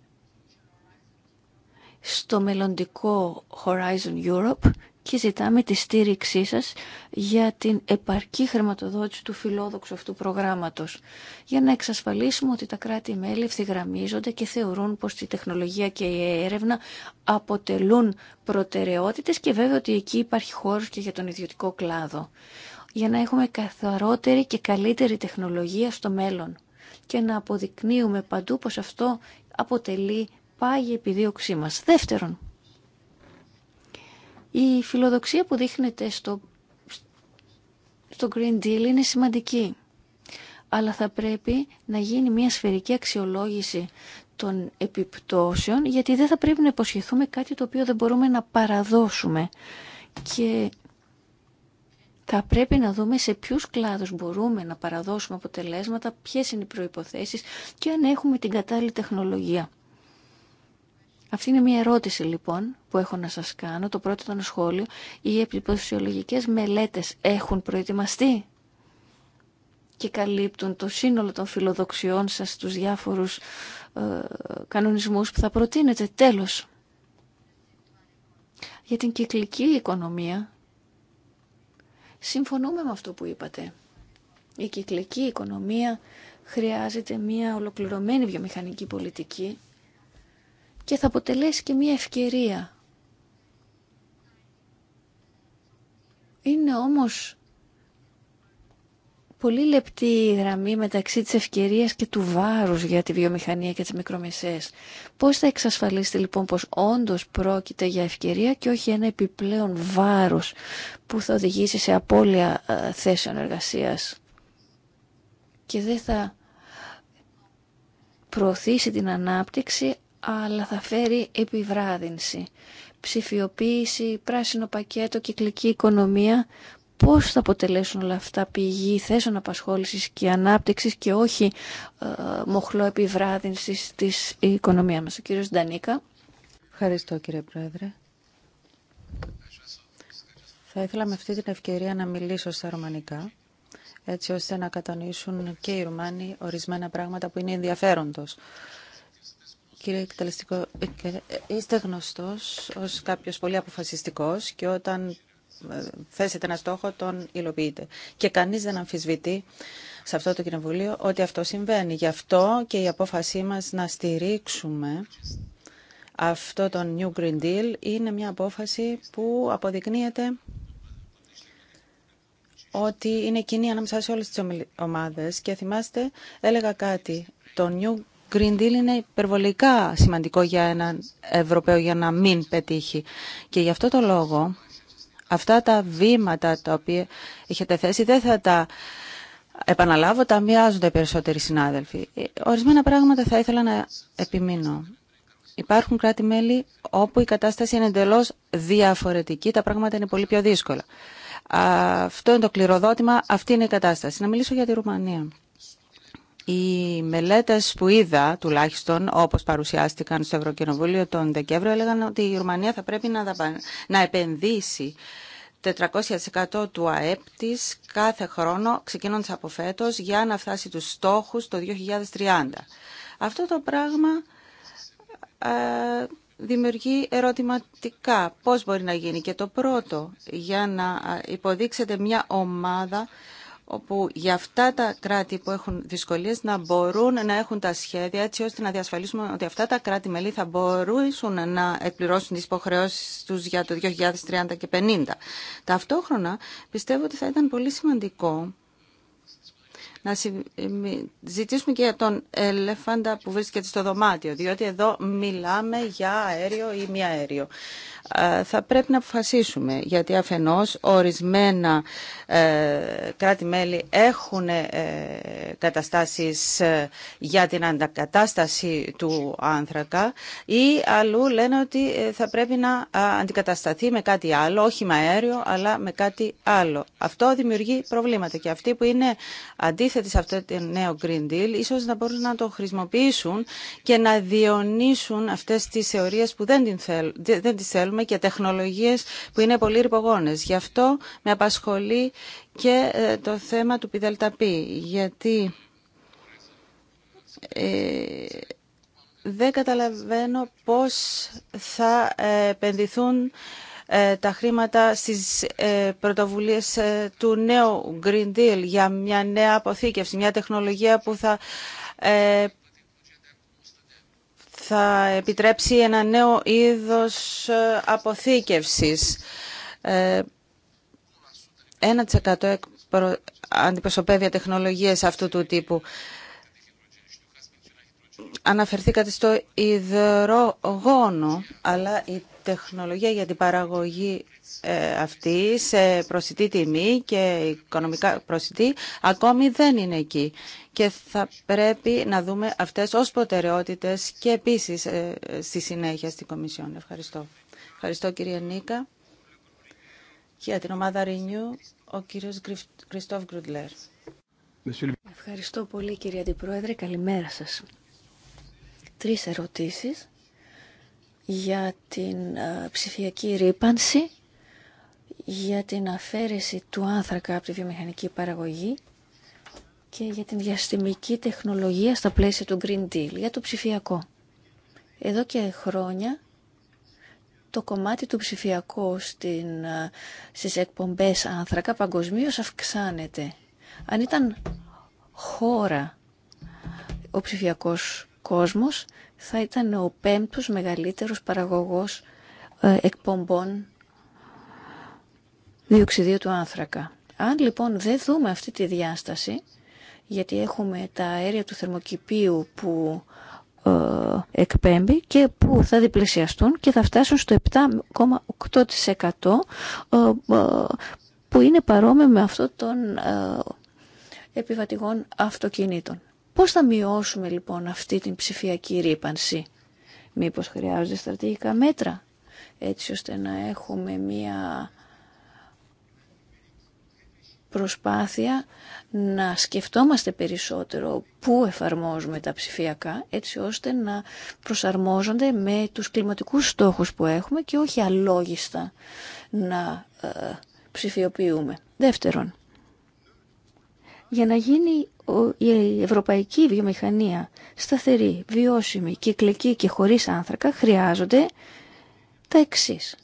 στο μελλοντικό Horizon Europe και ζητάμε τη στήριξή σας για την επαρκή χρηματοδότηση του φιλόδοξου αυτού προγράμματος για να εξασφαλίσουμε ότι τα κράτη-μέλη ευθυγραμμίζονται και θεωρούν πως η τεχνολογία και η έρευνα αποτελούν προτεραιότητες και βέβαια ότι εκεί υπάρχει χώρος και για τον ιδιωτικό κλάδο για να έχουμε καθαρότερη και καλύτερη τεχνολογία στο μέλλον και να αποδεικνύουμε παντού πως αυτό αποτελεί Πάγει η επιδίωξή μας. Δεύτερον, η φιλοδοξία που δείχνεται στο, στο Green Deal είναι σημαντική, αλλά θα πρέπει να γίνει μια σφαιρική αξιολόγηση των επιπτώσεων, γιατί δεν θα πρέπει να υποσχεθούμε κάτι το οποίο δεν μπορούμε να παραδώσουμε. Και θα πρέπει να δούμε σε ποιους κλάδους μπορούμε να παραδώσουμε αποτελέσματα, ποιες είναι οι προϋποθέσεις και αν έχουμε την κατάλληλη τεχνολογία. Αυτή είναι μια ερώτηση λοιπόν που έχω να σας κάνω. Το πρώτο ήταν σχόλιο. Οι επιπτωσιολογικές μελέτες έχουν προετοιμαστεί και καλύπτουν το σύνολο των φιλοδοξιών σας στους διάφορους ε, κανονισμούς που θα προτείνετε. Τέλος, για την κυκλική οικονομία, συμφωνούμε με αυτό που είπατε. Η κυκλική οικονομία χρειάζεται μια ολοκληρωμένη βιομηχανική πολιτική και θα αποτελέσει και μια ευκαιρία. Είναι όμως πολύ λεπτή η γραμμή μεταξύ της ευκαιρίας και του βάρους για τη βιομηχανία και τις μικρομεσαίες. Πώς θα εξασφαλίσετε λοιπόν πως όντως πρόκειται για ευκαιρία και όχι ένα επιπλέον βάρος που θα οδηγήσει σε απώλεια ε, θέσεων εργασίας και δεν θα προωθήσει την ανάπτυξη αλλά θα φέρει επιβράδυνση. Ψηφιοποίηση, πράσινο πακέτο, κυκλική οικονομία, πώς θα αποτελέσουν όλα αυτά πηγή θέσεων απασχόλησης και ανάπτυξης και όχι ε, μοχλό επιβράδυνσης της οικονομίας μας. Ο κύριος Ντανίκα. Ευχαριστώ κύριε Πρόεδρε. Θα ήθελα με αυτή την ευκαιρία να μιλήσω στα ρωμανικά, έτσι ώστε να κατανοήσουν και οι Ρουμάνοι ορισμένα πράγματα που είναι ενδιαφέροντος κύριε εκτελεστικό, ε, ε, είστε γνωστός ως κάποιος πολύ αποφασιστικός και όταν ε, θέσετε ένα στόχο τον υλοποιείτε. Και κανείς δεν αμφισβητεί σε αυτό το κοινοβουλίο ότι αυτό συμβαίνει. Γι' αυτό και η απόφασή μας να στηρίξουμε αυτό το New Green Deal είναι μια απόφαση που αποδεικνύεται ότι είναι κοινή ανάμεσα σε όλες τις ομάδες. Και θυμάστε, έλεγα κάτι, το New Green Deal είναι υπερβολικά σημαντικό για έναν Ευρωπαίο για να μην πετύχει. Και γι' αυτό το λόγο αυτά τα βήματα τα οποία έχετε θέσει δεν θα τα επαναλάβω, τα μοιάζονται οι περισσότεροι συνάδελφοι. Ε, ορισμένα πράγματα θα ήθελα να επιμείνω. Υπάρχουν κράτη-μέλη όπου η κατάσταση είναι εντελώ διαφορετική, τα πράγματα είναι πολύ πιο δύσκολα. Αυτό είναι το κληροδότημα, αυτή είναι η κατάσταση. Να μιλήσω για τη Ρουμανία. Οι μελέτες που είδα, τουλάχιστον όπως παρουσιάστηκαν στο Ευρωκοινοβούλιο τον Δεκέμβριο, έλεγαν ότι η Ρουμανία θα πρέπει να, να επενδύσει 400% του ΑΕΠ της κάθε χρόνο, ξεκινώντας από φέτος, για να φτάσει του στόχους το 2030. Αυτό το πράγμα ε, δημιουργεί ερωτηματικά. Πώς μπορεί να γίνει και το πρώτο για να ε, υποδείξετε μια ομάδα όπου για αυτά τα κράτη που έχουν δυσκολίες να μπορούν να έχουν τα σχέδια έτσι ώστε να διασφαλίσουμε ότι αυτά τα κράτη-μελή θα μπορούσαν να εκπληρώσουν τις υποχρεώσεις τους για το 2030 και 50. Ταυτόχρονα πιστεύω ότι θα ήταν πολύ σημαντικό να ζητήσουμε και για τον ελέφαντα που βρίσκεται στο δωμάτιο, διότι εδώ μιλάμε για αέριο ή μη αέριο. Ε, θα πρέπει να αποφασίσουμε, γιατί αφενός ορισμένα ε, κράτη-μέλη έχουν ε, καταστάσεις για την αντακατάσταση του άνθρακα ή αλλού λένε ότι θα πρέπει να αντικατασταθεί με κάτι άλλο, όχι με αέριο, αλλά με κάτι άλλο. Αυτό δημιουργεί προβλήματα και αυτοί που είναι αντίθετοι πλαίσια αυτό το νέο Green Deal, ίσως να μπορούν να το χρησιμοποιήσουν και να διονύσουν αυτές τις θεωρίε που δεν, την δεν τις θέλουμε και τεχνολογίες που είναι πολύ ρηπογόνε. Γι' αυτό με απασχολεί και ε, το θέμα του πιδελταπή, γιατί... Ε, δεν καταλαβαίνω πώς θα ε, επενδυθούν ε, τα χρήματα στις ε, πρωτοβουλίες ε, του νέου Green Deal για μια νέα αποθήκευση, μια τεχνολογία που θα θα επιτρέψει ένα νέο είδος αποθήκευσης. 1% αντιπροσωπεύει τεχνολογίες αυτού του τύπου. Αναφερθήκατε στο υδρογόνο, αλλά η τεχνολογία για την παραγωγή ε, αυτή σε προσιτή τιμή και οικονομικά προσιτή ακόμη δεν είναι εκεί. Και θα πρέπει να δούμε αυτές ως προτεραιότητες και επίσης ε, στη συνέχεια στην Κομισιόν. Ευχαριστώ. Ευχαριστώ κύριε Νίκα. Και για την ομάδα Renew, ο κύριος Κριστόφ Γκρουντλέρ. Ευχαριστώ πολύ κύριε Αντιπρόεδρε. Καλημέρα σας. Τρεις ερωτήσεις για την ε, ψηφιακή ρήπανση, για την αφαίρεση του άνθρακα από τη βιομηχανική παραγωγή και για την διαστημική τεχνολογία στα πλαίσια του Green Deal, για το ψηφιακό. Εδώ και χρόνια το κομμάτι του ψηφιακού στην, ε, στις εκπομπές άνθρακα παγκοσμίω αυξάνεται. Αν ήταν χώρα ο ψηφιακός κόσμος θα ήταν ο πέμπτος μεγαλύτερος παραγωγός ε, εκπομπών διοξιδίου του άνθρακα. Αν λοιπόν δεν δούμε αυτή τη διάσταση, γιατί έχουμε τα αέρια του θερμοκηπίου που ε, εκπέμπει και που θα διπλησιαστούν και θα φτάσουν στο 7,8% ε, που είναι παρόμοιο με αυτό των επιβατηγών αυτοκινήτων. Πώς θα μειώσουμε λοιπόν αυτή την ψηφιακή ρήπανση. Μήπως χρειάζονται στρατηγικά μέτρα έτσι ώστε να έχουμε μία προσπάθεια να σκεφτόμαστε περισσότερο πού εφαρμόζουμε τα ψηφιακά έτσι ώστε να προσαρμόζονται με τους κλιματικούς στόχους που έχουμε και όχι αλόγιστα να ε, ψηφιοποιούμε. Δεύτερον, για να γίνει η ευρωπαϊκή βιομηχανία σταθερή, βιώσιμη, κυκλική και χωρίς άνθρακα χρειάζονται τα εξής.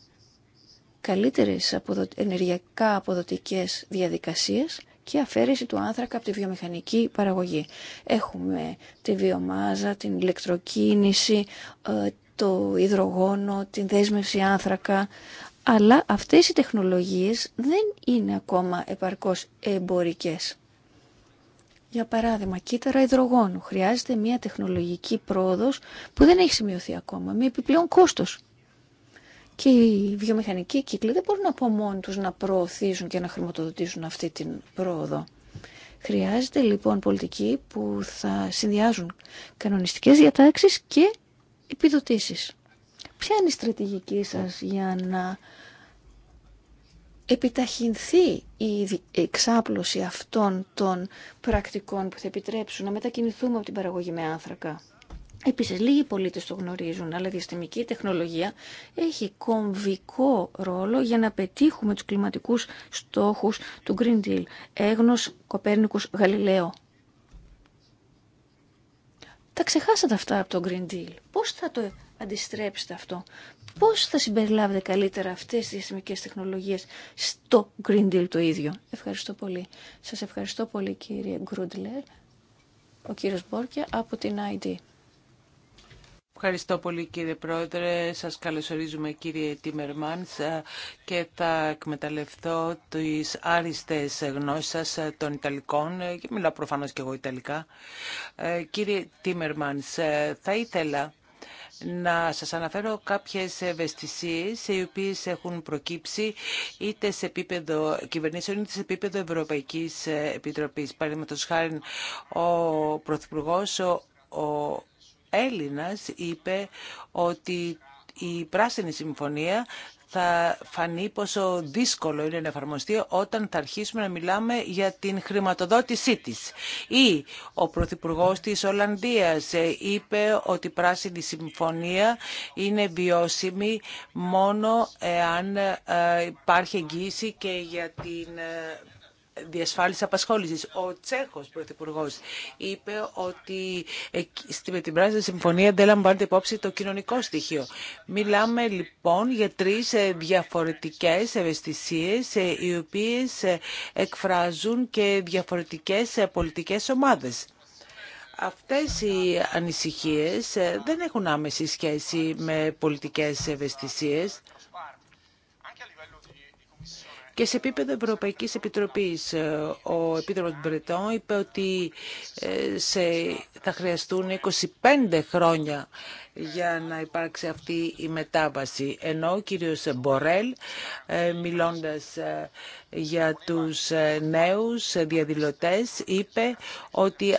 Καλύτερες ενεργειακά αποδοτικές διαδικασίες και αφαίρεση του άνθρακα από τη βιομηχανική παραγωγή. Έχουμε τη βιομάζα, την ηλεκτροκίνηση, ε, το υδρογόνο, την δέσμευση άνθρακα, αλλά αυτές οι τεχνολογίες δεν είναι ακόμα επαρκώς εμπορικές. Για παράδειγμα, κύτταρα υδρογόνου. Χρειάζεται μια τεχνολογική πρόοδος που δεν έχει σημειωθεί ακόμα, με επιπλέον κόστος. Και οι βιομηχανικοί κύκλοι δεν μπορούν από μόνοι τους να προωθήσουν και να χρηματοδοτήσουν αυτή την πρόοδο. Χρειάζεται λοιπόν πολιτική που θα συνδυάζουν κανονιστικές διατάξεις και επιδοτήσει. Ποια είναι η στρατηγική σα για να επιταχυνθεί η εξάπλωση αυτών των πρακτικών που θα επιτρέψουν να μετακινηθούμε από την παραγωγή με άνθρακα. Επίσης, λίγοι πολίτες το γνωρίζουν, αλλά η διαστημική τεχνολογία έχει κομβικό ρόλο για να πετύχουμε τους κλιματικούς στόχους του Green Deal. Έγνος Κοπέρνικους Γαλιλαίο. Τα ξεχάσατε αυτά από το Green Deal. Πώς θα το αντιστρέψετε αυτό πώς θα συμπεριλάβετε καλύτερα αυτές τις διαστημικές τεχνολογίες στο Green Deal το ίδιο. Ευχαριστώ πολύ. Σας ευχαριστώ πολύ κύριε Γκρούντλερ, ο κύριος Μπόρκια από την ID. Ευχαριστώ πολύ κύριε Πρόεδρε. Σας καλωσορίζουμε κύριε Τίμερμανς και θα εκμεταλλευτώ τις άριστες γνώσεις σας των Ιταλικών και μιλάω προφανώς και εγώ Ιταλικά. Ε, κύριε Τίμερμανς, ε, θα ήθελα να σας αναφέρω κάποιες ευαισθησίες οι οποίες έχουν προκύψει είτε σε επίπεδο κυβερνήσεων είτε σε επίπεδο Ευρωπαϊκής Επιτροπής. Παραδείγματος χάρη ο Πρωθυπουργός, ο, ο Έλληνας είπε ότι η Πράσινη Συμφωνία θα φανεί πόσο δύσκολο είναι να εφαρμοστεί όταν θα αρχίσουμε να μιλάμε για την χρηματοδότησή της. Ή ο Πρωθυπουργό της Ολλανδίας είπε ότι η Πράσινη Συμφωνία είναι βιώσιμη μόνο εάν ε, υπάρχει εγγύηση και για την ε, διασφάλιση απασχόλησης. Ο Τσέχο, Πρωθυπουργό είπε ότι με την πράσινη συμφωνία δεν λαμβάνεται υπόψη το κοινωνικό στοιχείο. Μιλάμε λοιπόν για τρει ε, διαφορετικές ευαισθησίε, ε, οι οποίε ε, εκφράζουν και διαφορετικέ πολιτικέ ομάδε. Αυτές οι ανησυχίε δεν έχουν άμεση σχέση με πολιτικές ευαισθησίες. Και σε επίπεδο Ευρωπαϊκής Επιτροπής, ε, ο Επίτροπος Μπρετών είπε ότι ε, σε, θα χρειαστούν 25 χρόνια για να υπάρξει αυτή η μετάβαση. Ενώ ο κύριος Μπορέλ, ε, μιλώντας για τους ε, νέους ε, διαδηλωτές είπε ότι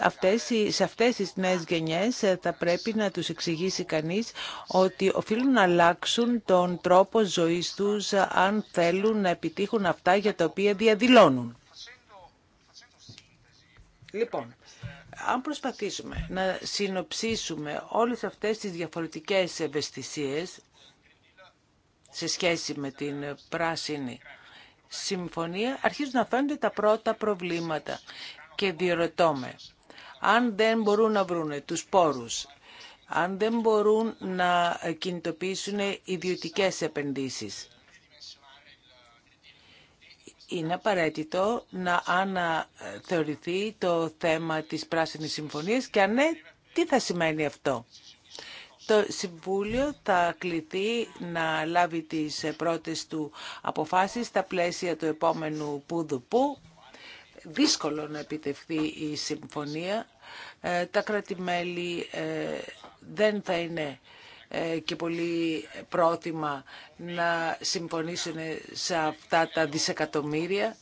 σε αυτές τις νέες γενιές ε, θα πρέπει να τους εξηγήσει κανείς ότι οφείλουν να αλλάξουν τον τρόπο ζωής τους αν θέλουν να επιτύχουν αυτά για τα οποία διαδηλώνουν. Λοιπόν, αν προσπαθήσουμε να συνοψίσουμε όλες αυτές τις διαφορετικές ευαισθησίες σε σχέση με την πράσινη συμφωνία αρχίζουν να φαίνονται τα πρώτα προβλήματα. Και διερωτώ αν δεν μπορούν να βρουν τους πόρους, αν δεν μπορούν να κινητοποιήσουν ιδιωτικές επενδύσεις, είναι απαραίτητο να αναθεωρηθεί το θέμα της Πράσινης Συμφωνίας και αν ναι, τι θα σημαίνει αυτό το Συμβούλιο θα κληθεί να λάβει τις πρώτες του αποφάσεις στα πλαίσια του επόμενου Πουδουπού. Δύσκολο να επιτευχθεί η συμφωνία. Ε, τα κρατημέλη ε, δεν θα είναι ε, και πολύ πρόθυμα να συμφωνήσουν σε αυτά τα δισεκατομμύρια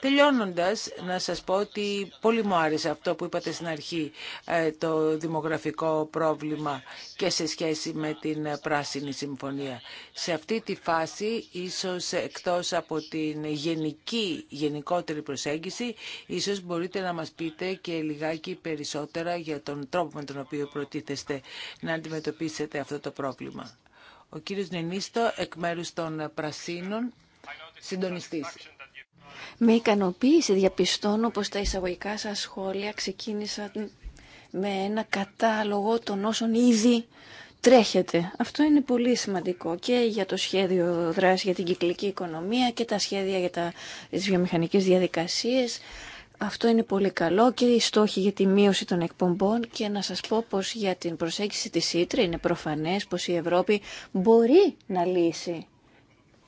Τελειώνοντας, να σας πω ότι πολύ μου άρεσε αυτό που είπατε στην αρχή, ε, το δημογραφικό πρόβλημα και σε σχέση με την ε, Πράσινη Συμφωνία. Σε αυτή τη φάση, ίσως εκτός από την γενική, γενικότερη προσέγγιση, ίσως μπορείτε να μας πείτε και λιγάκι περισσότερα για τον τρόπο με τον οποίο προτίθεστε να αντιμετωπίσετε αυτό το πρόβλημα. Ο κύριος Νενίστο, εκ μέρους των Πρασίνων, συντονιστής. Με ικανοποίηση διαπιστώνω πως τα εισαγωγικά σας σχόλια ξεκίνησαν με ένα κατάλογο των όσων ήδη τρέχετε. Αυτό είναι πολύ σημαντικό και για το σχέδιο δράση για την κυκλική οικονομία και τα σχέδια για τα, τις βιομηχανικές διαδικασίες. Αυτό είναι πολύ καλό και οι στόχοι για τη μείωση των εκπομπών και να σας πω πως για την προσέγγιση της ΣΥΤΡΕ είναι προφανές πως η Ευρώπη μπορεί να λύσει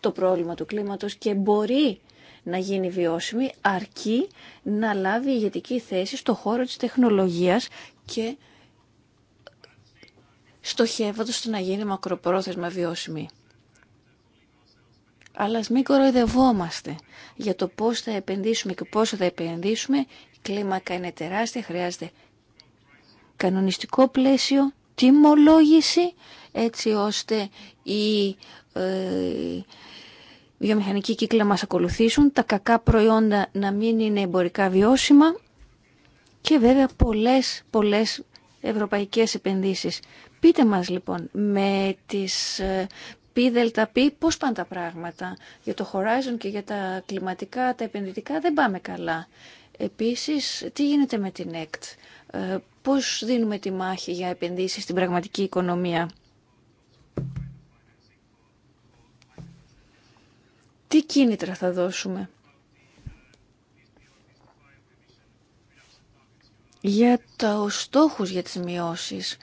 το πρόβλημα του κλίματος και μπορεί να γίνει βιώσιμη αρκεί να λάβει ηγετική θέση στο χώρο της τεχνολογίας και στοχεύοντα στο να γίνει μακροπρόθεσμα βιώσιμη. Αλλά μην κοροϊδευόμαστε για το πώς θα επενδύσουμε και πόσο θα επενδύσουμε. Η κλίμακα είναι τεράστια, χρειάζεται κανονιστικό πλαίσιο, τιμολόγηση, έτσι ώστε η ε, βιομηχανικοί κύκλοι να μας ακολουθήσουν, τα κακά προϊόντα να μην είναι εμπορικά βιώσιμα και βέβαια πολλές, πολλές ευρωπαϊκές επενδύσεις. Πείτε μας λοιπόν με τις ε, πι δελτα πώς πάνε τα πράγματα. Για το Horizon και για τα κλιματικά, τα επενδυτικά δεν πάμε καλά. Επίσης, τι γίνεται με την ΕΚΤ. Πώς δίνουμε τη μάχη για επενδύσεις στην πραγματική οικονομία. Τι κίνητρα θα δώσουμε. Για τα στόχου για τις μειώσεις,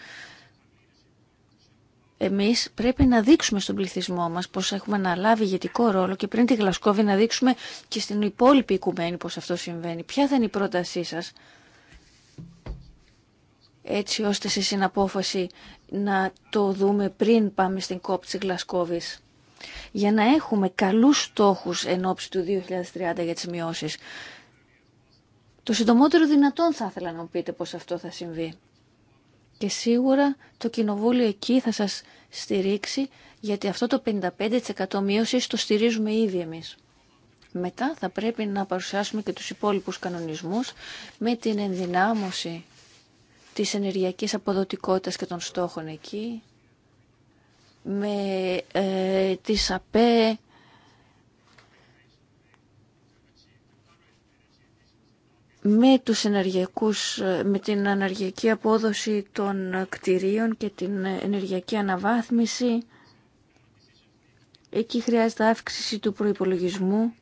εμείς πρέπει να δείξουμε στον πληθυσμό μας πως έχουμε αναλάβει ηγετικό ρόλο και πριν τη Γλασκόβη να δείξουμε και στην υπόλοιπη οικουμένη πως αυτό συμβαίνει. Ποια θα είναι η πρότασή σας έτσι ώστε σε συναπόφαση να το δούμε πριν πάμε στην κόπη της Γλασκόβης για να έχουμε καλούς στόχους εν ώψη του 2030 για τις μειώσεις. Το συντομότερο δυνατόν θα ήθελα να μου πείτε πως αυτό θα συμβεί. Και σίγουρα το κοινοβούλιο εκεί θα σας στηρίξει, γιατί αυτό το 55% μείωση το στηρίζουμε ήδη εμείς. Μετά θα πρέπει να παρουσιάσουμε και τους υπόλοιπους κανονισμούς με την ενδυνάμωση της ενεργειακής αποδοτικότητας και των στόχων εκεί, με ε, τις ΑΠΕ, με, τους ενεργειακούς, ε, με την ενεργειακή απόδοση των κτηρίων και την ενεργειακή αναβάθμιση. Εκεί χρειάζεται αύξηση του προϋπολογισμού.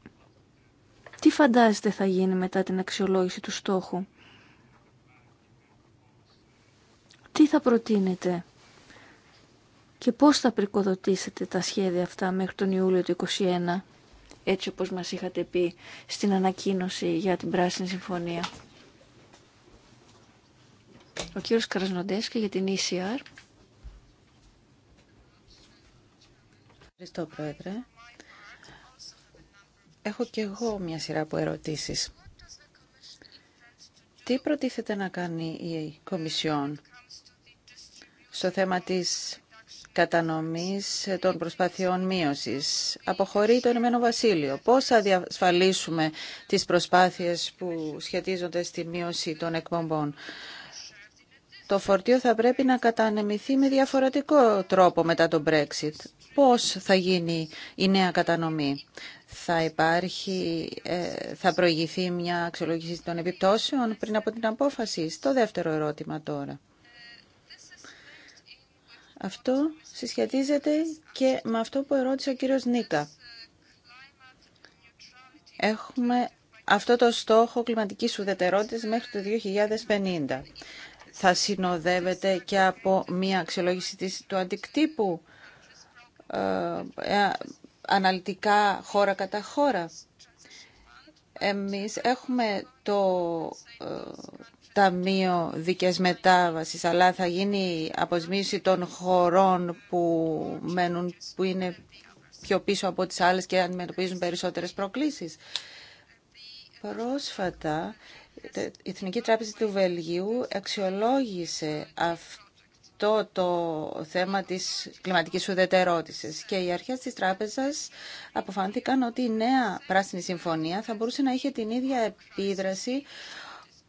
Τι φαντάζεστε θα γίνει μετά την αξιολόγηση του στόχου. Τι θα προτείνετε και πώς θα πρικοδοτήσετε τα σχέδια αυτά μέχρι τον Ιούλιο του 2021, έτσι όπως μας είχατε πει στην ανακοίνωση για την Πράσινη Συμφωνία. Ο κύριος Καρασνοντέ και για την ECR. Ευχαριστώ, Πρόεδρε. Έχω και εγώ μια σειρά από ερωτήσεις. Τι προτίθεται να κάνει η Κομισιόν στο θέμα της κατανομής των προσπαθειών μείωσης. Αποχωρεί το Ηνωμένο Βασίλειο. Πώς θα διασφαλίσουμε τις προσπάθειες που σχετίζονται στη μείωση των εκπομπών. Το φορτίο θα πρέπει να κατανεμηθεί με διαφορετικό τρόπο μετά τον Brexit. Πώς θα γίνει η νέα κατανομή. Θα υπάρχει, ε, θα προηγηθεί μια αξιολόγηση των επιπτώσεων πριν από την απόφαση. Στο δεύτερο ερώτημα τώρα. Αυτό συσχετίζεται και με αυτό που ερώτησε ο κύριος Νίκα. Έχουμε αυτό το στόχο κλιματικής ουδετερότητας μέχρι το 2050. Θα συνοδεύεται και από μια αξιολόγηση του αντικτύπου ε, ε, αναλυτικά χώρα κατά χώρα. Εμείς έχουμε το ε, Ταμείο Δικές Μετάβασης, αλλά θα γίνει αποσμίση των χωρών που, μένουν, που είναι πιο πίσω από τις άλλες και αντιμετωπίζουν περισσότερες προκλήσεις. Πρόσφατα, η Εθνική Τράπεζα του Βελγίου αξιολόγησε αυτό το θέμα της κλιματικής ουδετερότησης και οι αρχές της τράπεζας αποφάνθηκαν ότι η νέα πράσινη συμφωνία θα μπορούσε να είχε την ίδια επίδραση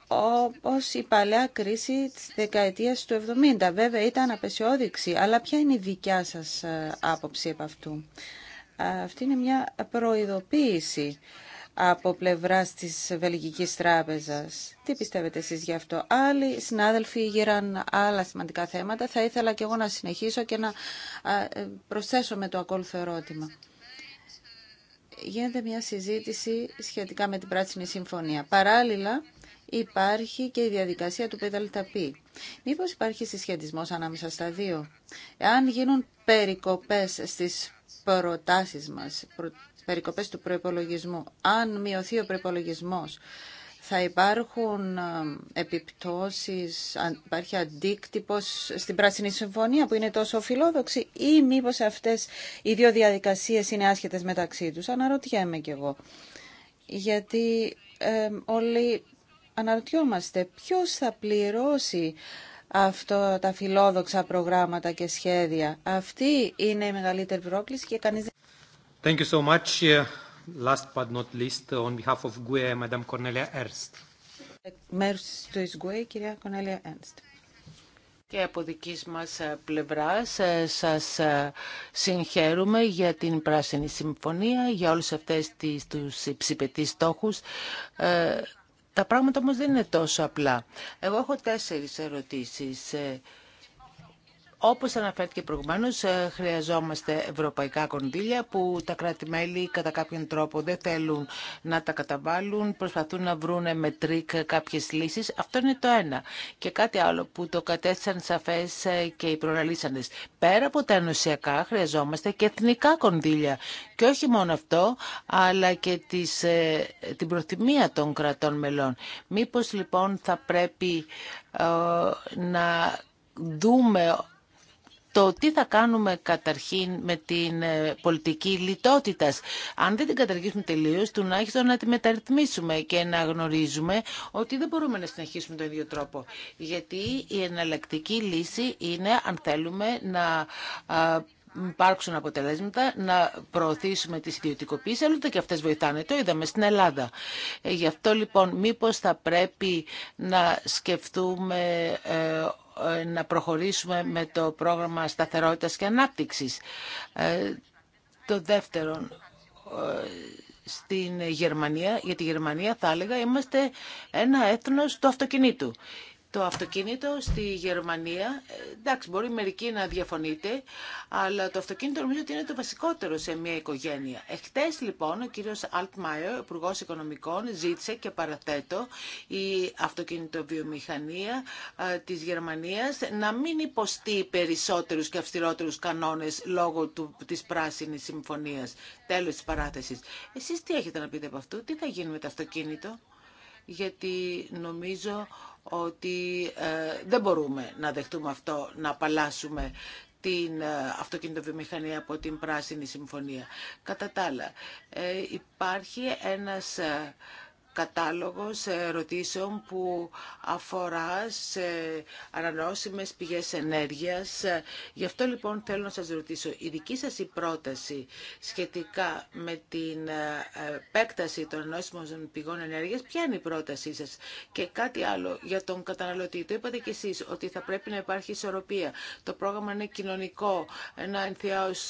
όπως η παλαιά κρίση της δεκαετίας του 70. Βέβαια ήταν απεσιόδειξη, αλλά ποια είναι η δικιά σας ε, άποψη επ' αυτού. Αυτή είναι μια προειδοποίηση από πλευράς της Βελγικής Τράπεζας. Τι πιστεύετε εσείς γι' αυτό. Άλλοι συνάδελφοι γύραν άλλα σημαντικά θέματα. Θα ήθελα και εγώ να συνεχίσω και να ε, προσθέσω με το ακόλουθο ερώτημα. Γίνεται μια συζήτηση σχετικά με την Πράσινη Συμφωνία. Παράλληλα, υπάρχει και η διαδικασία του ΠΕΔΑΛΤΑΠΗ. Μήπως υπάρχει συσχετισμός ανάμεσα στα δύο. αν γίνουν περικοπές στις προτάσεις μας, περικοπές του προϋπολογισμού, αν μειωθεί ο προϋπολογισμός, θα υπάρχουν ε, επιπτώσεις, υπάρχει αντίκτυπος στην Πράσινη Συμφωνία που είναι τόσο φιλόδοξη ή μήπως αυτές οι δύο διαδικασίες είναι άσχετες μεταξύ τους. Αναρωτιέμαι κι εγώ. Γιατί ε, όλοι αναρωτιόμαστε ποιος θα πληρώσει αυτό τα φιλόδοξα προγράμματα και σχέδια. Αυτή είναι η μεγαλύτερη πρόκληση και κανείς δεν... Thank you so much. Last but not least, on behalf of GUE, Madam Cornelia Ernst. Μέρους της GUE, κυρία Cornelia Ernst. Και από δική μας πλευράς ε, σας ε, συγχαίρουμε για την Πράσινη Συμφωνία, για όλους αυτές τις, τους υψηπετείς στόχους. Ε, τα πράγματα όμως δεν είναι τόσο απλά. Εγώ έχω τέσσερις ερωτήσεις. Ε, όπως αναφέρθηκε προηγουμένως, ε, χρειαζόμαστε ευρωπαϊκά κονδύλια που τα κράτη-μέλη κατά κάποιον τρόπο δεν θέλουν να τα καταβάλουν, προσπαθούν να βρουν με τρίκ κάποιες λύσεις. Αυτό είναι το ένα. Και κάτι άλλο που το κατέστησαν σαφές ε, και οι προναλύσανες. Πέρα από τα ενωσιακά χρειαζόμαστε και εθνικά κονδύλια. Και όχι μόνο αυτό, αλλά και τις, ε, την προθυμία των κρατών μελών. Μήπως λοιπόν θα πρέπει να δούμε το τι θα κάνουμε καταρχήν με την ε, πολιτική λιτότητα. Αν δεν την καταργήσουμε τελείω, τουλάχιστον να τη μεταρρυθμίσουμε και να γνωρίζουμε ότι δεν μπορούμε να συνεχίσουμε τον ίδιο τρόπο. Γιατί η εναλλακτική λύση είναι, αν θέλουμε, να υπάρξουν αποτελέσματα, να προωθήσουμε τις ιδιωτικοποίησεις, αλλά και αυτές βοηθάνε. Το είδαμε στην Ελλάδα. Ε, γι' αυτό λοιπόν μήπως θα πρέπει να σκεφτούμε ε, ε, να προχωρήσουμε με το πρόγραμμα σταθερότητας και ανάπτυξης. Το δεύτερο, στην Γερμανία, για τη Γερμανία θα έλεγα, είμαστε ένα έθνος του αυτοκινήτου. Το αυτοκίνητο στη Γερμανία, ε, εντάξει μπορεί μερικοί να διαφωνείτε, αλλά το αυτοκίνητο νομίζω ότι είναι το βασικότερο σε μια οικογένεια. Εχθές λοιπόν ο κύριος Αλτμάιο, υπουργό Οικονομικών, ζήτησε και παραθέτω η αυτοκινητοβιομηχανία ε, της Γερμανίας να μην υποστεί περισσότερους και αυστηρότερους κανόνες λόγω του, της πράσινης συμφωνίας. Τέλος της παράθεσης. Εσείς τι έχετε να πείτε από αυτού, τι θα γίνει με το αυτοκίνητο, γιατί νομίζω ότι ε, δεν μπορούμε να δεχτούμε αυτό, να απαλλάσσουμε την ε, αυτοκινητοβιομηχανία από την Πράσινη Συμφωνία. Κατά τα άλλα, ε, υπάρχει ένας κατάλογος ερωτήσεων που αφορά σε ανανεώσιμες πηγές ενέργειας. Γι' αυτό λοιπόν θέλω να σας ρωτήσω, η δική σας η πρόταση σχετικά με την ε, επέκταση των ανανεώσιμων πηγών ενέργειας, ποια είναι η πρότασή σας και κάτι άλλο για τον καταναλωτή. Το είπατε κι εσείς ότι θα πρέπει να υπάρχει ισορροπία. Το πρόγραμμα είναι κοινωνικό, να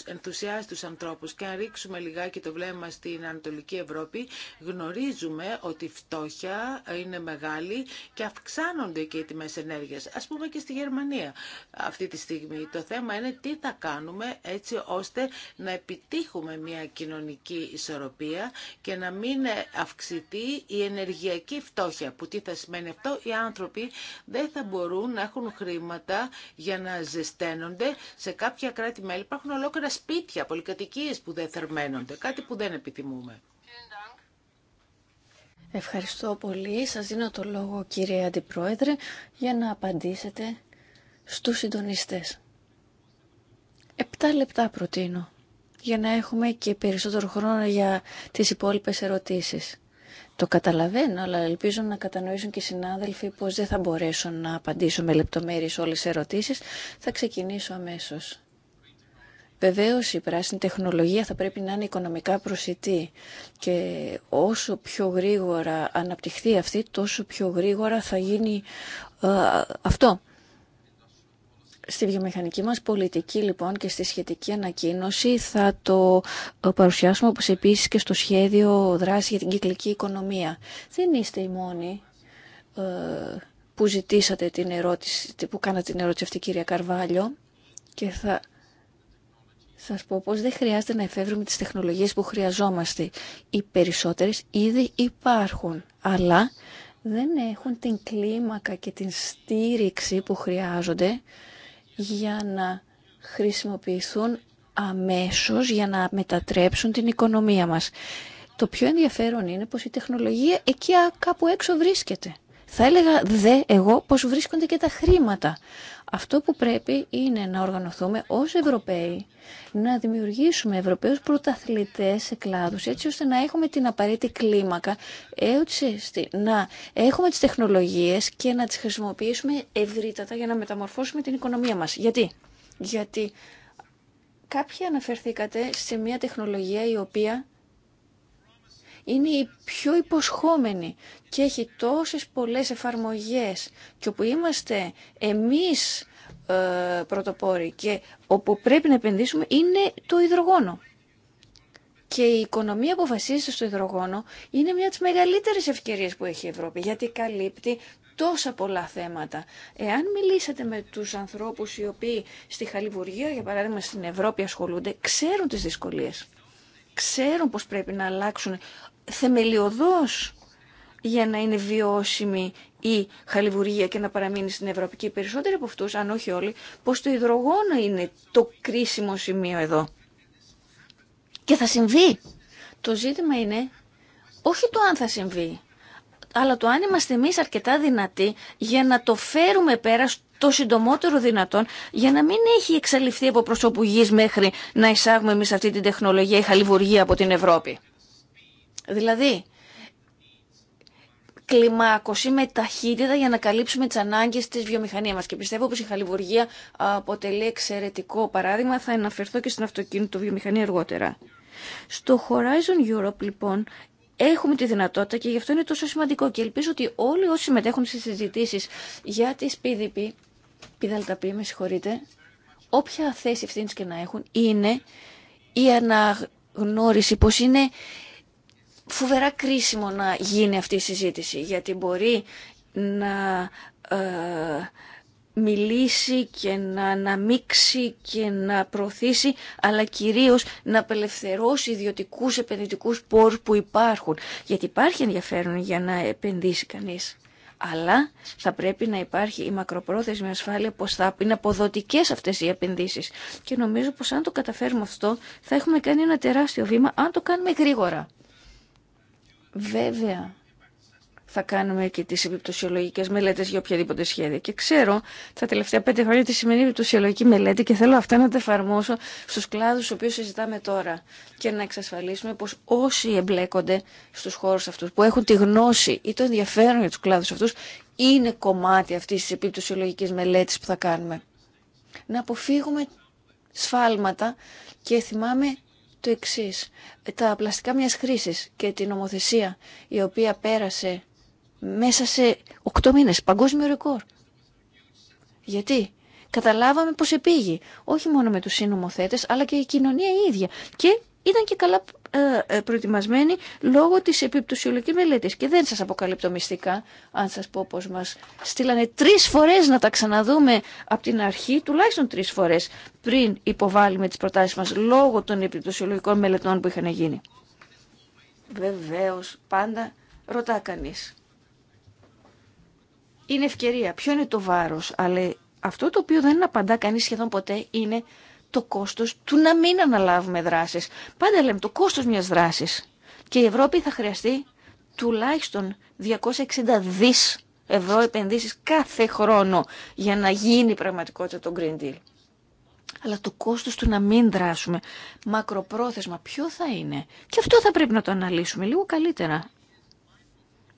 ενθουσιάζει τους ανθρώπους και αν ρίξουμε λιγάκι το βλέμμα στην Ανατολική Ευρώπη, γνωρίζουμε ότι ότι η φτώχεια είναι μεγάλη και αυξάνονται και οι τιμές ενέργειας. Ας πούμε και στη Γερμανία αυτή τη στιγμή. Το θέμα είναι τι θα κάνουμε έτσι ώστε να επιτύχουμε μια κοινωνική ισορροπία και να μην αυξηθεί η ενεργειακή φτώχεια. Που τι θα σημαίνει αυτό, οι άνθρωποι δεν θα μπορούν να έχουν χρήματα για να ζεσταίνονται. Σε κάποια κράτη-μέλη υπάρχουν ολόκληρα σπίτια, πολυκατοικίε που δεν θερμαίνονται, κάτι που δεν επιθυμούμε. Ευχαριστώ πολύ. Σας δίνω το λόγο κύριε Αντιπρόεδρε για να απαντήσετε στους συντονιστές. Επτά λεπτά προτείνω για να έχουμε και περισσότερο χρόνο για τις υπόλοιπες ερωτήσεις. Το καταλαβαίνω, αλλά ελπίζω να κατανοήσουν και οι συνάδελφοι πως δεν θα μπορέσω να απαντήσω με λεπτομέρειες όλες τις ερωτήσεις. Θα ξεκινήσω αμέσως. Βεβαίω η πράσινη τεχνολογία θα πρέπει να είναι οικονομικά προσιτή και όσο πιο γρήγορα αναπτυχθεί αυτή, τόσο πιο γρήγορα θα γίνει ε, αυτό. Στη βιομηχανική μας πολιτική λοιπόν και στη σχετική ανακοίνωση θα το ε, παρουσιάσουμε όπως επίσης και στο σχέδιο δράση για την κυκλική οικονομία. Δεν είστε οι μόνοι ε, που ζητήσατε την ερώτηση, που κάνατε την ερώτηση αυτή κυρία Καρβάλιο και θα σας πω πως δεν χρειάζεται να εφεύρουμε τις τεχνολογίες που χρειαζόμαστε. Οι περισσότερες ήδη υπάρχουν, αλλά δεν έχουν την κλίμακα και την στήριξη που χρειάζονται για να χρησιμοποιηθούν αμέσως για να μετατρέψουν την οικονομία μας. Το πιο ενδιαφέρον είναι πως η τεχνολογία εκεί κάπου έξω βρίσκεται. Θα έλεγα δε εγώ πως βρίσκονται και τα χρήματα. Αυτό που πρέπει είναι να οργανωθούμε ως Ευρωπαίοι, να δημιουργήσουμε Ευρωπαίους πρωταθλητές σε κλάδους, έτσι ώστε να έχουμε την απαραίτητη κλίμακα, έτσι να έχουμε τις τεχνολογίες και να τις χρησιμοποιήσουμε ευρύτατα για να μεταμορφώσουμε την οικονομία μας. Γιατί? Γιατί κάποιοι αναφερθήκατε σε μια τεχνολογία η οποία είναι η πιο υποσχόμενη και έχει τόσες πολλές εφαρμογές και όπου είμαστε εμείς ε, πρωτοπόροι και όπου πρέπει να επενδύσουμε είναι το υδρογόνο. Και η οικονομία που βασίζεται στο υδρογόνο είναι μια από τις μεγαλύτερες ευκαιρίες που έχει η Ευρώπη γιατί καλύπτει τόσα πολλά θέματα. Εάν μιλήσατε με τους ανθρώπους οι οποίοι στη Χαλιβουργία, για παράδειγμα στην Ευρώπη ασχολούνται, ξέρουν τις δυσκολίες. Ξέρουν πως πρέπει να αλλάξουν θεμελιωδός για να είναι βιώσιμη η χαλιβουργία και να παραμείνει στην Ευρώπη. Και οι περισσότεροι από αυτούς, αν όχι όλοι, πως το υδρογόνο είναι το κρίσιμο σημείο εδώ. Και θα συμβεί. Το ζήτημα είναι όχι το αν θα συμβεί, αλλά το αν είμαστε εμείς αρκετά δυνατοί για να το φέρουμε πέρα το συντομότερο δυνατόν για να μην έχει εξαλειφθεί από προσωπουγής μέχρι να εισάγουμε εμείς αυτή την τεχνολογία η χαλιβουργία από την Ευρώπη. Δηλαδή, κλιμάκωση με ταχύτητα για να καλύψουμε τις ανάγκες της βιομηχανίας μας. Και πιστεύω πως η χαλιβουργία αποτελεί εξαιρετικό παράδειγμα. Θα αναφερθώ και στην αυτοκίνητο βιομηχανία αργότερα. Στο Horizon Europe, λοιπόν, έχουμε τη δυνατότητα και γι' αυτό είναι τόσο σημαντικό και ελπίζω ότι όλοι όσοι συμμετέχουν στις συζητήσεις για τις PDP, πει, με συγχωρείτε, όποια θέση ευθύνη και να έχουν, είναι η αναγνώριση πως είναι φοβερά κρίσιμο να γίνει αυτή η συζήτηση γιατί μπορεί να ε, μιλήσει και να αναμίξει και να προωθήσει αλλά κυρίως να απελευθερώσει ιδιωτικού επενδυτικούς πόρους που υπάρχουν γιατί υπάρχει ενδιαφέρον για να επενδύσει κανείς αλλά θα πρέπει να υπάρχει η μακροπρόθεσμη ασφάλεια πως θα είναι αποδοτικές αυτές οι επενδύσεις και νομίζω πως αν το καταφέρουμε αυτό θα έχουμε κάνει ένα τεράστιο βήμα αν το κάνουμε γρήγορα Βέβαια, θα κάνουμε και τις επιπτωσιολογικές μελέτες για οποιαδήποτε σχέδια. Και ξέρω τα τελευταία πέντε χρόνια τι σημαίνει επιπτωσιολογική μελέτη και θέλω αυτά να τα εφαρμόσω στους κλάδους στους οποίους συζητάμε τώρα και να εξασφαλίσουμε πως όσοι εμπλέκονται στους χώρους αυτούς που έχουν τη γνώση ή το ενδιαφέρον για τους κλάδους αυτούς είναι κομμάτι αυτής της επιπτωσιολογικής μελέτης που θα κάνουμε. Να αποφύγουμε σφάλματα και θυμάμαι το εξή. Τα πλαστικά μιας χρήση και την νομοθεσία η οποία πέρασε μέσα σε 8 μήνες, παγκόσμιο ρεκόρ. Γιατί καταλάβαμε πως επήγει, όχι μόνο με τους συνομοθέτες, αλλά και η κοινωνία η ίδια. Και ήταν και καλά ε, ε, προετοιμασμένοι λόγω της επιπτωσιολογικής μελέτης. Και δεν σας αποκαλύπτω μυστικά, αν σας πω πως μας στείλανε τρεις φορές να τα ξαναδούμε από την αρχή, τουλάχιστον τρεις φορές πριν υποβάλουμε τις προτάσεις μας λόγω των επιπτωσιολογικών μελετών που είχαν γίνει. Βεβαίω, πάντα ρωτά κανείς. Είναι ευκαιρία. Ποιο είναι το βάρος, αλλά αυτό το οποίο δεν απαντά κανείς σχεδόν ποτέ είναι το κόστος του να μην αναλάβουμε δράσεις. Πάντα λέμε το κόστος μιας δράσης. Και η Ευρώπη θα χρειαστεί τουλάχιστον 260 δις ευρώ επενδύσεις κάθε χρόνο για να γίνει πραγματικότητα το Green Deal. Αλλά το κόστος του να μην δράσουμε μακροπρόθεσμα ποιο θα είναι. Και αυτό θα πρέπει να το αναλύσουμε λίγο καλύτερα.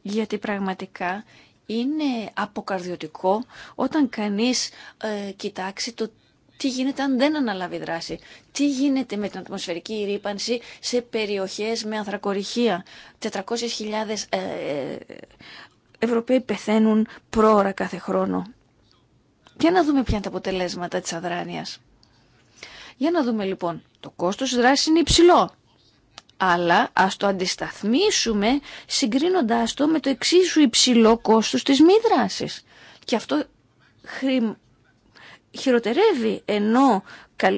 Γιατί πραγματικά είναι αποκαρδιωτικό όταν κανείς ε, κοιτάξει το τι γίνεται αν δεν αναλάβει δράση, τι γίνεται με την ατμοσφαιρική ρήπανση σε περιοχές με ανθρακοριχεία. 400.000 ε, Ευρωπαίοι πεθαίνουν πρόωρα κάθε χρόνο. Για να δούμε ποια είναι τα αποτελέσματα της αδράνειας. Για να δούμε λοιπόν, το κόστος δράσης είναι υψηλό. Αλλά ας το αντισταθμίσουμε συγκρίνοντάς το με το εξίσου υψηλό κόστος της μη δράσης. Και αυτό χειροτερεύει ενώ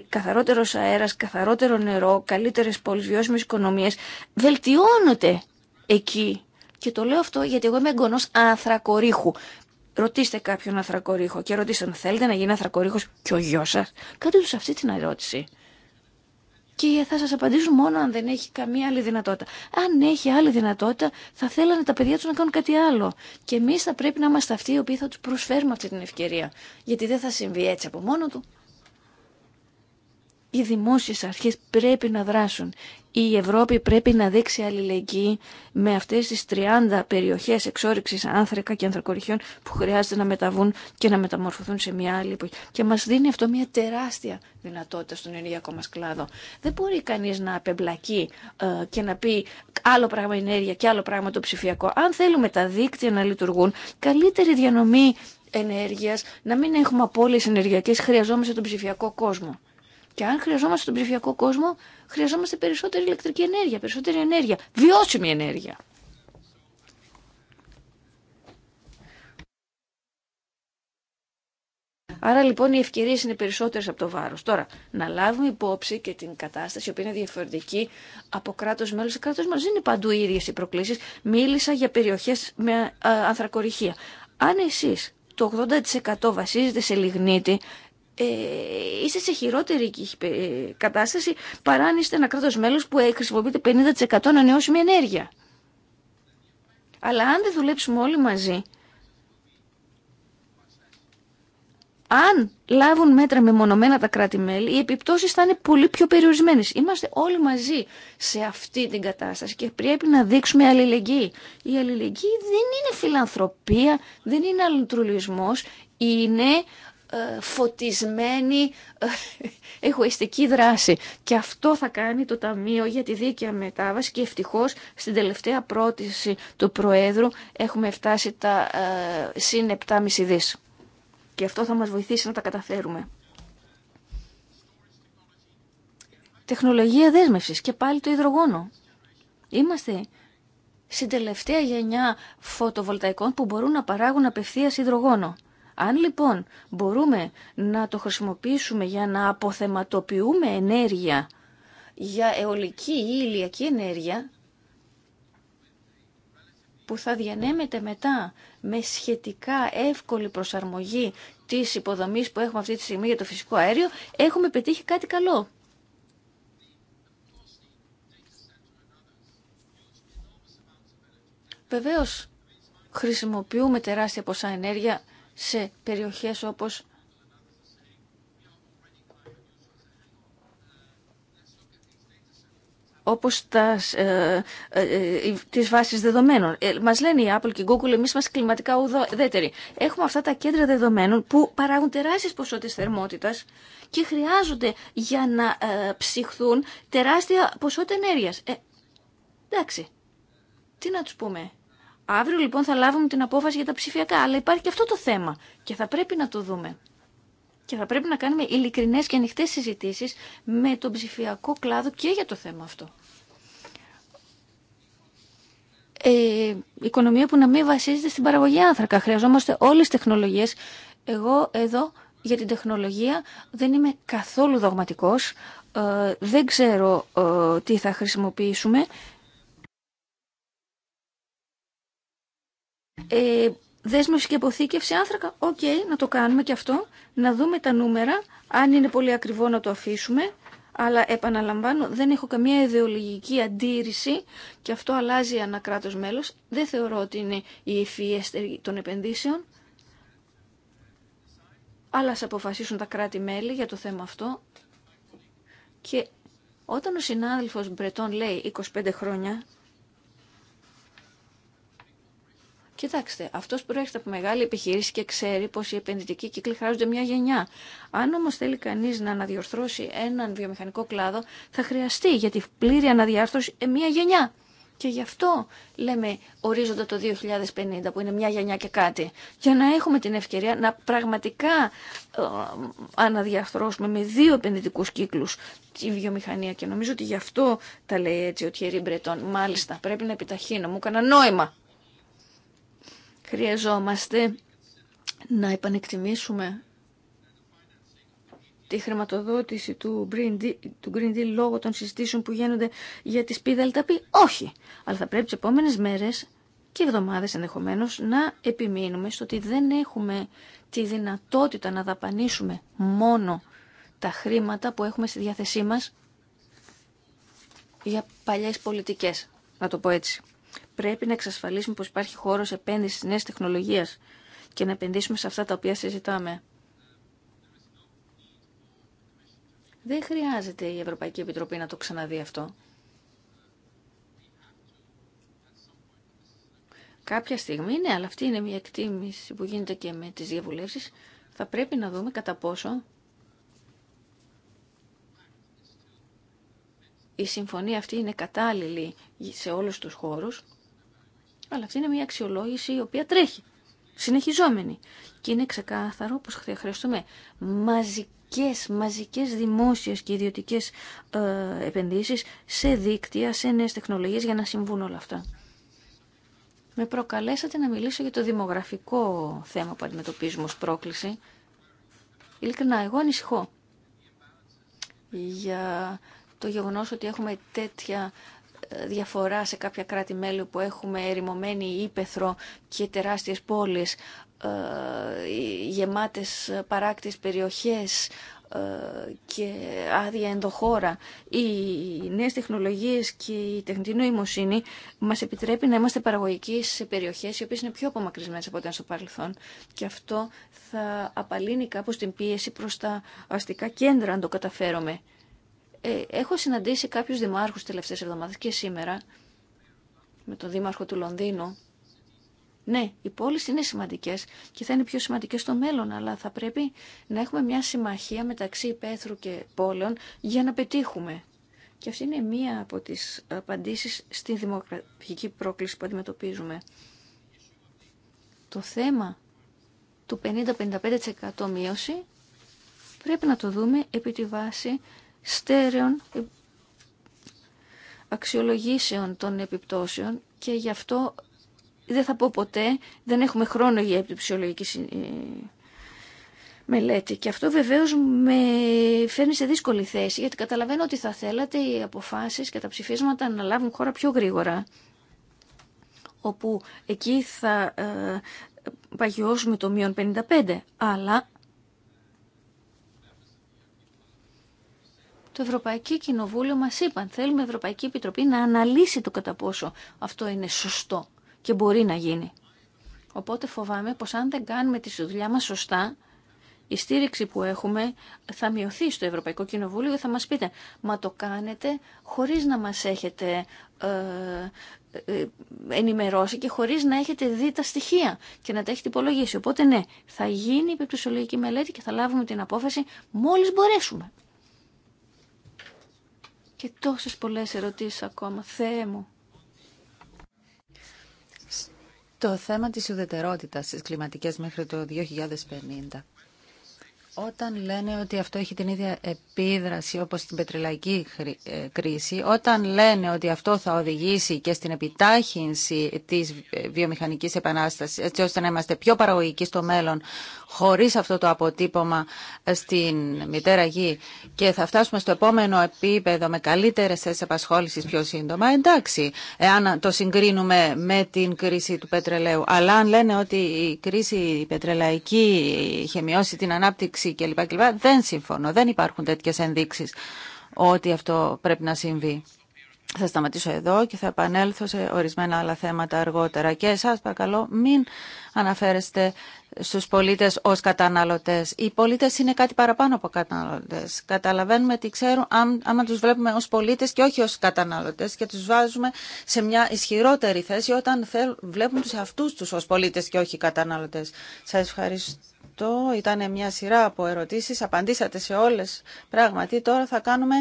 καθαρότερος αέρας, καθαρότερο νερό, καλύτερες πόλεις, βιώσιμες οικονομίες βελτιώνονται εκεί. Και το λέω αυτό γιατί εγώ είμαι εγγονός ανθρακορίχου. Ρωτήστε κάποιον ανθρακορίχο και ρωτήστε αν θέλετε να γίνει ανθρακορίχος και ο γιος σας. Κάντε τους αυτή την ερώτηση και θα σας απαντήσουν μόνο αν δεν έχει καμία άλλη δυνατότητα. Αν έχει άλλη δυνατότητα θα θέλανε τα παιδιά τους να κάνουν κάτι άλλο και εμείς θα πρέπει να είμαστε αυτοί οι οποίοι θα τους προσφέρουμε αυτή την ευκαιρία γιατί δεν θα συμβεί έτσι από μόνο του. Οι δημόσιες αρχές πρέπει να δράσουν η Ευρώπη πρέπει να δείξει αλληλεγγύη με αυτές τις 30 περιοχές εξόρυξης άνθρακα και ανθρακοριχιών που χρειάζεται να μεταβούν και να μεταμορφωθούν σε μια άλλη εποχή. Και μας δίνει αυτό μια τεράστια δυνατότητα στον ενεργειακό μας κλάδο. Δεν μπορεί κανείς να απεμπλακεί ε, και να πει άλλο πράγμα ενέργεια και άλλο πράγμα το ψηφιακό. Αν θέλουμε τα δίκτυα να λειτουργούν, καλύτερη διανομή ενέργειας, να μην έχουμε απώλειες ενεργειακές, χρειαζόμαστε τον ψηφιακό κόσμο. Και αν χρειαζόμαστε τον ψηφιακό κόσμο, χρειαζόμαστε περισσότερη ηλεκτρική ενέργεια, περισσότερη ενέργεια, βιώσιμη ενέργεια. Άρα λοιπόν οι ευκαιρίε είναι περισσότερε από το βάρο. Τώρα, να λάβουμε υπόψη και την κατάσταση, η οποία είναι διαφορετική από κράτο μέλο σε κράτο μέλο. Δεν είναι παντού οι ίδιε οι προκλήσει. Μίλησα για περιοχέ με ανθρακοριχεία. Αν εσεί το 80% βασίζεται σε λιγνίτη, ε, είστε σε χειρότερη ε, κατάσταση παρά αν είστε ένα κράτος μέλο που χρησιμοποιείται 50% ανανεώσιμη ενέργεια. Αλλά αν δεν δουλέψουμε όλοι μαζί, αν λάβουν μέτρα μεμονωμένα τα κράτη-μέλη, οι επιπτώσεις θα είναι πολύ πιο περιορισμένες. Είμαστε όλοι μαζί σε αυτή την κατάσταση και πρέπει να δείξουμε αλληλεγγύη. Η αλληλεγγύη δεν είναι φιλανθρωπία, δεν είναι αλντρουλισμός, είναι ε, φωτισμένη ε, εγωιστική δράση. Και αυτό θα κάνει το Ταμείο για τη Δίκαια Μετάβαση και ευτυχώς στην τελευταία πρόταση του Προέδρου έχουμε φτάσει τα ε, συν 7,5 δις. Και αυτό θα μας βοηθήσει να τα καταφέρουμε. Τεχνολογία δέσμευσης και πάλι το υδρογόνο. Είμαστε στην τελευταία γενιά φωτοβολταϊκών που μπορούν να παράγουν απευθείας υδρογόνο. Αν λοιπόν μπορούμε να το χρησιμοποιήσουμε για να αποθεματοποιούμε ενέργεια για αιωλική ή ηλιακή ενέργεια που θα διανέμεται μετά με σχετικά εύκολη προσαρμογή της υποδομής που έχουμε αυτή τη στιγμή για το φυσικό αέριο, έχουμε πετύχει κάτι καλό. Βεβαίως, χρησιμοποιούμε τεράστια ποσά ενέργεια σε περιοχές όπως όπως τα, ε, ε, ε, τις βάσεις δεδομένων. Ε, μας λένε η Apple και η Google, εμείς είμαστε κλιματικά ουδέτεροι. Έχουμε αυτά τα κέντρα δεδομένων που παράγουν τεράστιες ποσότητες θερμότητας και χρειάζονται για να ψυχθούν τεράστια ποσότητα ενέργειας. εντάξει, τι να τους πούμε. Αύριο λοιπόν θα λάβουμε την απόφαση για τα ψηφιακά, αλλά υπάρχει και αυτό το θέμα και θα πρέπει να το δούμε. Και θα πρέπει να κάνουμε ειλικρινές και ανοιχτέ συζητήσεις με τον ψηφιακό κλάδο και για το θέμα αυτό. Ε, οικονομία που να μην βασίζεται στην παραγωγή άνθρακα. Χρειαζόμαστε όλες τις τεχνολογίες. Εγώ εδώ για την τεχνολογία δεν είμαι καθόλου δογματικός. Ε, δεν ξέρω ε, τι θα χρησιμοποιήσουμε. Ε, δέσμευση και αποθήκευση άνθρακα, οκ, να το κάνουμε και αυτό, να δούμε τα νούμερα, αν είναι πολύ ακριβό να το αφήσουμε, αλλά επαναλαμβάνω, δεν έχω καμία ιδεολογική αντίρρηση και αυτό αλλάζει ανά κράτος μέλος. Δεν θεωρώ ότι είναι η ευφυέστερη των επενδύσεων, αλλά ας αποφασίσουν τα κράτη-μέλη για το θέμα αυτό. Και όταν ο συνάδελφος Μπρετών λέει 25 χρόνια, Κοιτάξτε, αυτό που προέρχεται από μεγάλη επιχείρηση και ξέρει πω οι επενδυτικοί κύκλοι χρειάζονται μια γενιά. Αν όμω θέλει κανεί να αναδιορθώσει έναν βιομηχανικό κλάδο, θα χρειαστεί για τη πλήρη αναδιάρθρωση ε, μια γενιά. Και γι' αυτό λέμε ορίζοντα το 2050 που είναι μια γενιά και κάτι. Για να έχουμε την ευκαιρία να πραγματικά ε, αναδιαρθρώσουμε με δύο επενδυτικού κύκλου τη βιομηχανία. Και νομίζω ότι γι' αυτό τα λέει έτσι ο Τιερή Μπρετών. Μάλιστα πρέπει να επιταχύνω. Μου έκανα νόημα. Χρειαζόμαστε να επανεκτιμήσουμε τη χρηματοδότηση του Green, Deal, του λόγω των συζητήσεων που γίνονται για σπίδα ΛΤΑΠΗ. Όχι. Αλλά θα πρέπει τις επόμενες μέρες και εβδομάδες ενδεχομένως να επιμείνουμε στο ότι δεν έχουμε τη δυνατότητα να δαπανίσουμε μόνο τα χρήματα που έχουμε στη διάθεσή μας για παλιές πολιτικές, να το πω έτσι πρέπει να εξασφαλίσουμε πως υπάρχει χώρος επένδυσης νέα τεχνολογία και να επενδύσουμε σε αυτά τα οποία συζητάμε. Δεν χρειάζεται η Ευρωπαϊκή Επιτροπή να το ξαναδεί αυτό. Κάποια στιγμή, ναι, αλλά αυτή είναι μια εκτίμηση που γίνεται και με τις διαβουλεύσεις, θα πρέπει να δούμε κατά πόσο η συμφωνία αυτή είναι κατάλληλη σε όλους τους χώρους αλλά αυτή είναι μια αξιολόγηση η οποία τρέχει, συνεχιζόμενη. Και είναι ξεκάθαρο πως χρειαστούμε μαζικές, μαζικές δημόσιες και ιδιωτικές ε, επενδύσεις σε δίκτυα, σε νέες τεχνολογίες για να συμβούν όλα αυτά. Με προκαλέσατε να μιλήσω για το δημογραφικό θέμα που αντιμετωπίζουμε ως πρόκληση. Ειλικρινά, εγώ ανησυχώ για το γεγονός ότι έχουμε τέτοια διαφορά σε κάποια κράτη-μέλη που έχουμε ερημωμένη ύπεθρο και τεράστιες πόλεις, ε, γεμάτες παράκτης περιοχές ε, και άδεια ενδοχώρα. Οι νέες τεχνολογίες και η τεχνητή νοημοσύνη μας επιτρέπει να είμαστε παραγωγικοί σε περιοχές οι οποίες είναι πιο απομακρυσμένες από ό,τι στο παρελθόν και αυτό θα απαλύνει κάπως την πίεση προς τα αστικά κέντρα αν το καταφέρομαι. Ε, έχω συναντήσει κάποιους δημάρχους τελευταίες εβδομάδες και σήμερα με τον δήμαρχο του Λονδίνου. Ναι, οι πόλεις είναι σημαντικές και θα είναι πιο σημαντικές στο μέλλον, αλλά θα πρέπει να έχουμε μια συμμαχία μεταξύ υπαίθρου και πόλεων για να πετύχουμε. Και αυτή είναι μία από τις απαντήσεις στη δημοκρατική πρόκληση που αντιμετωπίζουμε. Το θέμα του 50-55% μείωση πρέπει να το δούμε επί τη βάση στέρεων αξιολογήσεων των επιπτώσεων και γι' αυτό δεν θα πω ποτέ, δεν έχουμε χρόνο για επιψιολογική ε, μελέτη. Και αυτό βεβαίως με φέρνει σε δύσκολη θέση, γιατί καταλαβαίνω ότι θα θέλατε οι αποφάσεις και τα ψηφίσματα να λάβουν χώρα πιο γρήγορα, όπου εκεί θα ε, παγιώσουμε το μείον 55, αλλά το Ευρωπαϊκό Κοινοβούλιο μα είπαν θέλουμε η Ευρωπαϊκή Επιτροπή να αναλύσει το κατά πόσο αυτό είναι σωστό και μπορεί να γίνει. Οπότε φοβάμαι πως αν δεν κάνουμε τη δουλειά μας σωστά, η στήριξη που έχουμε θα μειωθεί στο Ευρωπαϊκό Κοινοβούλιο και θα μας πείτε «Μα το κάνετε χωρίς να μας έχετε ε, ε, ενημερώσει και χωρίς να έχετε δει τα στοιχεία και να τα έχετε υπολογίσει». Οπότε ναι, θα γίνει η επιπτωσιολογική μελέτη και θα λάβουμε την απόφαση μόλις μπορέσουμε. Και τόσες πολλές ερωτήσεις ακόμα. Θεέ μου. Το θέμα της ουδετερότητας στις κλιματικές μέχρι το 2050 όταν λένε ότι αυτό έχει την ίδια επίδραση όπως στην πετρελαϊκή ε, κρίση, όταν λένε ότι αυτό θα οδηγήσει και στην επιτάχυνση της βιομηχανικής επανάστασης, έτσι ώστε να είμαστε πιο παραγωγικοί στο μέλλον, χωρίς αυτό το αποτύπωμα στην μητέρα γη και θα φτάσουμε στο επόμενο επίπεδο με καλύτερες θέσεις απασχόλησης πιο σύντομα, εντάξει, εάν το συγκρίνουμε με την κρίση του πετρελαίου. Αλλά αν λένε ότι η κρίση πετρελαϊκή είχε μειώσει την ανάπτυξη κλπ. κλπ. Δεν συμφωνώ. Δεν υπάρχουν τέτοιε ενδείξει ότι αυτό πρέπει να συμβεί. Θα σταματήσω εδώ και θα επανέλθω σε ορισμένα άλλα θέματα αργότερα. Και σας παρακαλώ μην αναφέρεστε στους πολίτες ως καταναλωτές. Οι πολίτες είναι κάτι παραπάνω από καταναλωτές. Καταλαβαίνουμε τι ξέρουν άμα τους βλέπουμε ως πολίτες και όχι ως καταναλωτές και τους βάζουμε σε μια ισχυρότερη θέση όταν βλέπουν τους αυτούς τους ως πολίτες και όχι καταναλωτές. Σας ευχαριστώ αυτό. Ήταν μια σειρά από ερωτήσεις. Απαντήσατε σε όλες πράγματι. Τώρα θα κάνουμε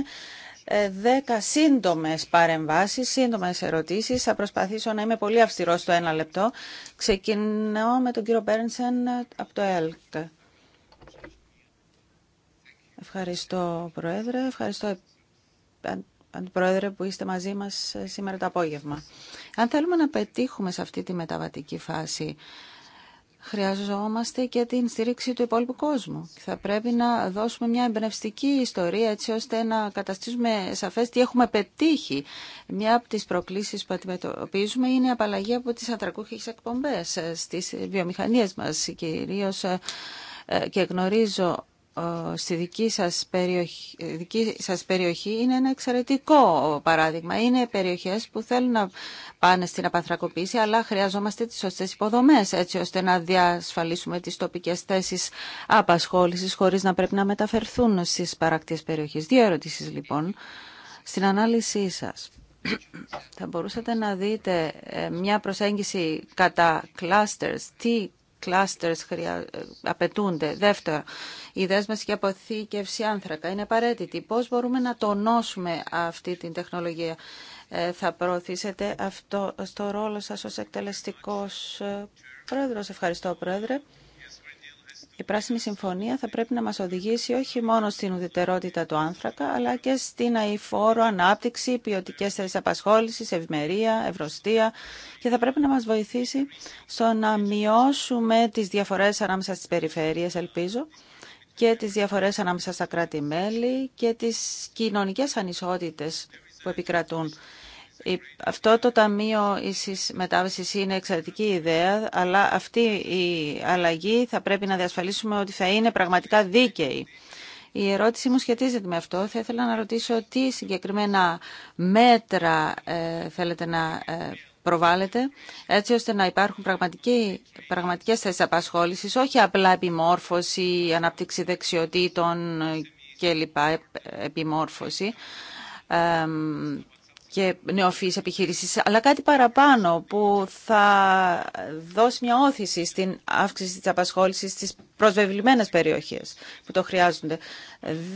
ε, δέκα σύντομες παρεμβάσεις, σύντομες ερωτήσεις. Θα προσπαθήσω να είμαι πολύ αυστηρό στο ένα λεπτό. Ξεκινώ με τον κύριο Μπέρνσεν ε, από το ΕΛΚ. Ευχαριστώ, Πρόεδρε. Ευχαριστώ, προέδρε που είστε μαζί μας ε, σήμερα το απόγευμα. Αν θέλουμε να πετύχουμε σε αυτή τη μεταβατική φάση χρειαζόμαστε και την στήριξη του υπόλοιπου κόσμου. Θα πρέπει να δώσουμε μια εμπνευστική ιστορία έτσι ώστε να καταστήσουμε σαφές τι έχουμε πετύχει. Μια από τις προκλήσεις που αντιμετωπίζουμε είναι η απαλλαγή από τις ανθρακούχες εκπομπές ε, στις βιομηχανίες μας κυρίως ε, ε, και γνωρίζω ε, στη δική σας, περιοχή, ε, δική σας περιοχή είναι ένα εξαιρετικό παράδειγμα. Είναι περιοχές που θέλουν να πάνε στην απανθρακοποίηση, αλλά χρειαζόμαστε τις σωστές υποδομές, έτσι ώστε να διασφαλίσουμε τις τοπικές θέσεις απασχόλησης, χωρίς να πρέπει να μεταφερθούν στις παρακτίες περιοχές. Δύο ερωτήσεις λοιπόν στην ανάλυση σας. Θα μπορούσατε να δείτε ε, μια προσέγγιση κατά clusters, τι clusters απαιτούνται. Δεύτερο, η δέσμευση και αποθήκευση άνθρακα. Είναι απαραίτητη. Πώς μπορούμε να τονώσουμε αυτή την τεχνολογία. Ε, θα προωθήσετε αυτό στο ρόλο σας ως εκτελεστικός ε, πρόεδρος. Ευχαριστώ, πρόεδρε. Η Πράσινη Συμφωνία θα πρέπει να μας οδηγήσει όχι μόνο στην ουδετερότητα του άνθρακα, αλλά και στην αηφόρο ανάπτυξη, ποιοτικές θέσεις απασχόλησης, ευημερία, ευρωστία και θα πρέπει να μας βοηθήσει στο να μειώσουμε τις διαφορές ανάμεσα στις περιφέρειες, ελπίζω, και τις διαφορές ανάμεσα στα κράτη-μέλη και τις κοινωνικές ανισότητες που επικρατούν. Αυτό το Ταμείο Ίσης Μετάβασης είναι εξαιρετική ιδέα, αλλά αυτή η αλλαγή θα πρέπει να διασφαλίσουμε ότι θα είναι πραγματικά δίκαιη. Η ερώτησή μου σχετίζεται με αυτό. Θα ήθελα να ρωτήσω τι συγκεκριμένα μέτρα ε, θέλετε να ε, προβάλλεται έτσι ώστε να υπάρχουν πραγματικές θέσει απασχόλησης, όχι απλά επιμόρφωση, ανάπτυξη δεξιοτήτων και επιμόρφωση και νεοφύης επιχείρησης, αλλά κάτι παραπάνω που θα δώσει μια όθηση στην αύξηση της απασχόλησης στις προσβεβλημένες περιοχές που το χρειάζονται.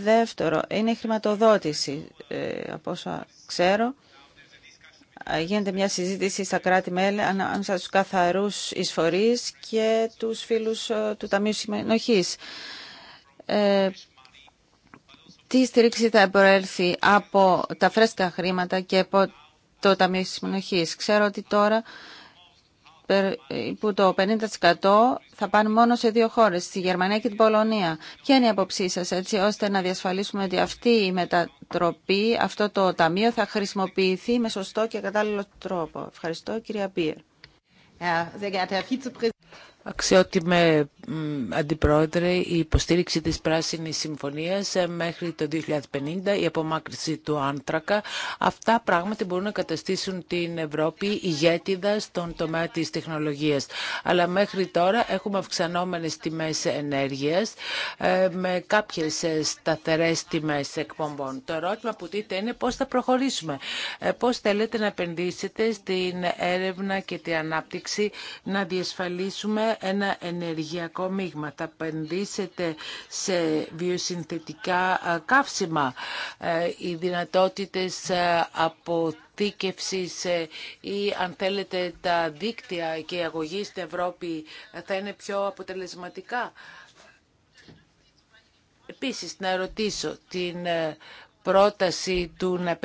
Δεύτερο, είναι η χρηματοδότηση, ε, από όσα ξέρω γίνεται μια συζήτηση στα κράτη-μέλη ανάμεσα στους καθαρούς εισφορείς και τους φίλους ε, του Ταμείου Συμμενοχής. Ε, τι στήριξη θα προέλθει από τα φρέσκα χρήματα και από το Ταμείο Συμμενοχής. Ξέρω ότι τώρα που το 50% θα πάνε μόνο σε δύο χώρε, στη Γερμανία και την Πολωνία. Ποια είναι η αποψή σα έτσι ώστε να διασφαλίσουμε ότι αυτή η μετατροπή, αυτό το ταμείο θα χρησιμοποιηθεί με σωστό και κατάλληλο τρόπο. Ευχαριστώ κυρία Πίερ. Αξιότιμε Αντιπρόεδρε, η υποστήριξη της Πράσινης Συμφωνίας ε, μέχρι το 2050, η απομάκρυνση του άνθρακα, αυτά πράγματι μπορούν να καταστήσουν την Ευρώπη ηγέτιδα στον τομέα της τεχνολογίας. Αλλά μέχρι τώρα έχουμε αυξανόμενες τιμές ενέργειας ε, με κάποιες ε, σταθερές τιμές εκπομπών. Το ερώτημα που δείτε είναι πώς θα προχωρήσουμε. Πώς θέλετε να επενδύσετε στην έρευνα και την ανάπτυξη να διασφαλίσουμε ένα ενεργειακό μείγμα, θα επενδύσετε σε βιοσυνθετικά ε, καύσιμα, ε, οι δυνατότητες ε, από ή αν θέλετε τα δίκτυα και η αγωγή στην Ευρώπη θα είναι πιο αποτελεσματικά. Επίσης, να ρωτήσω την πρόταση του να,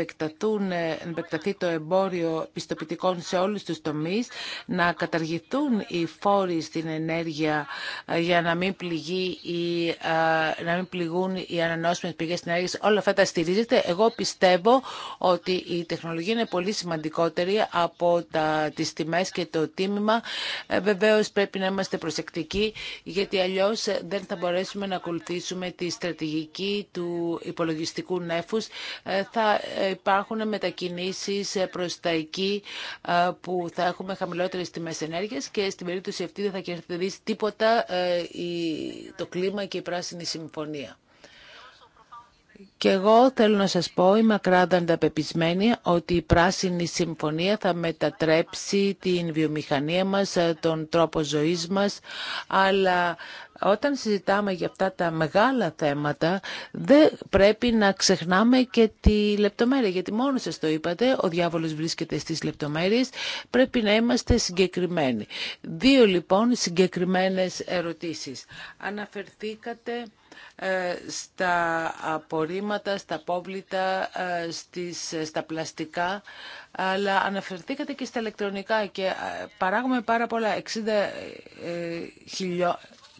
επεκταθεί το εμπόριο πιστοποιητικών σε όλους τους τομείς, να καταργηθούν οι φόροι στην ενέργεια ε, για να μην, η, ε, να μην πληγούν οι ανανεώσιμες πηγές στην ενέργεια. Όλα αυτά τα στηρίζεται. Εγώ πιστεύω ότι η τεχνολογία είναι πολύ σημαντικότερη από τα, τις τιμές και το τίμημα. Ε, Βεβαίω πρέπει να είμαστε προσεκτικοί γιατί αλλιώς δεν θα μπορέσουμε να ακολουθήσουμε τη στρατηγική του υπολογιστικού νεύματος αφού ε, θα ε, υπάρχουν μετακινήσεις ε, προς τα εκεί που θα έχουμε χαμηλότερες τιμές ενέργειας και στην περίπτωση αυτή δεν θα κερδίσει τίποτα το κλίμα και η πράσινη συμφωνία. Και εγώ θέλω να σας πω, είμαι ακράδαντα πεπισμένη ότι η Πράσινη Συμφωνία θα μετατρέψει την βιομηχανία μας, ε, τον τρόπο ζωής μας, αλλά όταν συζητάμε για αυτά τα μεγάλα θέματα, δεν πρέπει να ξεχνάμε και τη λεπτομέρεια, γιατί μόνο σας το είπατε, ο διάβολος βρίσκεται στις λεπτομέρειες, πρέπει να είμαστε συγκεκριμένοι. Δύο λοιπόν συγκεκριμένες ερωτήσεις. Αναφερθήκατε ε, στα απορρίμματα, στα πόβλητα, ε, στις, ε, στα πλαστικά, αλλά αναφερθήκατε και στα ηλεκτρονικά και παράγουμε πάρα πολλά, 60,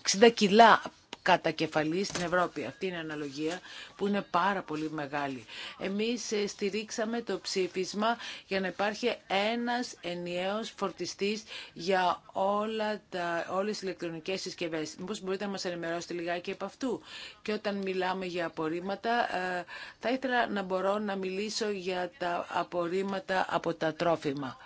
60 κιλά κατά στην Ευρώπη. Αυτή είναι η αναλογία που είναι πάρα πολύ μεγάλη. Εμείς ε, στηρίξαμε το ψήφισμα για να υπάρχει ένας ενιαίος φορτιστής για όλα τα, όλες τις ηλεκτρονικές συσκευές. μπορείτε να μας ενημερώσετε λιγάκι από αυτού. Και όταν μιλάμε για απορρίμματα, ε, θα ήθελα να μπορώ να μιλήσω για τα απορρίμματα από τα τρόφιμα.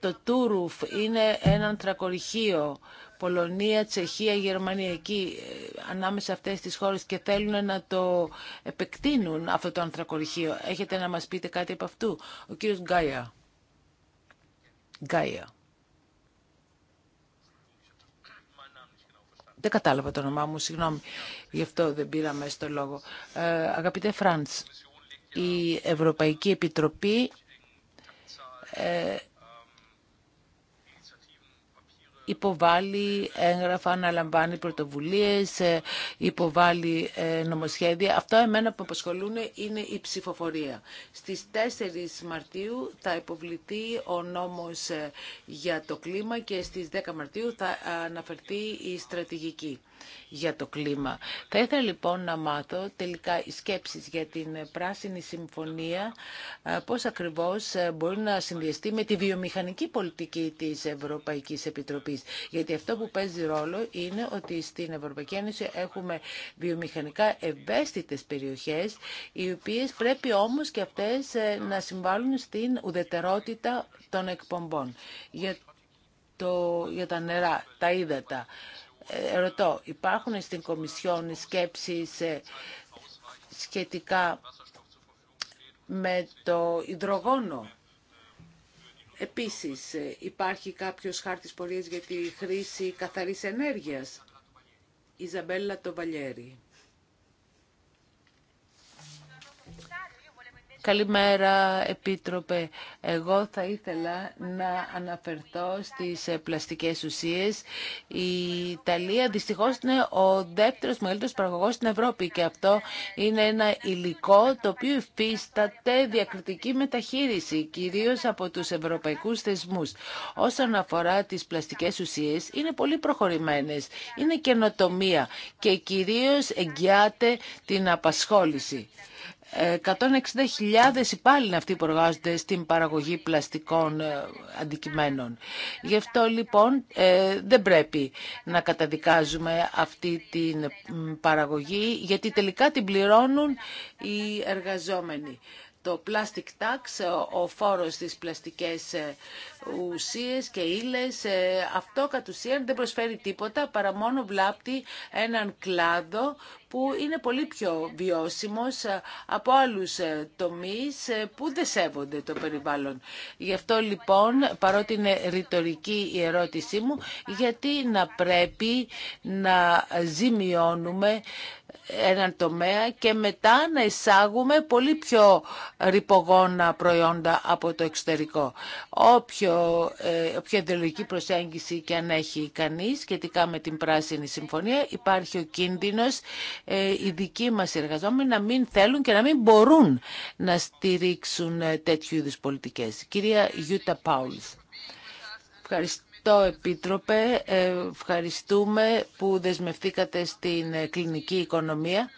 Το Τούρουφ είναι ένα τρακοριχείο. Πολωνία, Τσεχία, Γερμανία εκεί, ε, ανάμεσα αυτές τις χώρες και θέλουν να το επεκτείνουν αυτό το ανθρακοριχείο. Έχετε να μας πείτε κάτι από αυτού. Ο κύριος Γκάια. Γκάια. Δεν κατάλαβα το όνομά μου, συγγνώμη. Γι' αυτό δεν πήραμε στο λόγο. Ε, αγαπητέ Φραντς, η Ευρωπαϊκή Επιτροπή ε, υποβάλλει έγγραφα, αναλαμβάνει πρωτοβουλίες, ε, υποβάλλει ε, νομοσχέδια. Αυτό εμένα που απασχολούν είναι η ψηφοφορία. Στις 4 Μαρτίου θα υποβληθεί ο νόμος ε, για το κλίμα και στις 10 Μαρτίου θα αναφερθεί η στρατηγική για το κλίμα. Θα ήθελα λοιπόν να μάθω τελικά οι σκέψεις για την Πράσινη Συμφωνία, ε, πώς ακριβώς ε, μπορεί να συνδυαστεί με τη βιομηχανική πολιτική της Ευρωπαϊκής Επιτροπής. Γιατί αυτό που παίζει ρόλο είναι ότι στην Ευρωπαϊκή Ένωση έχουμε βιομηχανικά ευαίσθητες περιοχές, οι οποίες πρέπει όμως και αυτές ε, να συμβάλλουν στην ουδετερότητα των εκπομπών. Για, το, για τα νερά, τα ύδατα. Ε, ρωτώ, υπάρχουν στην Κομισιόν σκέψεις ε, σχετικά με το υδρογόνο. Επίσης, ε, υπάρχει κάποιος χάρτης πορείας για τη χρήση καθαρής ενέργειας. Ιζαμπέλα Τοβαλιέρη. Καλημέρα, Επίτροπε. Εγώ θα ήθελα να αναφερθώ στις ε, πλαστικές ουσίες. Η Ιταλία δυστυχώς είναι ο δεύτερος μεγαλύτερος παραγωγός στην Ευρώπη και αυτό είναι ένα υλικό το οποίο υφίσταται διακριτική μεταχείριση, κυρίως από τους ευρωπαϊκούς θεσμούς. Όσον αφορά τις πλαστικές ουσίες, είναι πολύ προχωρημένες, είναι καινοτομία και κυρίως εγγυάται την απασχόληση. 160.000 υπάλληλοι αυτοί που εργάζονται στην παραγωγή πλαστικών ε, αντικειμένων. Γι' αυτό λοιπόν ε, δεν πρέπει να καταδικάζουμε αυτή την παραγωγή γιατί τελικά την πληρώνουν οι εργαζόμενοι το plastic tax, ο φόρος στις πλαστικές ε, ουσίες και ύλες. Ε, αυτό κατ' ουσίαν δεν προσφέρει τίποτα παρά μόνο βλάπτει έναν κλάδο που είναι πολύ πιο βιώσιμος ε, από άλλους τομείς που δεν σέβονται το περιβάλλον. Γι' αυτό λοιπόν, παρότι είναι ρητορική η ερώτησή μου, γιατί να πρέπει να ζημιώνουμε έναν τομέα και μετά να εισάγουμε πολύ πιο ρηπογόνα προϊόντα από το εξωτερικό. Όποιο, ε, όποια ιδεολογική προσέγγιση και αν έχει κανείς σχετικά με την Πράσινη Συμφωνία υπάρχει ο κίνδυνος ε, οι δικοί μας εργαζόμενοι να μην θέλουν και να μην μπορούν να στηρίξουν ε, τέτοιου είδους πολιτικές. Κυρία Γιούτα Πάουλς. Ευχαριστώ. Το Επίτροπε. Ε, ευχαριστούμε που δεσμευτήκατε στην ε, κλινική οικονομία.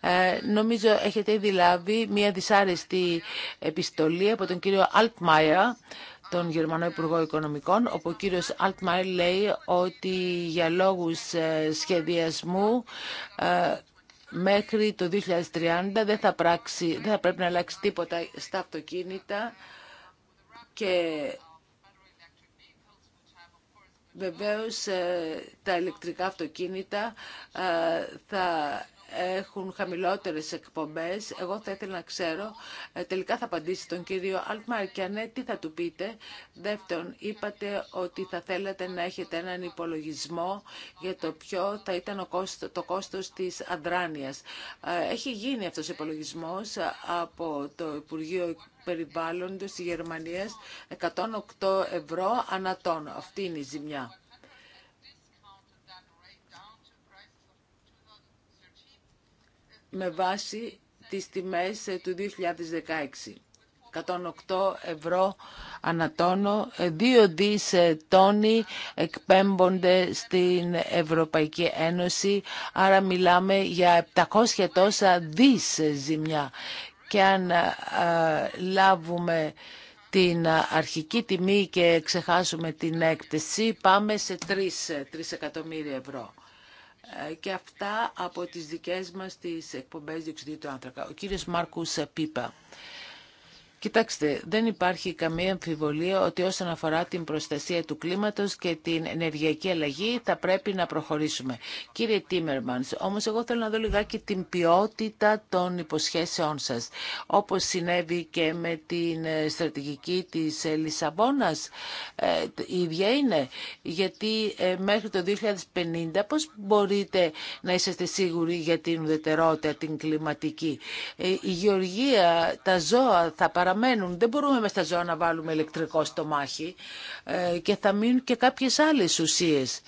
Ε, νομίζω έχετε ήδη λάβει μια δυσάρεστη επιστολή από τον κύριο Altmaier, τον Γερμανό Υπουργό Οικονομικών, όπου ο κύριος Altmaier λέει ότι για λόγους σχεδιασμού μέχρι το 2030 δεν θα, πράξει, δεν θα πρέπει να αλλάξει τίποτα στα αυτοκίνητα και Βεβαίως ε, τα ηλεκτρικά αυτοκίνητα ε, θα έχουν χαμηλότερες εκπομπές. Εγώ θα ήθελα να ξέρω, ε, τελικά θα απαντήσει τον κύριο Αλτμαρ και αν ναι, τι θα του πείτε. Δεύτερον, είπατε ότι θα θέλατε να έχετε έναν υπολογισμό για το ποιο θα ήταν το κόστος της αδράνειας. Έχει γίνει αυτός ο υπολογισμός από το Υπουργείο περιβάλλοντος της Γερμανίας 108 ευρώ ανατόνο. Αυτή είναι η ζημιά. Με βάση τις τιμές ε, του 2016. 108 ευρώ ανατόνο, ε, Δύο δις ε, τόνοι εκπέμπονται στην Ευρωπαϊκή Ένωση, άρα μιλάμε για 700 τόσα δις ζημιά και αν λάβουμε την αρχική τιμή και ξεχάσουμε την έκθεση, πάμε σε 3, ε, εκατομμύρια ευρώ. Ε, και αυτά από τις δικές μας τις εκπομπές διοξιδίου του άνθρακα. Ο κύριος Μάρκους Πίπα. Κοιτάξτε, δεν υπάρχει καμία αμφιβολία ότι όσον αφορά την προστασία του κλίματος και την ενεργειακή αλλαγή θα πρέπει να προχωρήσουμε. Κύριε Τίμερμανς, όμως εγώ θέλω να δω λιγάκι την ποιότητα των υποσχέσεών σας, όπως συνέβη και με την ε, στρατηγική της ε, Λισαβόνας. Ε, η ίδια είναι, γιατί μέχρι το 2050 πώς μπορείτε να είσαστε σίγουροι για την ουδετερότητα, την κλιματική. Η γεωργία, τα ζώα θα δεν μπορούμε με στα ζώα να βάλουμε ηλεκτρικό στο μάχη ε, και θα μείνουν και κάποιες άλλες ουσίες.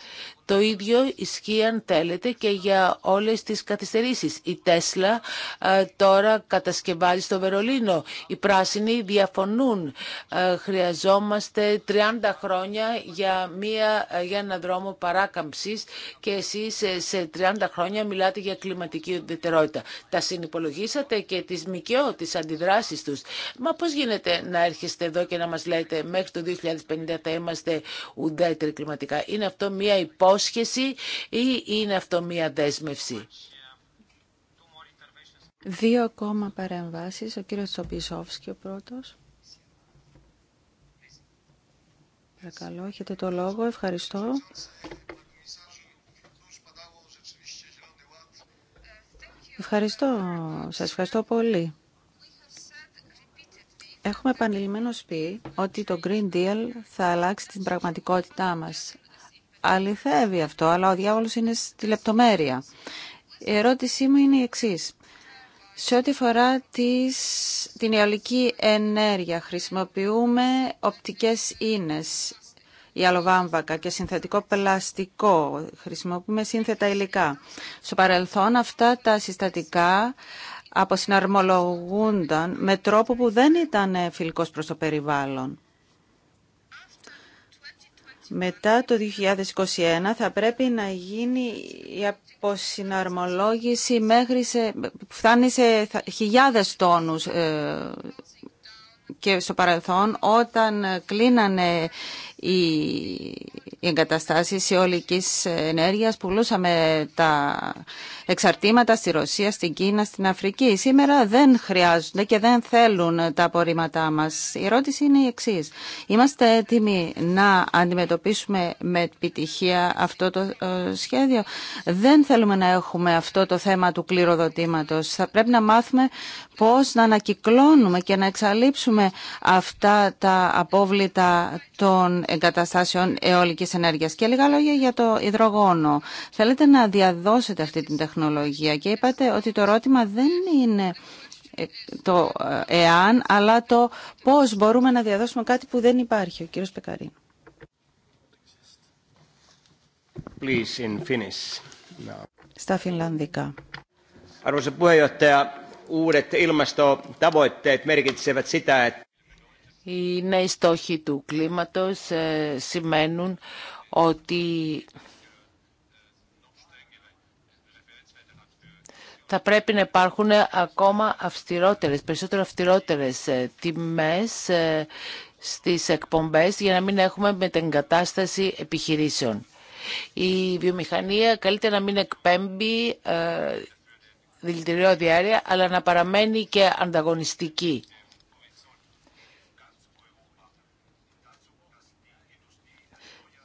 Το ίδιο ισχύει αν θέλετε και για όλες τις καθυστερήσεις. Η Τέσλα ε, τώρα κατασκευάζει στο Βερολίνο. Οι πράσινοι διαφωνούν. Ε, χρειαζόμαστε 30 χρόνια για, μία, ε, για ένα δρόμο παράκαμψης και εσείς σε 30 χρόνια μιλάτε για κλιματική ουδετερότητα. Τα συνυπολογίσατε και τις ΜΚΟ, τις αντιδράσεις τους. Μα πώς γίνεται να έρχεστε εδώ και να μας λέτε μέχρι το 2050 θα είμαστε ουδέτεροι κλιματικά. Είναι αυτό μία υπόσχεση ή είναι αυτό μία δέσμευση. Δύο ακόμα παρεμβάσεις. Ο κύριος Τσοπισόφσκι ο πρώτος. Παρακαλώ, έχετε το λόγο. Ευχαριστώ. Ευχαριστώ. Σας ευχαριστώ πολύ. Έχουμε επανειλημμένως πει ότι το Green Deal θα αλλάξει την πραγματικότητά μας αληθεύει αυτό, αλλά ο διάβολος είναι στη λεπτομέρεια. Η ερώτησή μου είναι η εξής. Σε ό,τι αφορά τις, την ιαλική ενέργεια, χρησιμοποιούμε οπτικές ίνες, η και συνθετικό πλαστικό, χρησιμοποιούμε σύνθετα υλικά. Στο παρελθόν αυτά τα συστατικά αποσυναρμολογούνταν με τρόπο που δεν ήταν φιλικός προς το περιβάλλον. Μετά το 2021 θα πρέπει να γίνει η αποσυναρμολόγηση μέχρι σε, φτάνει σε χιλιάδες τόνους ε, και στο παρελθόν όταν κλείνανε οι εγκαταστάσεις αιωλικής ενέργειας, πουλούσαμε τα εξαρτήματα στη Ρωσία, στην Κίνα, στην Αφρική. Σήμερα δεν χρειάζονται και δεν θέλουν τα απορρίμματά μας. Η ερώτηση είναι η εξής. Είμαστε έτοιμοι να αντιμετωπίσουμε με επιτυχία αυτό το ε, σχέδιο. Δεν θέλουμε να έχουμε αυτό το θέμα του κληροδοτήματος. Θα πρέπει να μάθουμε πώς να ανακυκλώνουμε και να εξαλείψουμε αυτά τα απόβλητα των εγκαταστάσεων αιωλική ενέργεια Και λίγα λόγια για το υδρογόνο. Θέλετε να διαδώσετε αυτή την τεχνολογία και είπατε ότι το ερώτημα δεν είναι ε, το ε, εάν, αλλά το πώς μπορούμε να διαδώσουμε κάτι που δεν υπάρχει. Ο κύριος Πεκαρή. Στα φιλανδικά. Arvoisa puheenjohtaja, uudet ilmastotavoitteet merkitsevät sitä, οι νέοι στόχοι του κλίματος ε, σημαίνουν ότι θα πρέπει να υπάρχουν ακόμα αυστηρότερες, περισσότερο αυστηρότερες ε, τιμές ε, στις εκπομπές για να μην έχουμε μετεγκατάσταση επιχειρήσεων. Η βιομηχανία καλύτερα να μην εκπέμπει δηλητηριώδη αλλά να παραμένει και ανταγωνιστική.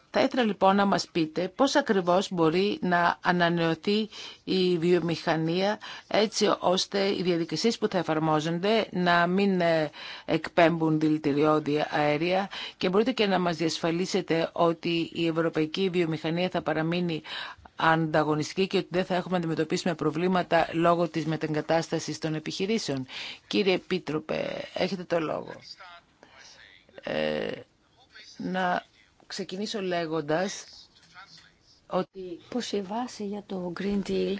Θα ήθελα λοιπόν να μας πείτε πώς ακριβώς μπορεί να ανανεωθεί η βιομηχανία έτσι ώστε οι διαδικασίες που θα εφαρμόζονται να μην ε, εκπέμπουν δηλητηριώδη αέρια και μπορείτε και να μας διασφαλίσετε ότι η ευρωπαϊκή βιομηχανία θα παραμείνει ανταγωνιστική και ότι δεν θα έχουμε αντιμετωπίσει με προβλήματα λόγω της μετεγκατάστασης των επιχειρήσεων. Κύριε Επίτροπε, έχετε το λόγο. Ε, να ξεκινήσω λέγοντας ότι πως η βάση για το Green Deal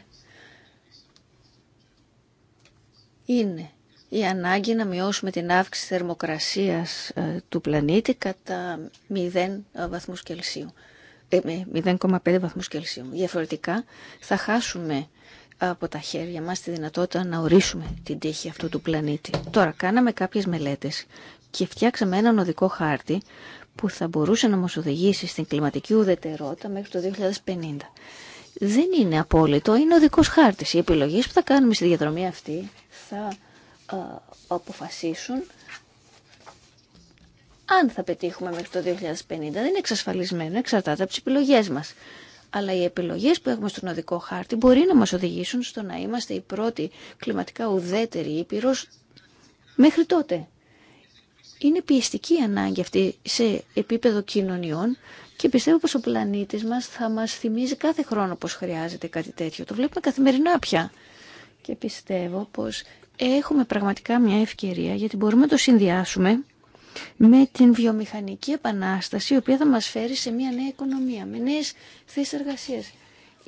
είναι η ανάγκη να μειώσουμε την αύξηση θερμοκρασίας ε, του πλανήτη κατά 0 ε, βαθμούς Κελσίου. 0,5 ε, βαθμούς Κελσίου. Διαφορετικά θα χάσουμε από τα χέρια μας τη δυνατότητα να ορίσουμε την τύχη αυτού του πλανήτη. Τώρα κάναμε κάποιες μελέτες και φτιάξαμε έναν οδικό χάρτη που θα μπορούσε να μας οδηγήσει στην κλιματική ουδετερότητα μέχρι το 2050. Δεν είναι απόλυτο, είναι ο δικός χάρτης. Οι επιλογές που θα κάνουμε στη διαδρομή αυτή θα αποφασίσουν αν θα πετύχουμε μέχρι το 2050. Δεν είναι εξασφαλισμένο, εξαρτάται από τις επιλογές μας. Αλλά οι επιλογές που έχουμε στον οδικό χάρτη μπορεί να μας οδηγήσουν στο να είμαστε η πρώτη κλιματικά ουδέτερη ήπειρος μέχρι τότε είναι πιεστική ανάγκη αυτή σε επίπεδο κοινωνιών και πιστεύω πως ο πλανήτης μας θα μας θυμίζει κάθε χρόνο πως χρειάζεται κάτι τέτοιο. Το βλέπουμε καθημερινά πια. Και πιστεύω πως έχουμε πραγματικά μια ευκαιρία γιατί μπορούμε να το συνδυάσουμε με την βιομηχανική επανάσταση η οποία θα μας φέρει σε μια νέα οικονομία, με νέες θέσεις εργασίας.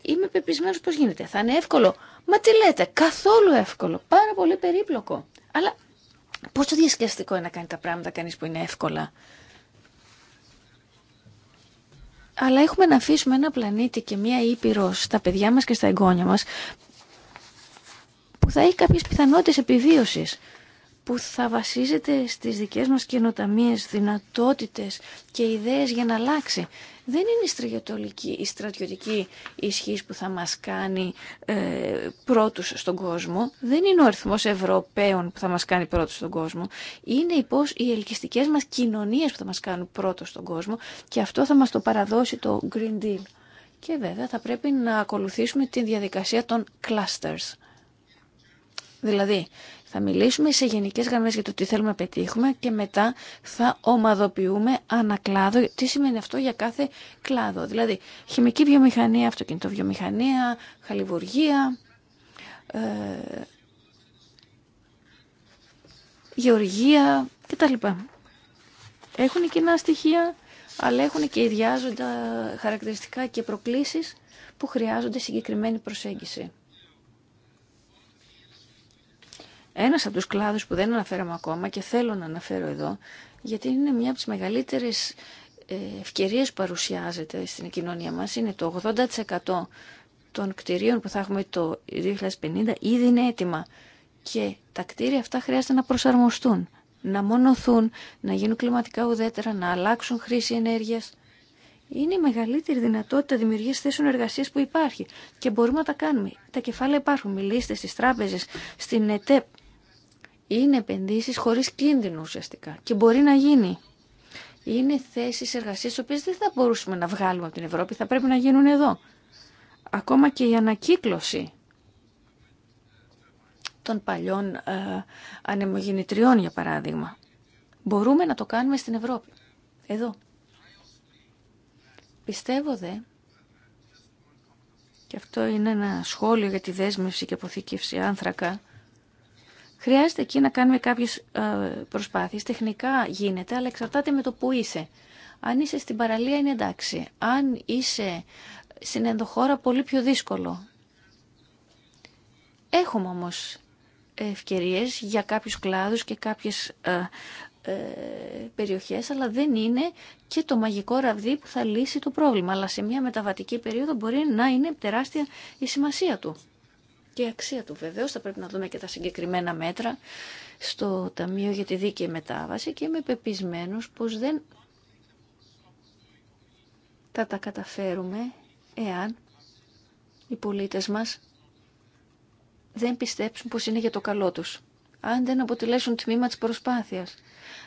Είμαι πεπισμένο πως γίνεται. Θα είναι εύκολο. Μα τι λέτε, καθόλου εύκολο, πάρα πολύ περίπλοκο. Αλλά Πόσο διασκεδαστικό είναι να κάνει τα πράγματα κανείς που είναι εύκολα. Αλλά έχουμε να αφήσουμε ένα πλανήτη και μία ήπειρο στα παιδιά μας και στα εγγόνια μας που θα έχει κάποιες πιθανότητες επιβίωσης που θα βασίζεται στις δικές μας καινοταμίε δυνατότητες και ιδέες για να αλλάξει. Δεν είναι η στρατιωτική, η στρατιωτική ισχύς που θα μας κάνει ε, πρώτους στον κόσμο. Δεν είναι ο αριθμός Ευρωπαίων που θα μας κάνει πρώτους στον κόσμο. Είναι οι, πώς, οι ελκυστικές μας κοινωνίες που θα μας κάνουν πρώτος στον κόσμο και αυτό θα μας το παραδώσει το Green Deal. Και βέβαια θα πρέπει να ακολουθήσουμε τη διαδικασία των clusters. Δηλαδή, θα μιλήσουμε σε γενικές γραμμές για το τι θέλουμε να πετύχουμε και μετά θα ομαδοποιούμε ανακλάδο. Τι σημαίνει αυτό για κάθε κλάδο. Δηλαδή χημική βιομηχανία, αυτοκινητοβιομηχανία, χαλιβουργία, ε, γεωργία κτλ. Έχουν κοινά στοιχεία, αλλά έχουν και ιδιάζοντα χαρακτηριστικά και προκλήσεις που χρειάζονται συγκεκριμένη προσέγγιση. Ένας από τους κλάδους που δεν αναφέραμε ακόμα και θέλω να αναφέρω εδώ, γιατί είναι μια από τις μεγαλύτερες ε, ευκαιρίες που παρουσιάζεται στην κοινωνία μας, είναι το 80% των κτηρίων που θα έχουμε το 2050 ήδη είναι έτοιμα. Και τα κτίρια αυτά χρειάζεται να προσαρμοστούν, να μονοθούν, να γίνουν κλιματικά ουδέτερα, να αλλάξουν χρήση ενέργειας. Είναι η μεγαλύτερη δυνατότητα δημιουργία θέσεων εργασία που υπάρχει και μπορούμε να τα κάνουμε. Τα κεφάλαια υπάρχουν. Μιλήστε στι τράπεζε, στην ΕΤΕΠ, είναι επενδύσεις χωρίς κίνδυνο ουσιαστικά και μπορεί να γίνει. Είναι θέσεις εργασίας, τις οποίες δεν θα μπορούσαμε να βγάλουμε από την Ευρώπη, θα πρέπει να γίνουν εδώ. Ακόμα και η ανακύκλωση των παλιών ε, ανεμογεννητριών, για παράδειγμα. Μπορούμε να το κάνουμε στην Ευρώπη. Εδώ. Πιστεύω δε, και αυτό είναι ένα σχόλιο για τη δέσμευση και αποθήκευση άνθρακα, Χρειάζεται εκεί να κάνουμε κάποιες ε, προσπάθειες. Τεχνικά γίνεται, αλλά εξαρτάται με το που είσαι. Αν είσαι στην παραλία είναι εντάξει. Αν είσαι στην ενδοχώρα πολύ πιο δύσκολο. Έχουμε όμως ευκαιρίες για κάποιου κλάδους και κάποιες περιοχέ, ε, περιοχές, αλλά δεν είναι και το μαγικό ραβδί που θα λύσει το πρόβλημα. Αλλά σε μια μεταβατική περίοδο μπορεί να είναι τεράστια η σημασία του και η αξία του. βεβαίω θα πρέπει να δούμε και τα συγκεκριμένα μέτρα στο Ταμείο για τη Δίκαιη Μετάβαση και είμαι πεπισμένος πως δεν θα τα καταφέρουμε εάν οι πολίτες μας δεν πιστέψουν πως είναι για το καλό τους. Αν δεν αποτελέσουν τμήμα της προσπάθειας.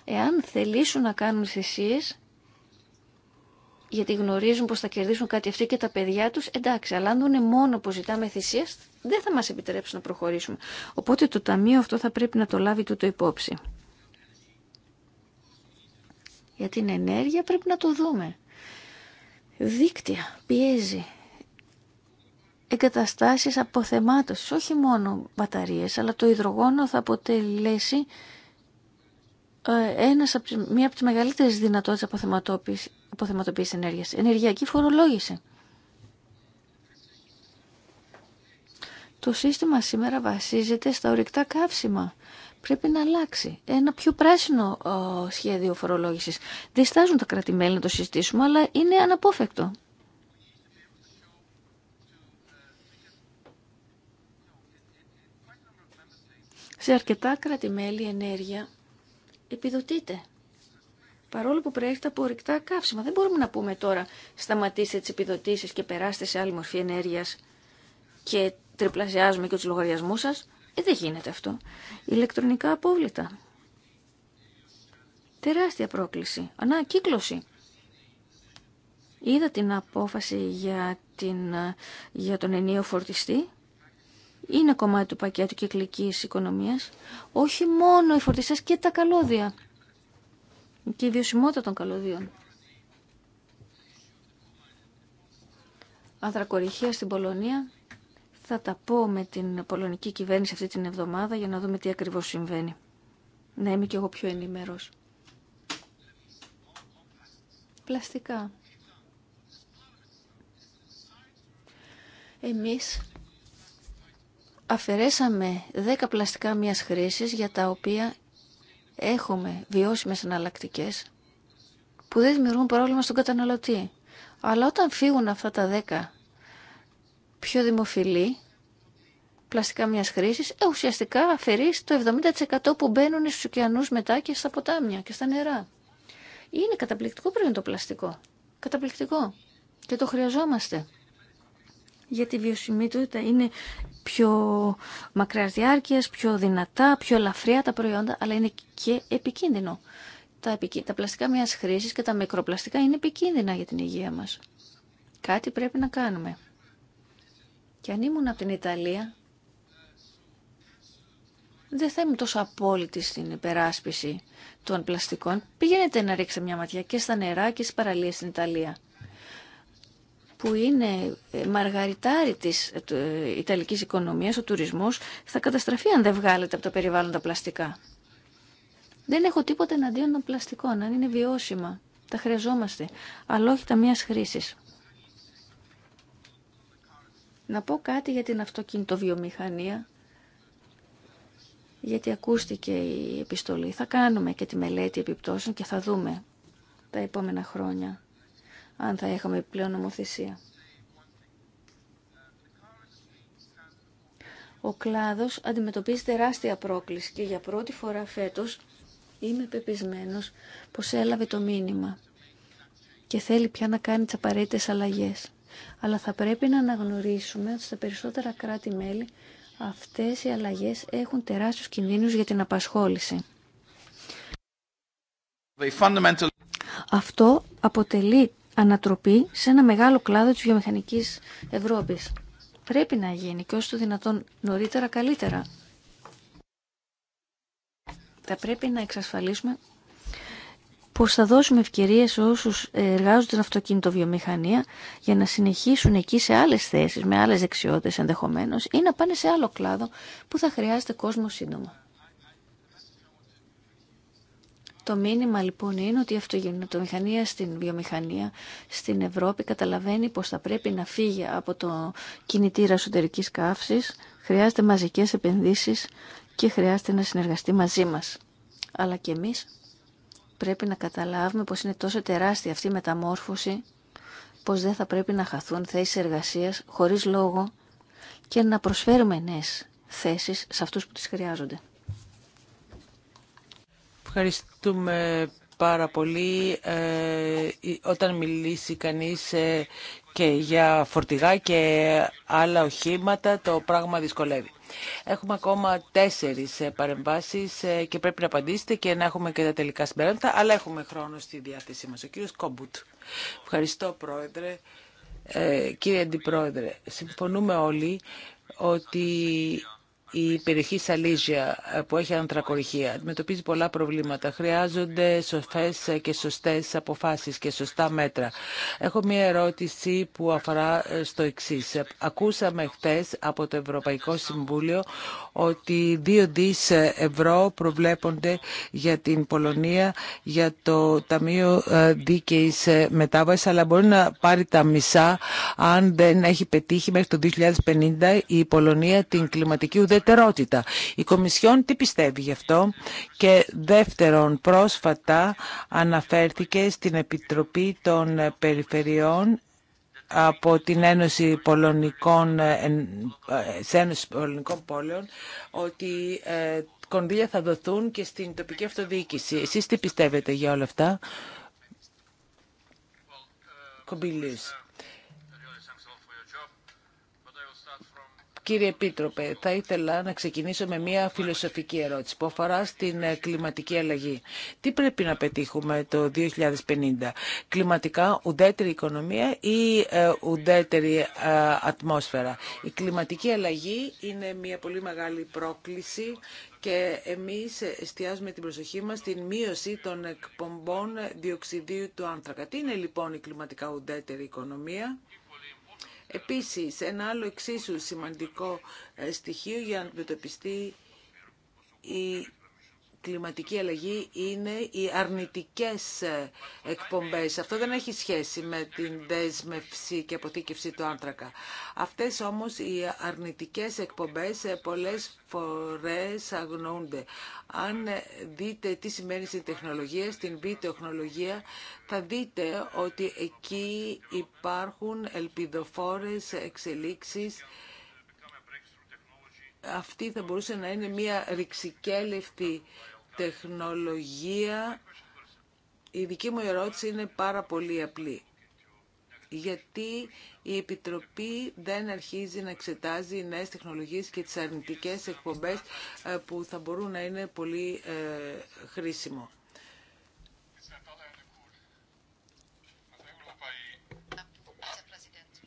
Εάν θελήσουν να κάνουν θυσίες γιατί γνωρίζουν πως θα κερδίσουν κάτι αυτοί και τα παιδιά τους, εντάξει, αλλά αν δούνε μόνο που ζητάμε θυσίες, δεν θα μας επιτρέψουν να προχωρήσουμε. Οπότε το Ταμείο αυτό θα πρέπει να το λάβει τούτο υπόψη. Για την ενέργεια πρέπει να το δούμε. Δίκτυα, πιέζει, εγκαταστάσεις αποθεμάτωσης, όχι μόνο μπαταρίες, αλλά το υδρογόνο θα αποτελέσει ε, ένας από μία από τις μεγαλύτερες δυνατότητες αποθεματόπισης αποθεματοποίηση ενέργειας. Ενεργειακή φορολόγηση. Το σύστημα σήμερα βασίζεται στα ορυκτά καύσιμα. Πρέπει να αλλάξει. Ένα πιο πράσινο σχέδιο φορολόγησης. Διστάζουν τα κρατημέλη να το συζητήσουμε, αλλά είναι αναπόφευκτο. Σε αρκετά κρατημέλη ενέργεια επιδοτείται παρόλο που προέρχεται από ορυκτά καύσιμα. Δεν μπορούμε να πούμε τώρα σταματήστε τι επιδοτήσεις και περάστε σε άλλη μορφή ενέργειας και τριπλασιάζουμε και του λογαριασμού σας. Ε, δεν γίνεται αυτό. Ηλεκτρονικά απόβλητα. Τεράστια πρόκληση. Ανακύκλωση. Είδα την απόφαση για, την, για τον ενίο φορτιστή. Είναι κομμάτι του πακέτου κυκλικής οικονομίας. Όχι μόνο οι φορτιστές και τα καλώδια και η βιωσιμότητα των καλωδίων. Ανθρακοριχεία στην Πολωνία. Θα τα πω με την πολωνική κυβέρνηση αυτή την εβδομάδα για να δούμε τι ακριβώς συμβαίνει. Να είμαι κι εγώ πιο ενημέρος. Πλαστικά. Εμείς αφαιρέσαμε 10 πλαστικά μιας χρήσης για τα οποία έχουμε βιώσιμες εναλλακτικέ που δεν δημιουργούν πρόβλημα στον καταναλωτή. Αλλά όταν φύγουν αυτά τα 10 πιο δημοφιλή πλαστικά μιας χρήσης, ε, ουσιαστικά αφαιρείς το 70% που μπαίνουν στους ωκεανούς μετά και στα ποτάμια και στα νερά. Είναι καταπληκτικό πριν το πλαστικό. Καταπληκτικό. Και το χρειαζόμαστε γιατί η βιωσιμότητα είναι πιο μακρά διάρκεια, πιο δυνατά, πιο ελαφριά τα προϊόντα, αλλά είναι και επικίνδυνο. Τα, πλαστικά μια χρήση και τα μικροπλαστικά είναι επικίνδυνα για την υγεία μα. Κάτι πρέπει να κάνουμε. Και αν ήμουν από την Ιταλία, δεν θα ήμουν τόσο απόλυτη στην υπεράσπιση των πλαστικών. Πηγαίνετε να ρίξετε μια ματιά και στα νερά και στι παραλίε στην Ιταλία που είναι ε, μαργαριτάρι της ε, ε, Ιταλικής οικονομίας, ο τουρισμός, θα καταστραφεί αν δεν βγάλετε από το περιβάλλον τα πλαστικά. Δεν έχω τίποτα εναντίον των πλαστικών, αν είναι βιώσιμα. Τα χρειαζόμαστε, αλλά όχι τα μίας χρήσης. Να πω κάτι για την αυτοκινητοβιομηχανία, γιατί ακούστηκε η επιστολή. Θα κάνουμε και τη μελέτη επιπτώσεων και θα δούμε τα επόμενα χρόνια αν θα είχαμε πλέον νομοθεσία. Ο κλάδος αντιμετωπίζει τεράστια πρόκληση και για πρώτη φορά φέτος είμαι πεπισμένος πως έλαβε το μήνυμα και θέλει πια να κάνει τις απαραίτητες αλλαγές. Αλλά θα πρέπει να αναγνωρίσουμε ότι στα περισσότερα κράτη-μέλη αυτές οι αλλαγές έχουν τεράστιους κινδύνους για την απασχόληση. Αυτό αποτελεί ανατροπή σε ένα μεγάλο κλάδο της βιομηχανικής Ευρώπης. Πρέπει να γίνει και όσο το δυνατόν νωρίτερα καλύτερα. Θα πρέπει να εξασφαλίσουμε πως θα δώσουμε ευκαιρίες σε όσους εργάζονται στην αυτοκινητοβιομηχανία για να συνεχίσουν εκεί σε άλλες θέσεις, με άλλες δεξιότητες ενδεχομένως ή να πάνε σε άλλο κλάδο που θα χρειάζεται κόσμο σύντομα. Το μήνυμα λοιπόν είναι ότι η αυτοκινητομηχανία στην βιομηχανία στην Ευρώπη καταλαβαίνει πως θα πρέπει να φύγει από το κινητήρα εσωτερικής καύσης, χρειάζεται μαζικές επενδύσεις και χρειάζεται να συνεργαστεί μαζί μας. Αλλά και εμείς πρέπει να καταλάβουμε πως είναι τόσο τεράστια αυτή η μεταμόρφωση πως δεν θα πρέπει να χαθούν θέσεις εργασίας χωρίς λόγο και να προσφέρουμε νέες θέσεις σε αυτούς που τις χρειάζονται. Ευχαριστούμε πάρα πολύ. Ε, όταν μιλήσει κανείς ε, και για φορτηγά και άλλα οχήματα, το πράγμα δυσκολεύει. Έχουμε ακόμα τέσσερις ε, παρεμβάσεις και πρέπει να απαντήσετε και να έχουμε και τα τελικά συμπεράσματα, αλλά έχουμε χρόνο στη διάθεσή μας. Ο κύριος Κόμπουτ. Ευχαριστώ, Πρόεδρε. κύριε Αντιπρόεδρε, συμφωνούμε όλοι ότι η περιοχή Σαλίζια ε, που έχει ανθρακοριχεία αντιμετωπίζει πολλά προβλήματα. Χρειάζονται σοφές και σωστέ αποφάσει και σωστά μέτρα. Έχω μία ερώτηση που αφορά ε, στο εξή. Ακούσαμε χθε από το Ευρωπαϊκό Συμβούλιο ότι δύο δις ευρώ προβλέπονται για την Πολωνία για το Ταμείο ε, Δίκαιη μετάβαση. αλλά μπορεί να πάρει τα μισά αν δεν έχει πετύχει μέχρι το 2050 η Πολωνία την κλιματική ουδέτερη η Κομισιόν τι πιστεύει γι' αυτό και δεύτερον πρόσφατα αναφέρθηκε στην Επιτροπή των Περιφερειών από την Ένωση Πολωνικών, σε Ένωση Πόλεων ότι ε, κονδύλια θα δοθούν και στην τοπική αυτοδιοίκηση. Εσείς τι πιστεύετε για όλα αυτά, Κύριε Επίτροπε, θα ήθελα να ξεκινήσω με μια φιλοσοφική ερώτηση που αφορά στην ε, κλιματική αλλαγή. Τι πρέπει να πετύχουμε το 2050, κλιματικά ουδέτερη οικονομία ή ε, ουδέτερη ε, ατμόσφαιρα. Η κλιματική αλλαγή είναι μια πολύ μεγάλη πρόκληση και εμείς εστιάζουμε την προσοχή μας στην μείωση των εκπομπών διοξιδίου του άνθρακα. Τι είναι λοιπόν η κλιματικά ουδέτερη οικονομία. Επίσης, ένα άλλο εξίσου σημαντικό ε, στοιχείο για να αντιμετωπιστεί η κλιματική αλλαγή είναι οι αρνητικές εκπομπές. Αυτό δεν έχει σχέση με την δέσμευση και αποθήκευση του άνθρακα. Αυτές όμως οι αρνητικές εκπομπές πολλές φορές αγνοούνται. Αν δείτε τι σημαίνει στην τεχνολογία, στην βιτεχνολογία, θα δείτε ότι εκεί υπάρχουν ελπιδοφόρες εξελίξεις αυτή θα μπορούσε να είναι μια ρηξικέλευτη τεχνολογία, η δική μου ερώτηση είναι πάρα πολύ απλή. Γιατί η Επιτροπή δεν αρχίζει να εξετάζει νέες τεχνολογίες και τις αρνητικές εκπομπές ε, που θα μπορούν να είναι πολύ ε, χρήσιμο.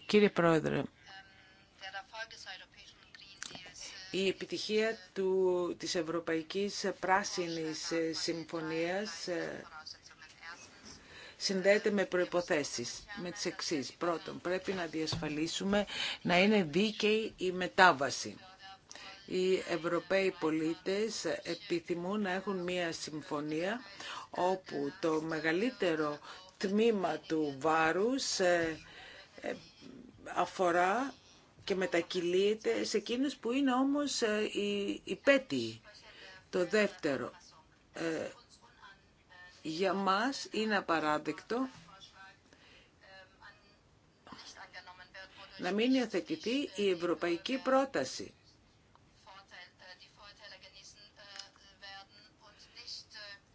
Κύριε Πρόεδρε, η επιτυχία του, της Ευρωπαϊκής Πράσινης Συμφωνίας ε, συνδέεται με προϋποθέσεις, με τις εξής. Πρώτον, πρέπει να διασφαλίσουμε να είναι δίκαιη η μετάβαση. Οι Ευρωπαίοι πολίτες επιθυμούν να έχουν μία συμφωνία όπου το μεγαλύτερο τμήμα του βάρους ε, ε, αφορά και μετακυλείται σε εκείνους που είναι όμως ε, οι υπέτειοι. Το δεύτερο, ε, για μας είναι απαράδεκτο να μην υιοθετηθεί η ευρωπαϊκή πρόταση.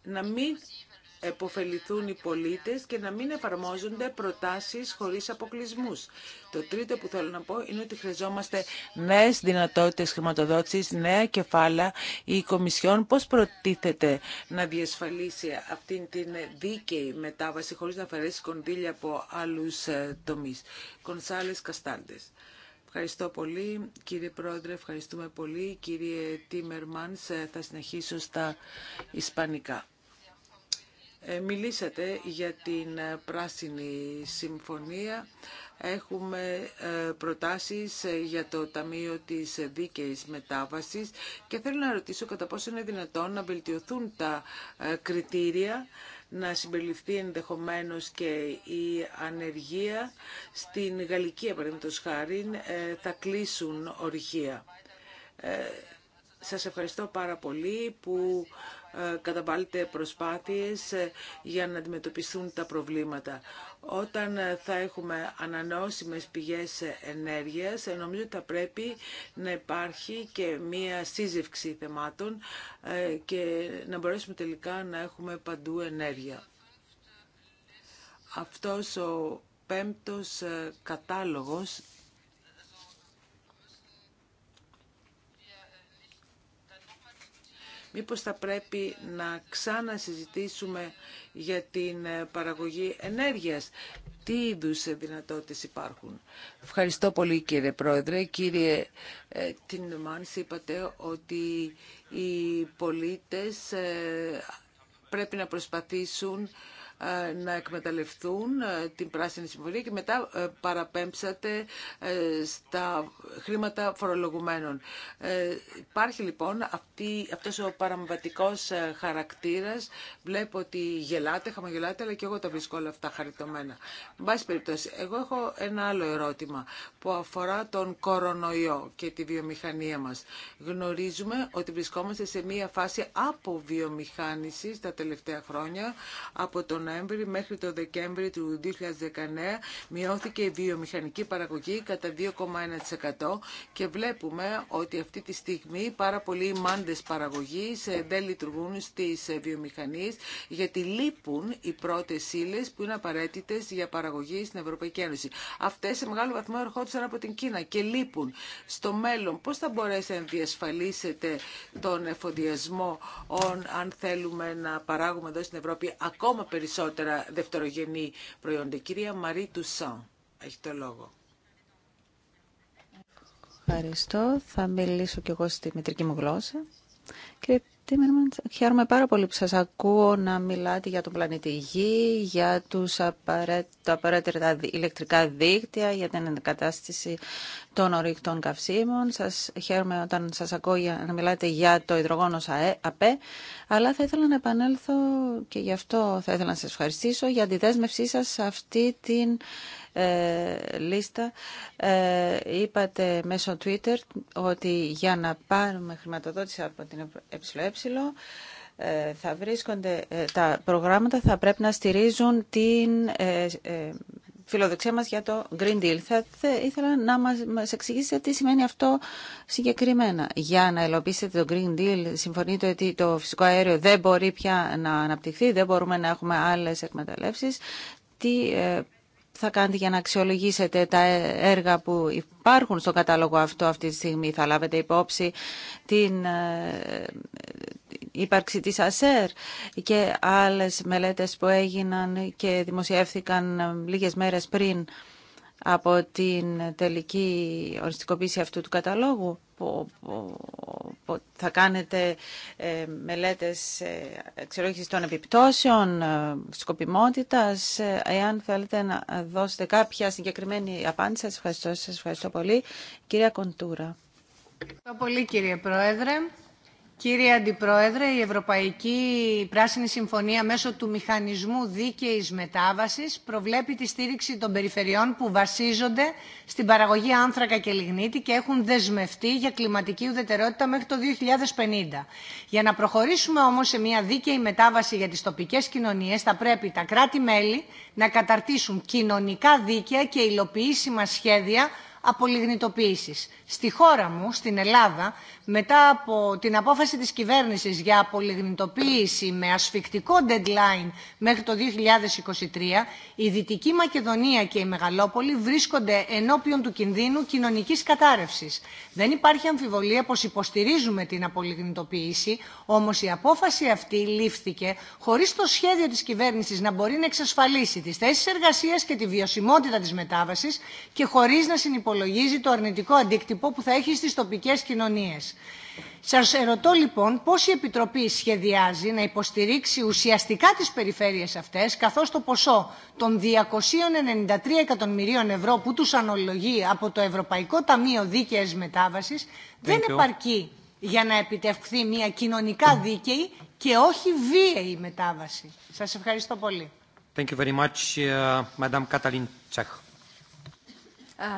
Να μην εποφεληθούν οι πολίτες και να μην εφαρμόζονται προτάσεις χωρίς αποκλεισμούς. Το τρίτο που θέλω να πω είναι ότι χρειαζόμαστε νέες δυνατότητες χρηματοδότησης, νέα κεφάλαια. Η Κομισιόν πώς προτίθεται να διασφαλίσει αυτήν την δίκαιη μετάβαση χωρίς να αφαιρέσει κονδύλια από άλλους ε, τομείς. Κονσάλες Καστάντες. Ευχαριστώ πολύ κύριε Πρόεδρε, ευχαριστούμε πολύ κύριε Τίμερμανς. Ε, θα συνεχίσω στα Ισπανικά. Ε, μιλήσατε για την ε, Πράσινη Συμφωνία. Έχουμε ε, προτάσεις για το Ταμείο της Δίκαιης Μετάβασης και θέλω να ρωτήσω κατά πόσο είναι δυνατόν να βελτιωθούν τα κριτήρια να συμπεριληφθεί ενδεχομένως και η ανεργία. Στην Γαλλική, παραδείγματος χάρη, θα κλείσουν οργία. Σας ευχαριστώ πάρα πολύ που ε, καταβάλλετε προσπάθειες ε, για να αντιμετωπιστούν τα προβλήματα. Όταν ε, θα έχουμε ανανεώσιμες πηγές ενέργειας, νομίζω ότι θα πρέπει να υπάρχει και μία σύζευξη θεμάτων και να μπορέσουμε τελικά να έχουμε παντού ενέργεια. Αυτός ο πέμπτος κατάλογος Μήπως θα πρέπει να ξανασυζητήσουμε για την ε, παραγωγή ενέργειας. Τι είδου δυνατότητες υπάρχουν. Ευχαριστώ πολύ κύριε Πρόεδρε. Κύριε ε, Τινμάνς είπατε ότι οι πολίτες ε, πρέπει να προσπαθήσουν ε, να εκμεταλλευτούν ε, την Πράσινη Συμφωνία και μετά ε, παραπέμψατε στα χρήματα φορολογουμένων. Υπάρχει λοιπόν αυτή, αυτός ο παραμβατικός χαρακτήρας. Βλέπω ότι γελάτε, χαμογελάτε, αλλά και εγώ τα βρίσκω όλα αυτά χαριτωμένα. Εν πάση περιπτώσει, εγώ έχω ένα άλλο ερώτημα που αφορά τον κορονοϊό και τη βιομηχανία μας. Γνωρίζουμε ότι βρισκόμαστε σε μία φάση αποβιομηχάνηση τα τελευταία χρόνια από τον Νοέμβρη μέχρι το Δεκέμβρη του 2019 μειώθηκε η βιομηχανική παραγωγή κατά 2,1% και βλέπουμε ότι αυτή τη στιγμή πάρα πολλοί μάντες παραγωγής ε, δεν λειτουργούν στις ε, βιομηχανίες γιατί λείπουν οι πρώτες ύλε που είναι απαραίτητε για παραγωγή στην Ευρωπαϊκή Ένωση. Αυτές σε μεγάλο βαθμό ερχόντουσαν από την Κίνα και λείπουν. Στο μέλλον πώς θα μπορέσετε να διασφαλίσετε τον εφοδιασμό αν θέλουμε να παράγουμε εδώ στην Ευρώπη ακόμα περισσότερο περισσότερα δευτερογενή προϊόντα. Κυρία Μαρή Τουσάν, έχει το λόγο. Ευχαριστώ. Θα μιλήσω κι εγώ στη μητρική μου γλώσσα. Κύριε Τίμερμαντ, χαίρομαι πάρα πολύ που σας ακούω να μιλάτε για τον πλανήτη Γη, για τους απαραίτητα ηλεκτρικά δίκτυα, για την εγκατάσταση των ορυκτών καυσίμων. Σας χαίρομαι όταν σας ακούω να μιλάτε για το υδρογόνο ΑΠΕ, αλλά θα ήθελα να επανέλθω και γι' αυτό θα ήθελα να σας ευχαριστήσω για τη δέσμευσή σα σε αυτή την ε, λίστα. Ε, είπατε μέσω Twitter ότι για να πάρουμε χρηματοδότηση από την ΕΕ θα βρίσκονται, τα προγράμματα θα πρέπει να στηρίζουν την φιλοδοξία μας για το Green Deal. Θα ήθελα να μας, εξηγήσετε τι σημαίνει αυτό συγκεκριμένα. Για να ελοπίσετε το Green Deal, συμφωνείτε ότι το φυσικό αέριο δεν μπορεί πια να αναπτυχθεί, δεν μπορούμε να έχουμε άλλες εκμεταλλεύσεις. Τι ε, θα κάνετε για να αξιολογήσετε τα έργα που υπάρχουν στο κατάλογο αυτό αυτή τη στιγμή. Θα λάβετε υπόψη την ε, ύπαρξη της ΑΣΕΡ και άλλες μελέτες που έγιναν και δημοσιεύθηκαν ε, λίγες μέρες πριν από την τελική οριστικοποίηση αυτού του καταλόγου που θα κάνετε ε, μελέτες εξερώχησης των επιπτώσεων, ε, σκοπιμότητας. Ε, εάν θέλετε να δώσετε κάποια συγκεκριμένη απάντηση, σας ευχαριστώ, σας ευχαριστώ πολύ. Κυρία Κοντούρα. Ευχαριστώ πολύ κύριε Πρόεδρε. Κύριε Αντιπρόεδρε, η Ευρωπαϊκή Πράσινη Συμφωνία μέσω του μηχανισμού δίκαιης μετάβασης προβλέπει τη στήριξη των περιφερειών που βασίζονται στην παραγωγή άνθρακα και λιγνίτη και έχουν δεσμευτεί για κλιματική ουδετερότητα μέχρι το 2050. Για να προχωρήσουμε όμως σε μια δίκαιη μετάβαση για τις τοπικές κοινωνίες θα πρέπει τα κράτη-μέλη να καταρτήσουν κοινωνικά δίκαια και υλοποιήσιμα σχέδια απολιγνητοποίησης. Στη χώρα μου, στην Ελλάδα, μετά από την απόφαση της κυβέρνησης για απολιγνητοποίηση με ασφικτικό deadline μέχρι το 2023, η Δυτική Μακεδονία και η Μεγαλόπολη βρίσκονται ενώπιον του κινδύνου κοινωνικής κατάρρευσης. Δεν υπάρχει αμφιβολία πως υποστηρίζουμε την απολιγνητοποίηση, όμως η απόφαση αυτή λήφθηκε χωρίς το σχέδιο της κυβέρνησης να μπορεί να εξασφαλίσει τις θέσεις εργασίας και τη βιωσιμότητα της μετάβασης και χωρίς να υπολογίζει το αρνητικό αντίκτυπο που θα έχει στις τοπικές κοινωνίες. Σας ερωτώ λοιπόν πώς η Επιτροπή σχεδιάζει να υποστηρίξει ουσιαστικά τις περιφέρειες αυτές καθώς το ποσό των 293 εκατομμυρίων ευρώ που τους ανολογεί από το Ευρωπαϊκό Ταμείο Δίκαιης Μετάβασης δεν επαρκεί για να επιτευχθεί μια κοινωνικά δίκαιη και όχι βίαιη μετάβαση. Σας ευχαριστώ πολύ. Thank you very much, uh,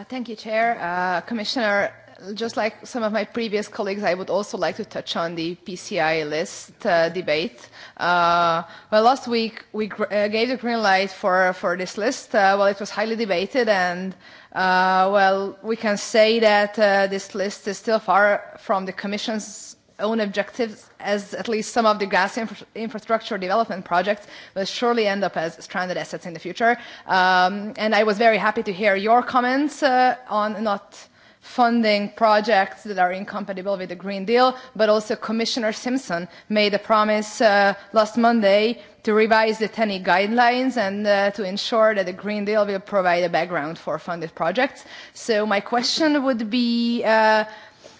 Thank you, Chair. Commissioner, just like some of my previous colleagues, I would also like to touch on the PCI list debate. Well, last week we gave the green light for for this list. Well, it was highly debated, and well, we can say that this list is still far from the Commission's own objectives as at least some of the gas infrastructure development projects will surely end up as stranded assets in the future. And I was very happy to hear your comments on not funding projects that are incompatible with the Green Deal, but also Commissioner Simpson made a promise last Monday to revise the TENI guidelines and to ensure that the Green Deal will provide a background for funded projects. So my question would be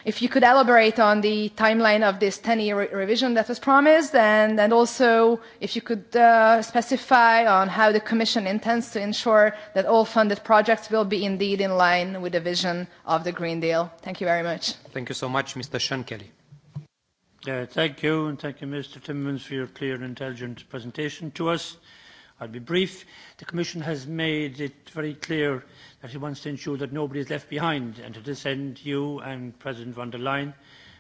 if you could elaborate on the timeline of this 10-year revision that was promised, and also if you could specify on how the Commission intends to ensure that all funded projects will be indeed in line with the vision of the Green Deal. Thank you very much. Thank you so much, Mr. Sean Kelly. Thank you, and thank you, Mr. Timmermans, for your clear and intelligent presentation to us. I'll be brief. The Commission has made it very clear that he wants to ensure that nobody is left behind. And to this end, you and President von der Leyen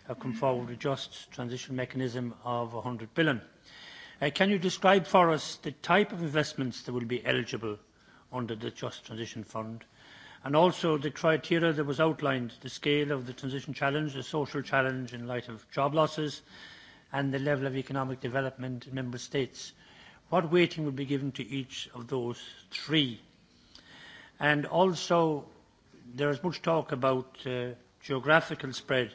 have come forward with a just transition mechanism of 100 billion. Can you describe for us the type of investments that will be eligible under the Just Transition Fund and also the criteria that was outlined, the scale of the transition challenge, the social challenge in light of job losses and the level of economic development in member states? What weighting will be given to each of those three? And also, there is much talk about geographical spread.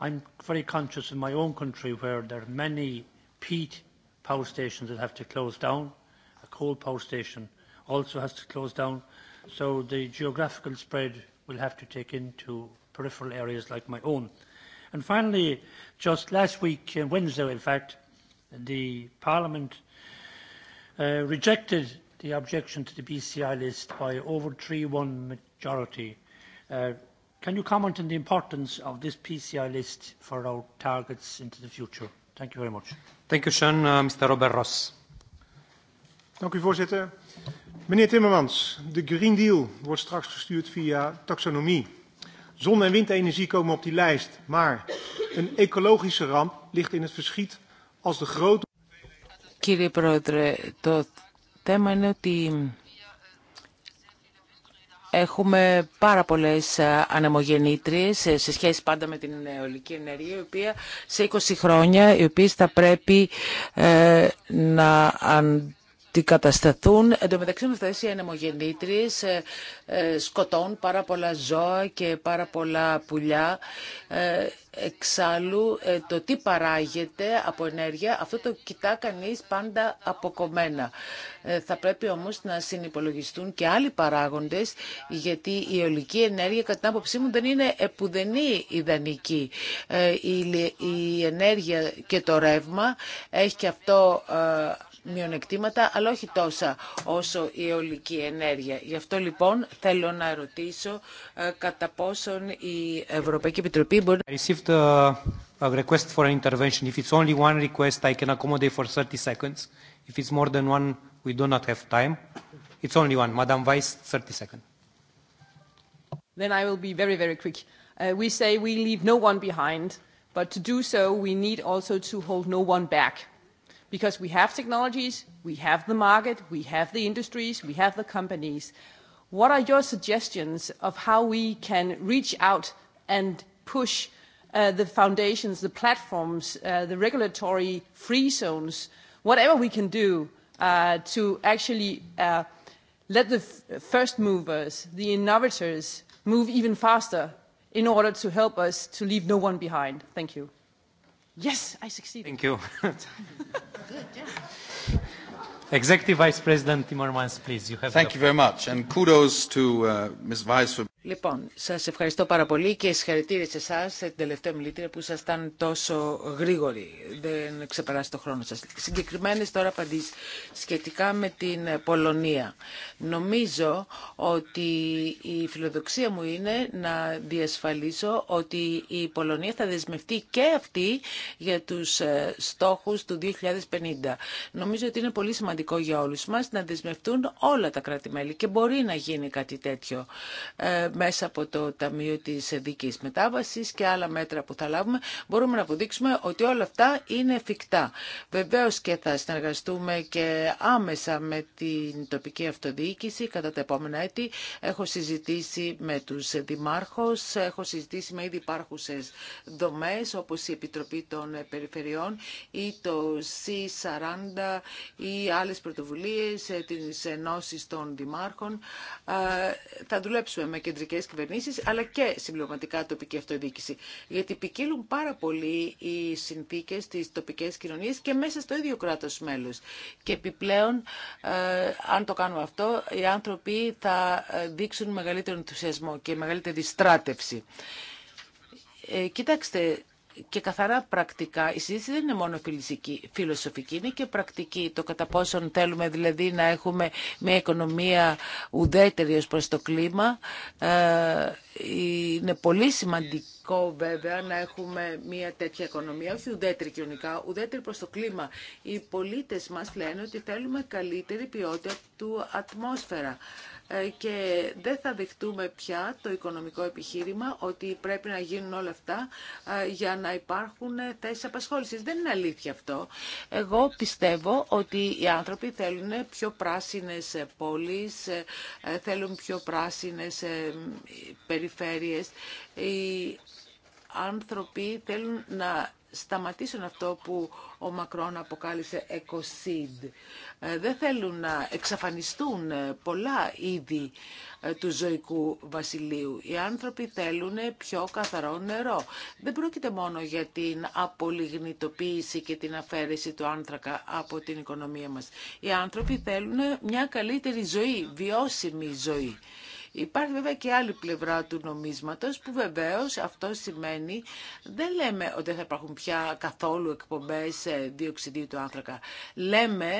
I'm very conscious in my own country where there are many peat power stations that have to close down. A coal power station also has to close down. So the geographical spread will have to take into peripheral areas like my own. And finally, just last week, Wednesday in fact, the Parliament rejected the objection to the BCI list by over 3-1 majority. Can you comment on the importance of this PCI list for our targets into the future? Thank you very much. Thank you, Sean. Mr. Robert Ross. Dank u, voorzitter. Meneer Timmermans, de Green Deal wordt straks gestuurd via taxonomie. Zon- en windenergie komen op die lijst, maar een ecologische ramp ligt in het verschiet als de grote... Κύριε Πρόεδρε, το θέμα είναι ότι έχουμε πάρα πολλές ε, ανεμογεννήτριες σε σχέση πάντα με την νεολική ενέργεια, η οποία σε 20 χρόνια, οι οποίες θα πρέπει ε, να αντικατασταθούν. Εν τω μεταξύ με οι ανεμογεννήτριες ε, ε, σκοτώνουν πάρα πολλά ζώα και πάρα πολλά πουλιά. Ε, εξάλλου, το τι παράγεται από ενέργεια, αυτό το κοιτά κανεί πάντα αποκομμένα. Θα πρέπει όμως να συνυπολογιστούν και άλλοι παράγοντες, γιατί η ολική ενέργεια, κατά την άποψή μου, δεν είναι επουδενή ιδανική. Η ενέργεια και το ρεύμα έχει και αυτό μειονεκτήματα, αλλά όχι τόσα όσο η αιωλική ενέργεια. Γι' αυτό λοιπόν θέλω να ρωτήσω κατά πόσον η Ευρωπαϊκή Επιτροπή μπορεί να... received a request for an intervention. If it's only one request, I can accommodate for 30 seconds. If it's more than one, we do not have time. It's only one. Madam Vice, 30 seconds. Then I will be very, very quick. We say we leave no one behind, but to do so, we need also to hold no one back because we have technologies, we have the market, we have the industries, we have the companies. What are your suggestions of how we can reach out and push the foundations, the platforms, the regulatory free zones, whatever we can do to actually let the first movers, the innovators, move even faster in order to help us to leave no one behind? Thank you. Yes, I succeeded. Thank you. Executive Vice President Timmermans, please. You have Thank you very much. And kudos to Ms. Weiss for Λοιπόν, σας ευχαριστώ πάρα πολύ και συγχαρητήρια σε εσά την τελευταία μιλήτρια που ήταν τόσο γρήγοροι. Δεν ξεπεράσει το χρόνο σας. Συγκεκριμένε τώρα απαντήσει σχετικά με την Πολωνία. Νομίζω ότι η φιλοδοξία μου είναι να διασφαλίσω ότι η Πολωνία θα δεσμευτεί και αυτή για τους ε, στόχους του 2050. Νομίζω ότι είναι πολύ σημαντικό για όλου μα να δεσμευτούν όλα τα κράτη-μέλη και μπορεί να γίνει κάτι τέτοιο ε, μέσα από το Ταμείο τη δική μετάβαση και άλλα μέτρα που θα λάβουμε, μπορούμε να αποδείξουμε ότι όλα αυτά είναι εφικτά. Βεβαίω και θα συνεργαστούμε και άμεσα με την τοπική αυτοδιοίκηση κατά τα επόμενα έτη. Έχω συζητήσει με του Δημάρχου, έχω συζητήσει με ήδη υπάρχουσε δομέ, όπω η Επιτροπή των Περιφερειών ή το C40 ή άλλε πρωτοβουλίε, ε, τι Ενώσης των δημάρχων. Ε, θα δουλέψουμε με κεντρική κυβερνήσει, αλλά και συμπληρωματικά τοπική αυτοδιοίκηση. Γιατί ποικίλουν πάρα πολύ οι συνθήκε τη τοπική κοινωνία και μέσα στο ίδιο κράτο μέλο. Και επιπλέον, ε, αν το κάνουμε αυτό, οι άνθρωποι θα ε, δείξουν μεγαλύτερο ενθουσιασμό και μεγαλύτερη στράτευση. Ε, κοιτάξτε, και καθαρά πρακτικά. Η συζήτηση δεν είναι μόνο φιλοσοφική, είναι και πρακτική. Το κατά πόσον θέλουμε δηλαδή να έχουμε μια οικονομία ουδέτερη ως προς το κλίμα. Ε, είναι πολύ σημαντικό βέβαια να έχουμε μια τέτοια οικονομία, όχι ουδέτερη κοινωνικά, ουδέτερη προς το κλίμα. Οι πολίτες μας λένε ότι θέλουμε καλύτερη ποιότητα του ατμόσφαιρα. Ε, και δεν θα δεχτούμε πια το οικονομικό επιχείρημα ότι πρέπει να γίνουν όλα αυτά ε, για να υπάρχουν θέσει απασχόλησης. Δεν είναι αλήθεια αυτό. Εγώ πιστεύω ότι οι άνθρωποι θέλουν πιο πράσινες πόλεις, ε, θέλουν πιο πράσινες περιφέρειες. Οι άνθρωποι θέλουν να σταματήσουν αυτό που ο Μακρόν αποκάλυψε «εκοσίδ». Ε, δεν θέλουν να εξαφανιστούν ε, πολλά είδη ε, του ζωικού βασιλείου. Οι άνθρωποι θέλουν πιο καθαρό νερό. Δεν πρόκειται μόνο για την απολιγνητοποίηση και την αφαίρεση του άνθρακα από την οικονομία μας. Οι άνθρωποι θέλουν μια καλύτερη ζωή, βιώσιμη ζωή. Υπάρχει βέβαια και άλλη πλευρά του νομίσματος που βεβαίως αυτό σημαίνει δεν λέμε ότι δεν θα υπάρχουν πια καθόλου εκπομπές ε, διοξιδίου του άνθρακα. Λέμε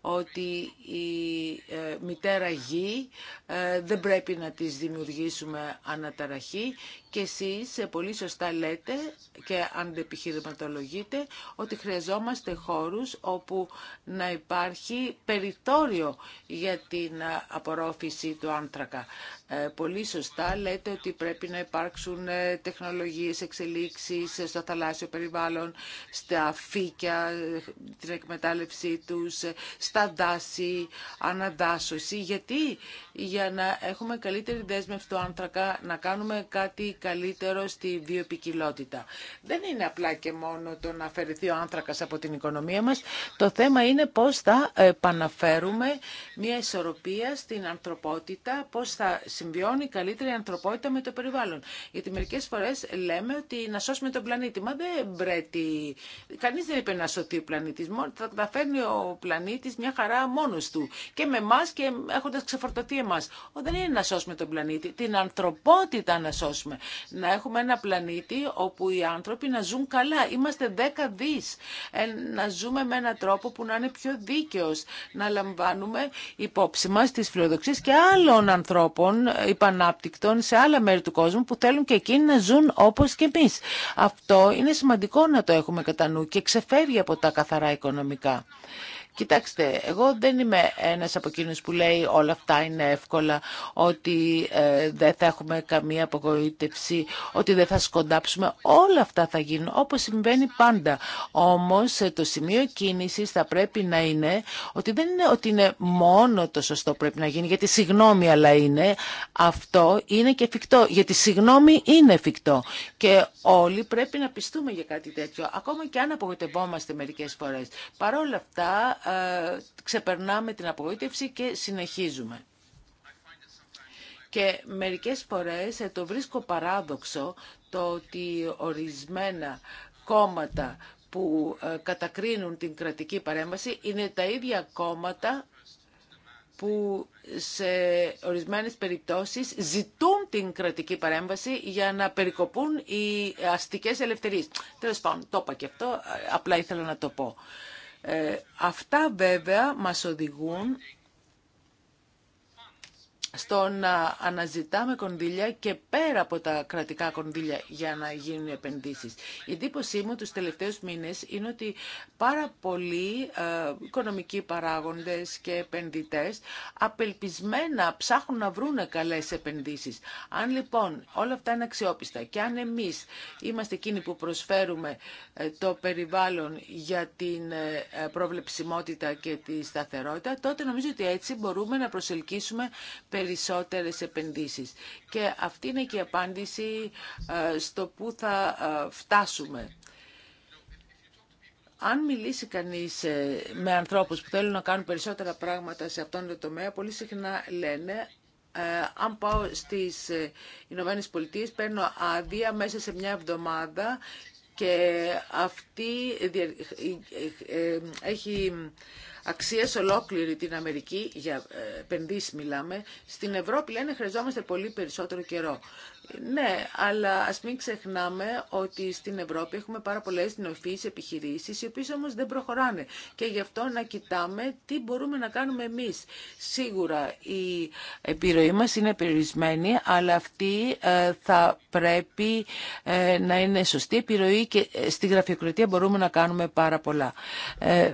ότι η ε, μητέρα γη ε, δεν πρέπει να της δημιουργήσουμε αναταραχή και εσείς ε, πολύ σωστά λέτε και αν αντεπιχειρηματολογείτε ότι χρειαζόμαστε χώρους όπου να υπάρχει περιτόριο για την απορρόφηση του άνθρακα. Πολύ σωστά λέτε ότι πρέπει να υπάρξουν τεχνολογίες εξελίξεις στο θαλάσσιο περιβάλλον, στα φύκια, την εκμετάλλευσή τους, στα δάση, αναδάσωση. Γιατί? Για να έχουμε καλύτερη δέσμευση του άνθρακα, να κάνουμε κάτι καλύτερο στη βιοπικιλότητα. Δεν είναι απλά και μόνο το να αφαιρεθεί ο άνθρακα από την οικονομία μα. Το θέμα είναι πώ θα επαναφέρουμε μια ισορροπία στην ανθρωπότητα, πώ θα συμβιώνει καλύτερη η ανθρωπότητα με το περιβάλλον. Γιατί μερικέ φορέ λέμε ότι να σώσουμε τον πλανήτη. Μα δεν πρέπει. Κανεί δεν είπε να σωθεί ο πλανήτη. Μόνο θα φέρνει ο πλανήτη μια χαρά μόνο του και με εμά και έχοντα ξεφορτωθεί εμά. δεν είναι να σώσουμε τον πλανήτη, την ανθρωπότητα να σώσουμε. Να έχουμε ένα πλανήτη όπου οι άνθρωποι να ζουν καλά. Είμαστε 10 δις. Ε, να ζούμε με έναν τρόπο που να είναι πιο δίκαιο, Να λαμβάνουμε υπόψη μα τις φιλοδοξίε και άλλων ανθρώπων υπανάπτυκτων σε άλλα μέρη του κόσμου που θέλουν και εκείνοι να ζουν όπω και εμεί. Αυτό είναι σημαντικό να το έχουμε κατά νου και ξεφεύγει από τα καθαρά οικονομικά. Κοιτάξτε, εγώ δεν είμαι ένας από εκείνους που λέει όλα αυτά είναι εύκολα, ότι ε, δεν θα έχουμε καμία απογοήτευση, ότι δεν θα σκοντάψουμε. Όλα αυτά θα γίνουν όπως συμβαίνει πάντα. Όμως ε, το σημείο κίνησης θα πρέπει να είναι ότι δεν είναι ότι είναι μόνο το σωστό πρέπει να γίνει, γιατί συγγνώμη αλλά είναι, αυτό είναι και εφικτό, γιατί συγγνώμη είναι εφικτό. Και όλοι πρέπει να πιστούμε για κάτι τέτοιο, ακόμα και αν απογοητευόμαστε μερικές φορές. Παρ' αυτά ε, ξεπερνάμε την απογοήτευση και συνεχίζουμε. Και μερικές φορές ε, το βρίσκω παράδοξο το ότι ορισμένα κόμματα που ε, κατακρίνουν την κρατική παρέμβαση είναι τα ίδια κόμματα που σε ορισμένες περιπτώσεις ζητούν την κρατική παρέμβαση για να περικοπούν οι αστικές ελευθερίες. Τέλος πάντων, το είπα και αυτό, απλά ήθελα να το πω. Ε, αυτά βέβαια μας οδηγούν στο να αναζητάμε κονδύλια και πέρα από τα κρατικά κονδύλια για να γίνουν επενδύσεις. Η εντύπωσή μου τους τελευταίους μήνες είναι ότι πάρα πολλοί ε, οικονομικοί παράγοντες και επενδυτές απελπισμένα ψάχνουν να βρουν καλές επενδύσεις. Αν λοιπόν όλα αυτά είναι αξιόπιστα και αν εμείς είμαστε εκείνοι που προσφέρουμε ε, το περιβάλλον για την ε, προβλεψιμότητα και τη σταθερότητα, τότε νομίζω ότι έτσι μπορούμε να προσελκύσουμε περισσότερες επενδύσεις. Και αυτή είναι και η απάντηση ε, στο πού θα ε, φτάσουμε. Αν μιλήσει κανείς ε, με ανθρώπους που θέλουν να κάνουν περισσότερα πράγματα σε αυτόν τον τομέα, πολύ συχνά λένε αν πάω στις Ηνωμένε Πολιτείε, παίρνω άδεια μέσα σε μια εβδομάδα και αυτή ε, ε, έχει αξίε ολόκληρη την Αμερική, για ε, επενδύσεις μιλάμε, στην Ευρώπη λένε χρειαζόμαστε πολύ περισσότερο καιρό. Ναι, αλλά ας μην ξεχνάμε ότι στην Ευρώπη έχουμε πάρα πολλές νοηθείς επιχειρήσεις, οι οποίες όμως δεν προχωράνε. Και γι' αυτό να κοιτάμε τι μπορούμε να κάνουμε εμείς. Σίγουρα η επιρροή μας είναι περιορισμένη, αλλά αυτή ε, θα πρέπει ε, να είναι σωστή επιρροή και ε, στη γραφειοκρατία μπορούμε να κάνουμε πάρα πολλά.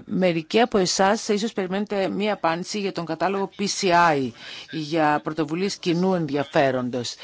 Μερικοί από εσάς ίσως περιμένετε μία απάντηση για τον κατάλογο PCI, για πρωτοβουλίες κοινού ενδιαφέροντος.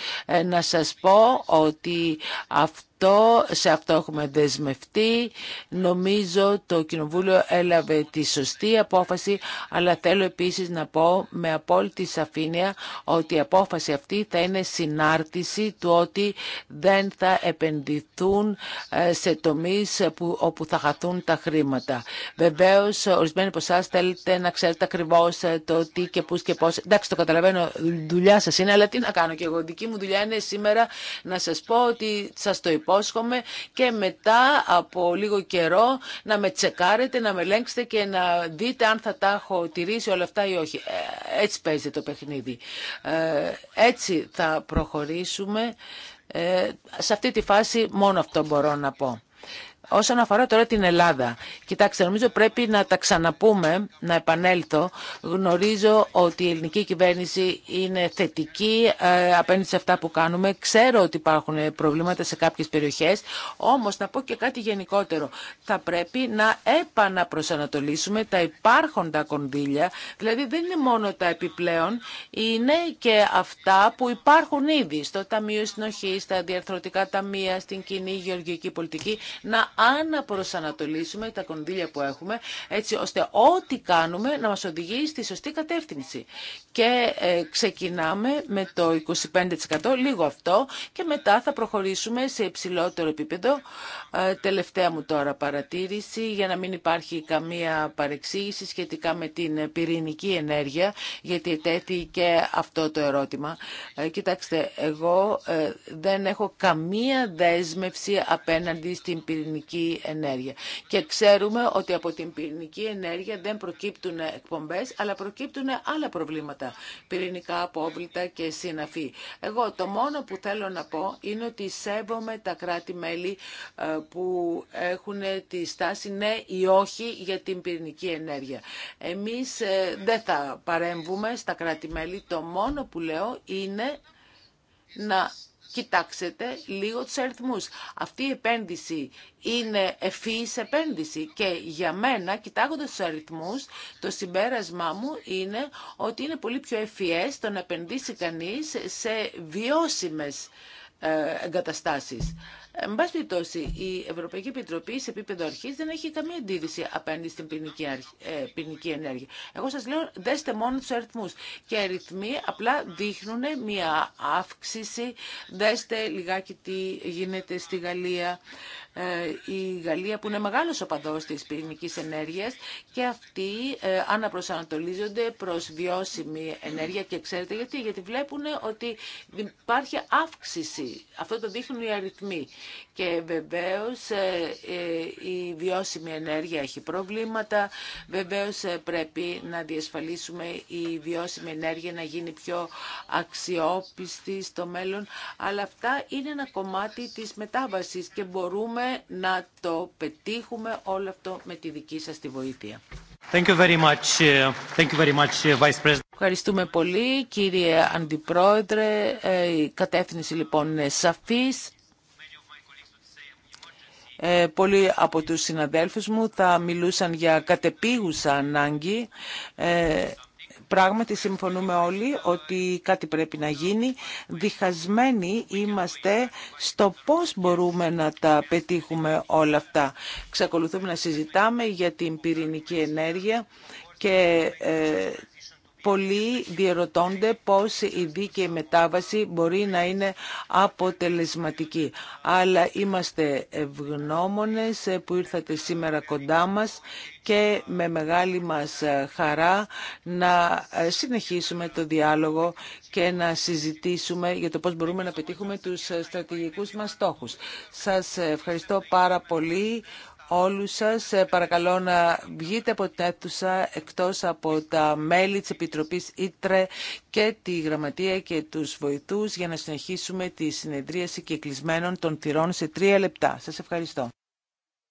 Να σας πω ότι αυτό αυτό, σε αυτό έχουμε δεσμευτεί. Νομίζω το Κοινοβούλιο έλαβε τη σωστή απόφαση, αλλά θέλω επίσης να πω με απόλυτη σαφήνεια ότι η απόφαση αυτή θα είναι συνάρτηση του ότι δεν θα επενδυθούν ε, σε τομείς που, όπου θα χαθούν τα χρήματα. Βεβαίως, ορισμένοι από εσά θέλετε να ξέρετε ακριβώ ε, το τι και πώς και πώς. Εντάξει, το καταλαβαίνω, δουλειά σας είναι, αλλά τι να κάνω και εγώ. Δική μου δουλειά είναι σήμερα να σας πω ότι σας το υπόλοιπα υπόσχομαι και μετά από λίγο καιρό να με τσεκάρετε, να με ελέγξετε και να δείτε αν θα τα έχω τηρήσει όλα αυτά ή όχι. Ε, έτσι παίζει το παιχνίδι. Ε, έτσι θα προχωρήσουμε. Ε, σε αυτή τη φάση μόνο αυτό μπορώ να πω. Όσον αφορά τώρα την Ελλάδα, κοιτάξτε, νομίζω πρέπει να τα ξαναπούμε, να επανέλθω. Γνωρίζω ότι η ελληνική κυβέρνηση είναι θετική ε, απέναντι σε αυτά που κάνουμε. Ξέρω ότι υπάρχουν προβλήματα σε κάποιες περιοχές, όμως να πω και κάτι γενικότερο. Θα πρέπει να επαναπροσανατολίσουμε τα υπάρχοντα κονδύλια, δηλαδή δεν είναι μόνο τα επιπλέον, είναι και αυτά που υπάρχουν ήδη στο Ταμείο Συνοχή, στα διαρθρωτικά ταμεία, στην κοινή γεωργική πολιτική, να αναπροσανατολίσουμε τα κονδύλια που έχουμε, έτσι ώστε ό,τι κάνουμε να μας οδηγεί στη σωστή κατεύθυνση. Και ε, ξεκινάμε με το 25%, λίγο αυτό, και μετά θα προχωρήσουμε σε υψηλότερο επίπεδο. Ε, τελευταία μου τώρα παρατήρηση, για να μην υπάρχει καμία παρεξήγηση σχετικά με την πυρηνική ενέργεια, γιατί ετέθη και αυτό το ερώτημα. Ε, κοιτάξτε, εγώ δεν έχω καμία δέσμευση απέναντι στην πυρηνική ενέργεια. Και ξέρουμε ότι από την πυρηνική ενέργεια δεν προκύπτουν εκπομπές, αλλά προκύπτουν άλλα προβλήματα, πυρηνικά απόβλητα και συναφή. Εγώ το μόνο που θέλω να πω είναι ότι σέβομαι τα κράτη-μέλη ε, που έχουν τη στάση ναι ή όχι για την πυρηνική ενέργεια. Εμείς ε, δεν θα παρέμβουμε στα κράτη-μέλη. Το μόνο που λέω είναι να Κοιτάξτε λίγο τους αριθμούς. Αυτή η επένδυση είναι ευφύης επένδυση και για μένα, κοιτάγοντας τους αριθμούς, το συμπέρασμά μου είναι ότι είναι πολύ πιο ευφυές το να επενδύσει κανείς σε βιώσιμες ε, εγκαταστάσεις. Εν πάση περιπτώσει, η Ευρωπαϊκή Επιτροπή σε επίπεδο αρχή δεν έχει καμία αντίρρηση απέναντι στην ποινική, ε, ενέργεια. Εγώ σα λέω, δέστε μόνο του αριθμού. Και οι αριθμοί απλά δείχνουν μία αύξηση. Δέστε λιγάκι τι γίνεται στη Γαλλία. Ε, η Γαλλία που είναι μεγάλος οπαδός της πυρηνικής ενέργειας και αυτοί ε, αναπροσανατολίζονται προς βιώσιμη ενέργεια και ξέρετε γιατί, γιατί βλέπουν ότι υπάρχει αύξηση. Αυτό το δείχνουν οι αριθμοί. Και βεβαίως ε, ε, η βιώσιμη ενέργεια έχει προβλήματα. Βεβαίως ε, πρέπει να διασφαλίσουμε η βιώσιμη ενέργεια να γίνει πιο αξιόπιστη στο μέλλον. Αλλά αυτά είναι ένα κομμάτι της μετάβασης και μπορούμε να το πετύχουμε όλο αυτό με τη δική σας τη βοήθεια. Thank you very much. Uh, thank you very uh, Ευχαριστούμε πολύ, κύριε Αντιπρόεδρε. Η κατεύθυνση λοιπόν είναι σαφής. Ε, πολλοί από τους συναδέλφους μου θα μιλούσαν για κατεπίγουσα ανάγκη. Ε, πράγματι συμφωνούμε όλοι ότι κάτι πρέπει να γίνει. Διχασμένοι είμαστε στο πώς μπορούμε να τα πετύχουμε όλα αυτά. Ξακολουθούμε να συζητάμε για την πυρηνική ενέργεια και ε, πολλοί διερωτώνται πώς η δίκαιη μετάβαση μπορεί να είναι αποτελεσματική. Αλλά είμαστε ευγνώμονες που ήρθατε σήμερα κοντά μας και με μεγάλη μας χαρά να συνεχίσουμε το διάλογο και να συζητήσουμε για το πώς μπορούμε να πετύχουμε τους στρατηγικούς μας στόχους. Σας ευχαριστώ πάρα πολύ όλους σας. Ε, παρακαλώ να βγείτε από την αίθουσα εκτός από τα μέλη της Επιτροπής Ήτρε και τη Γραμματεία και τους βοηθούς για να συνεχίσουμε τη συνεδρίαση κυκλισμένων των θυρών σε τρία λεπτά. Σας ευχαριστώ.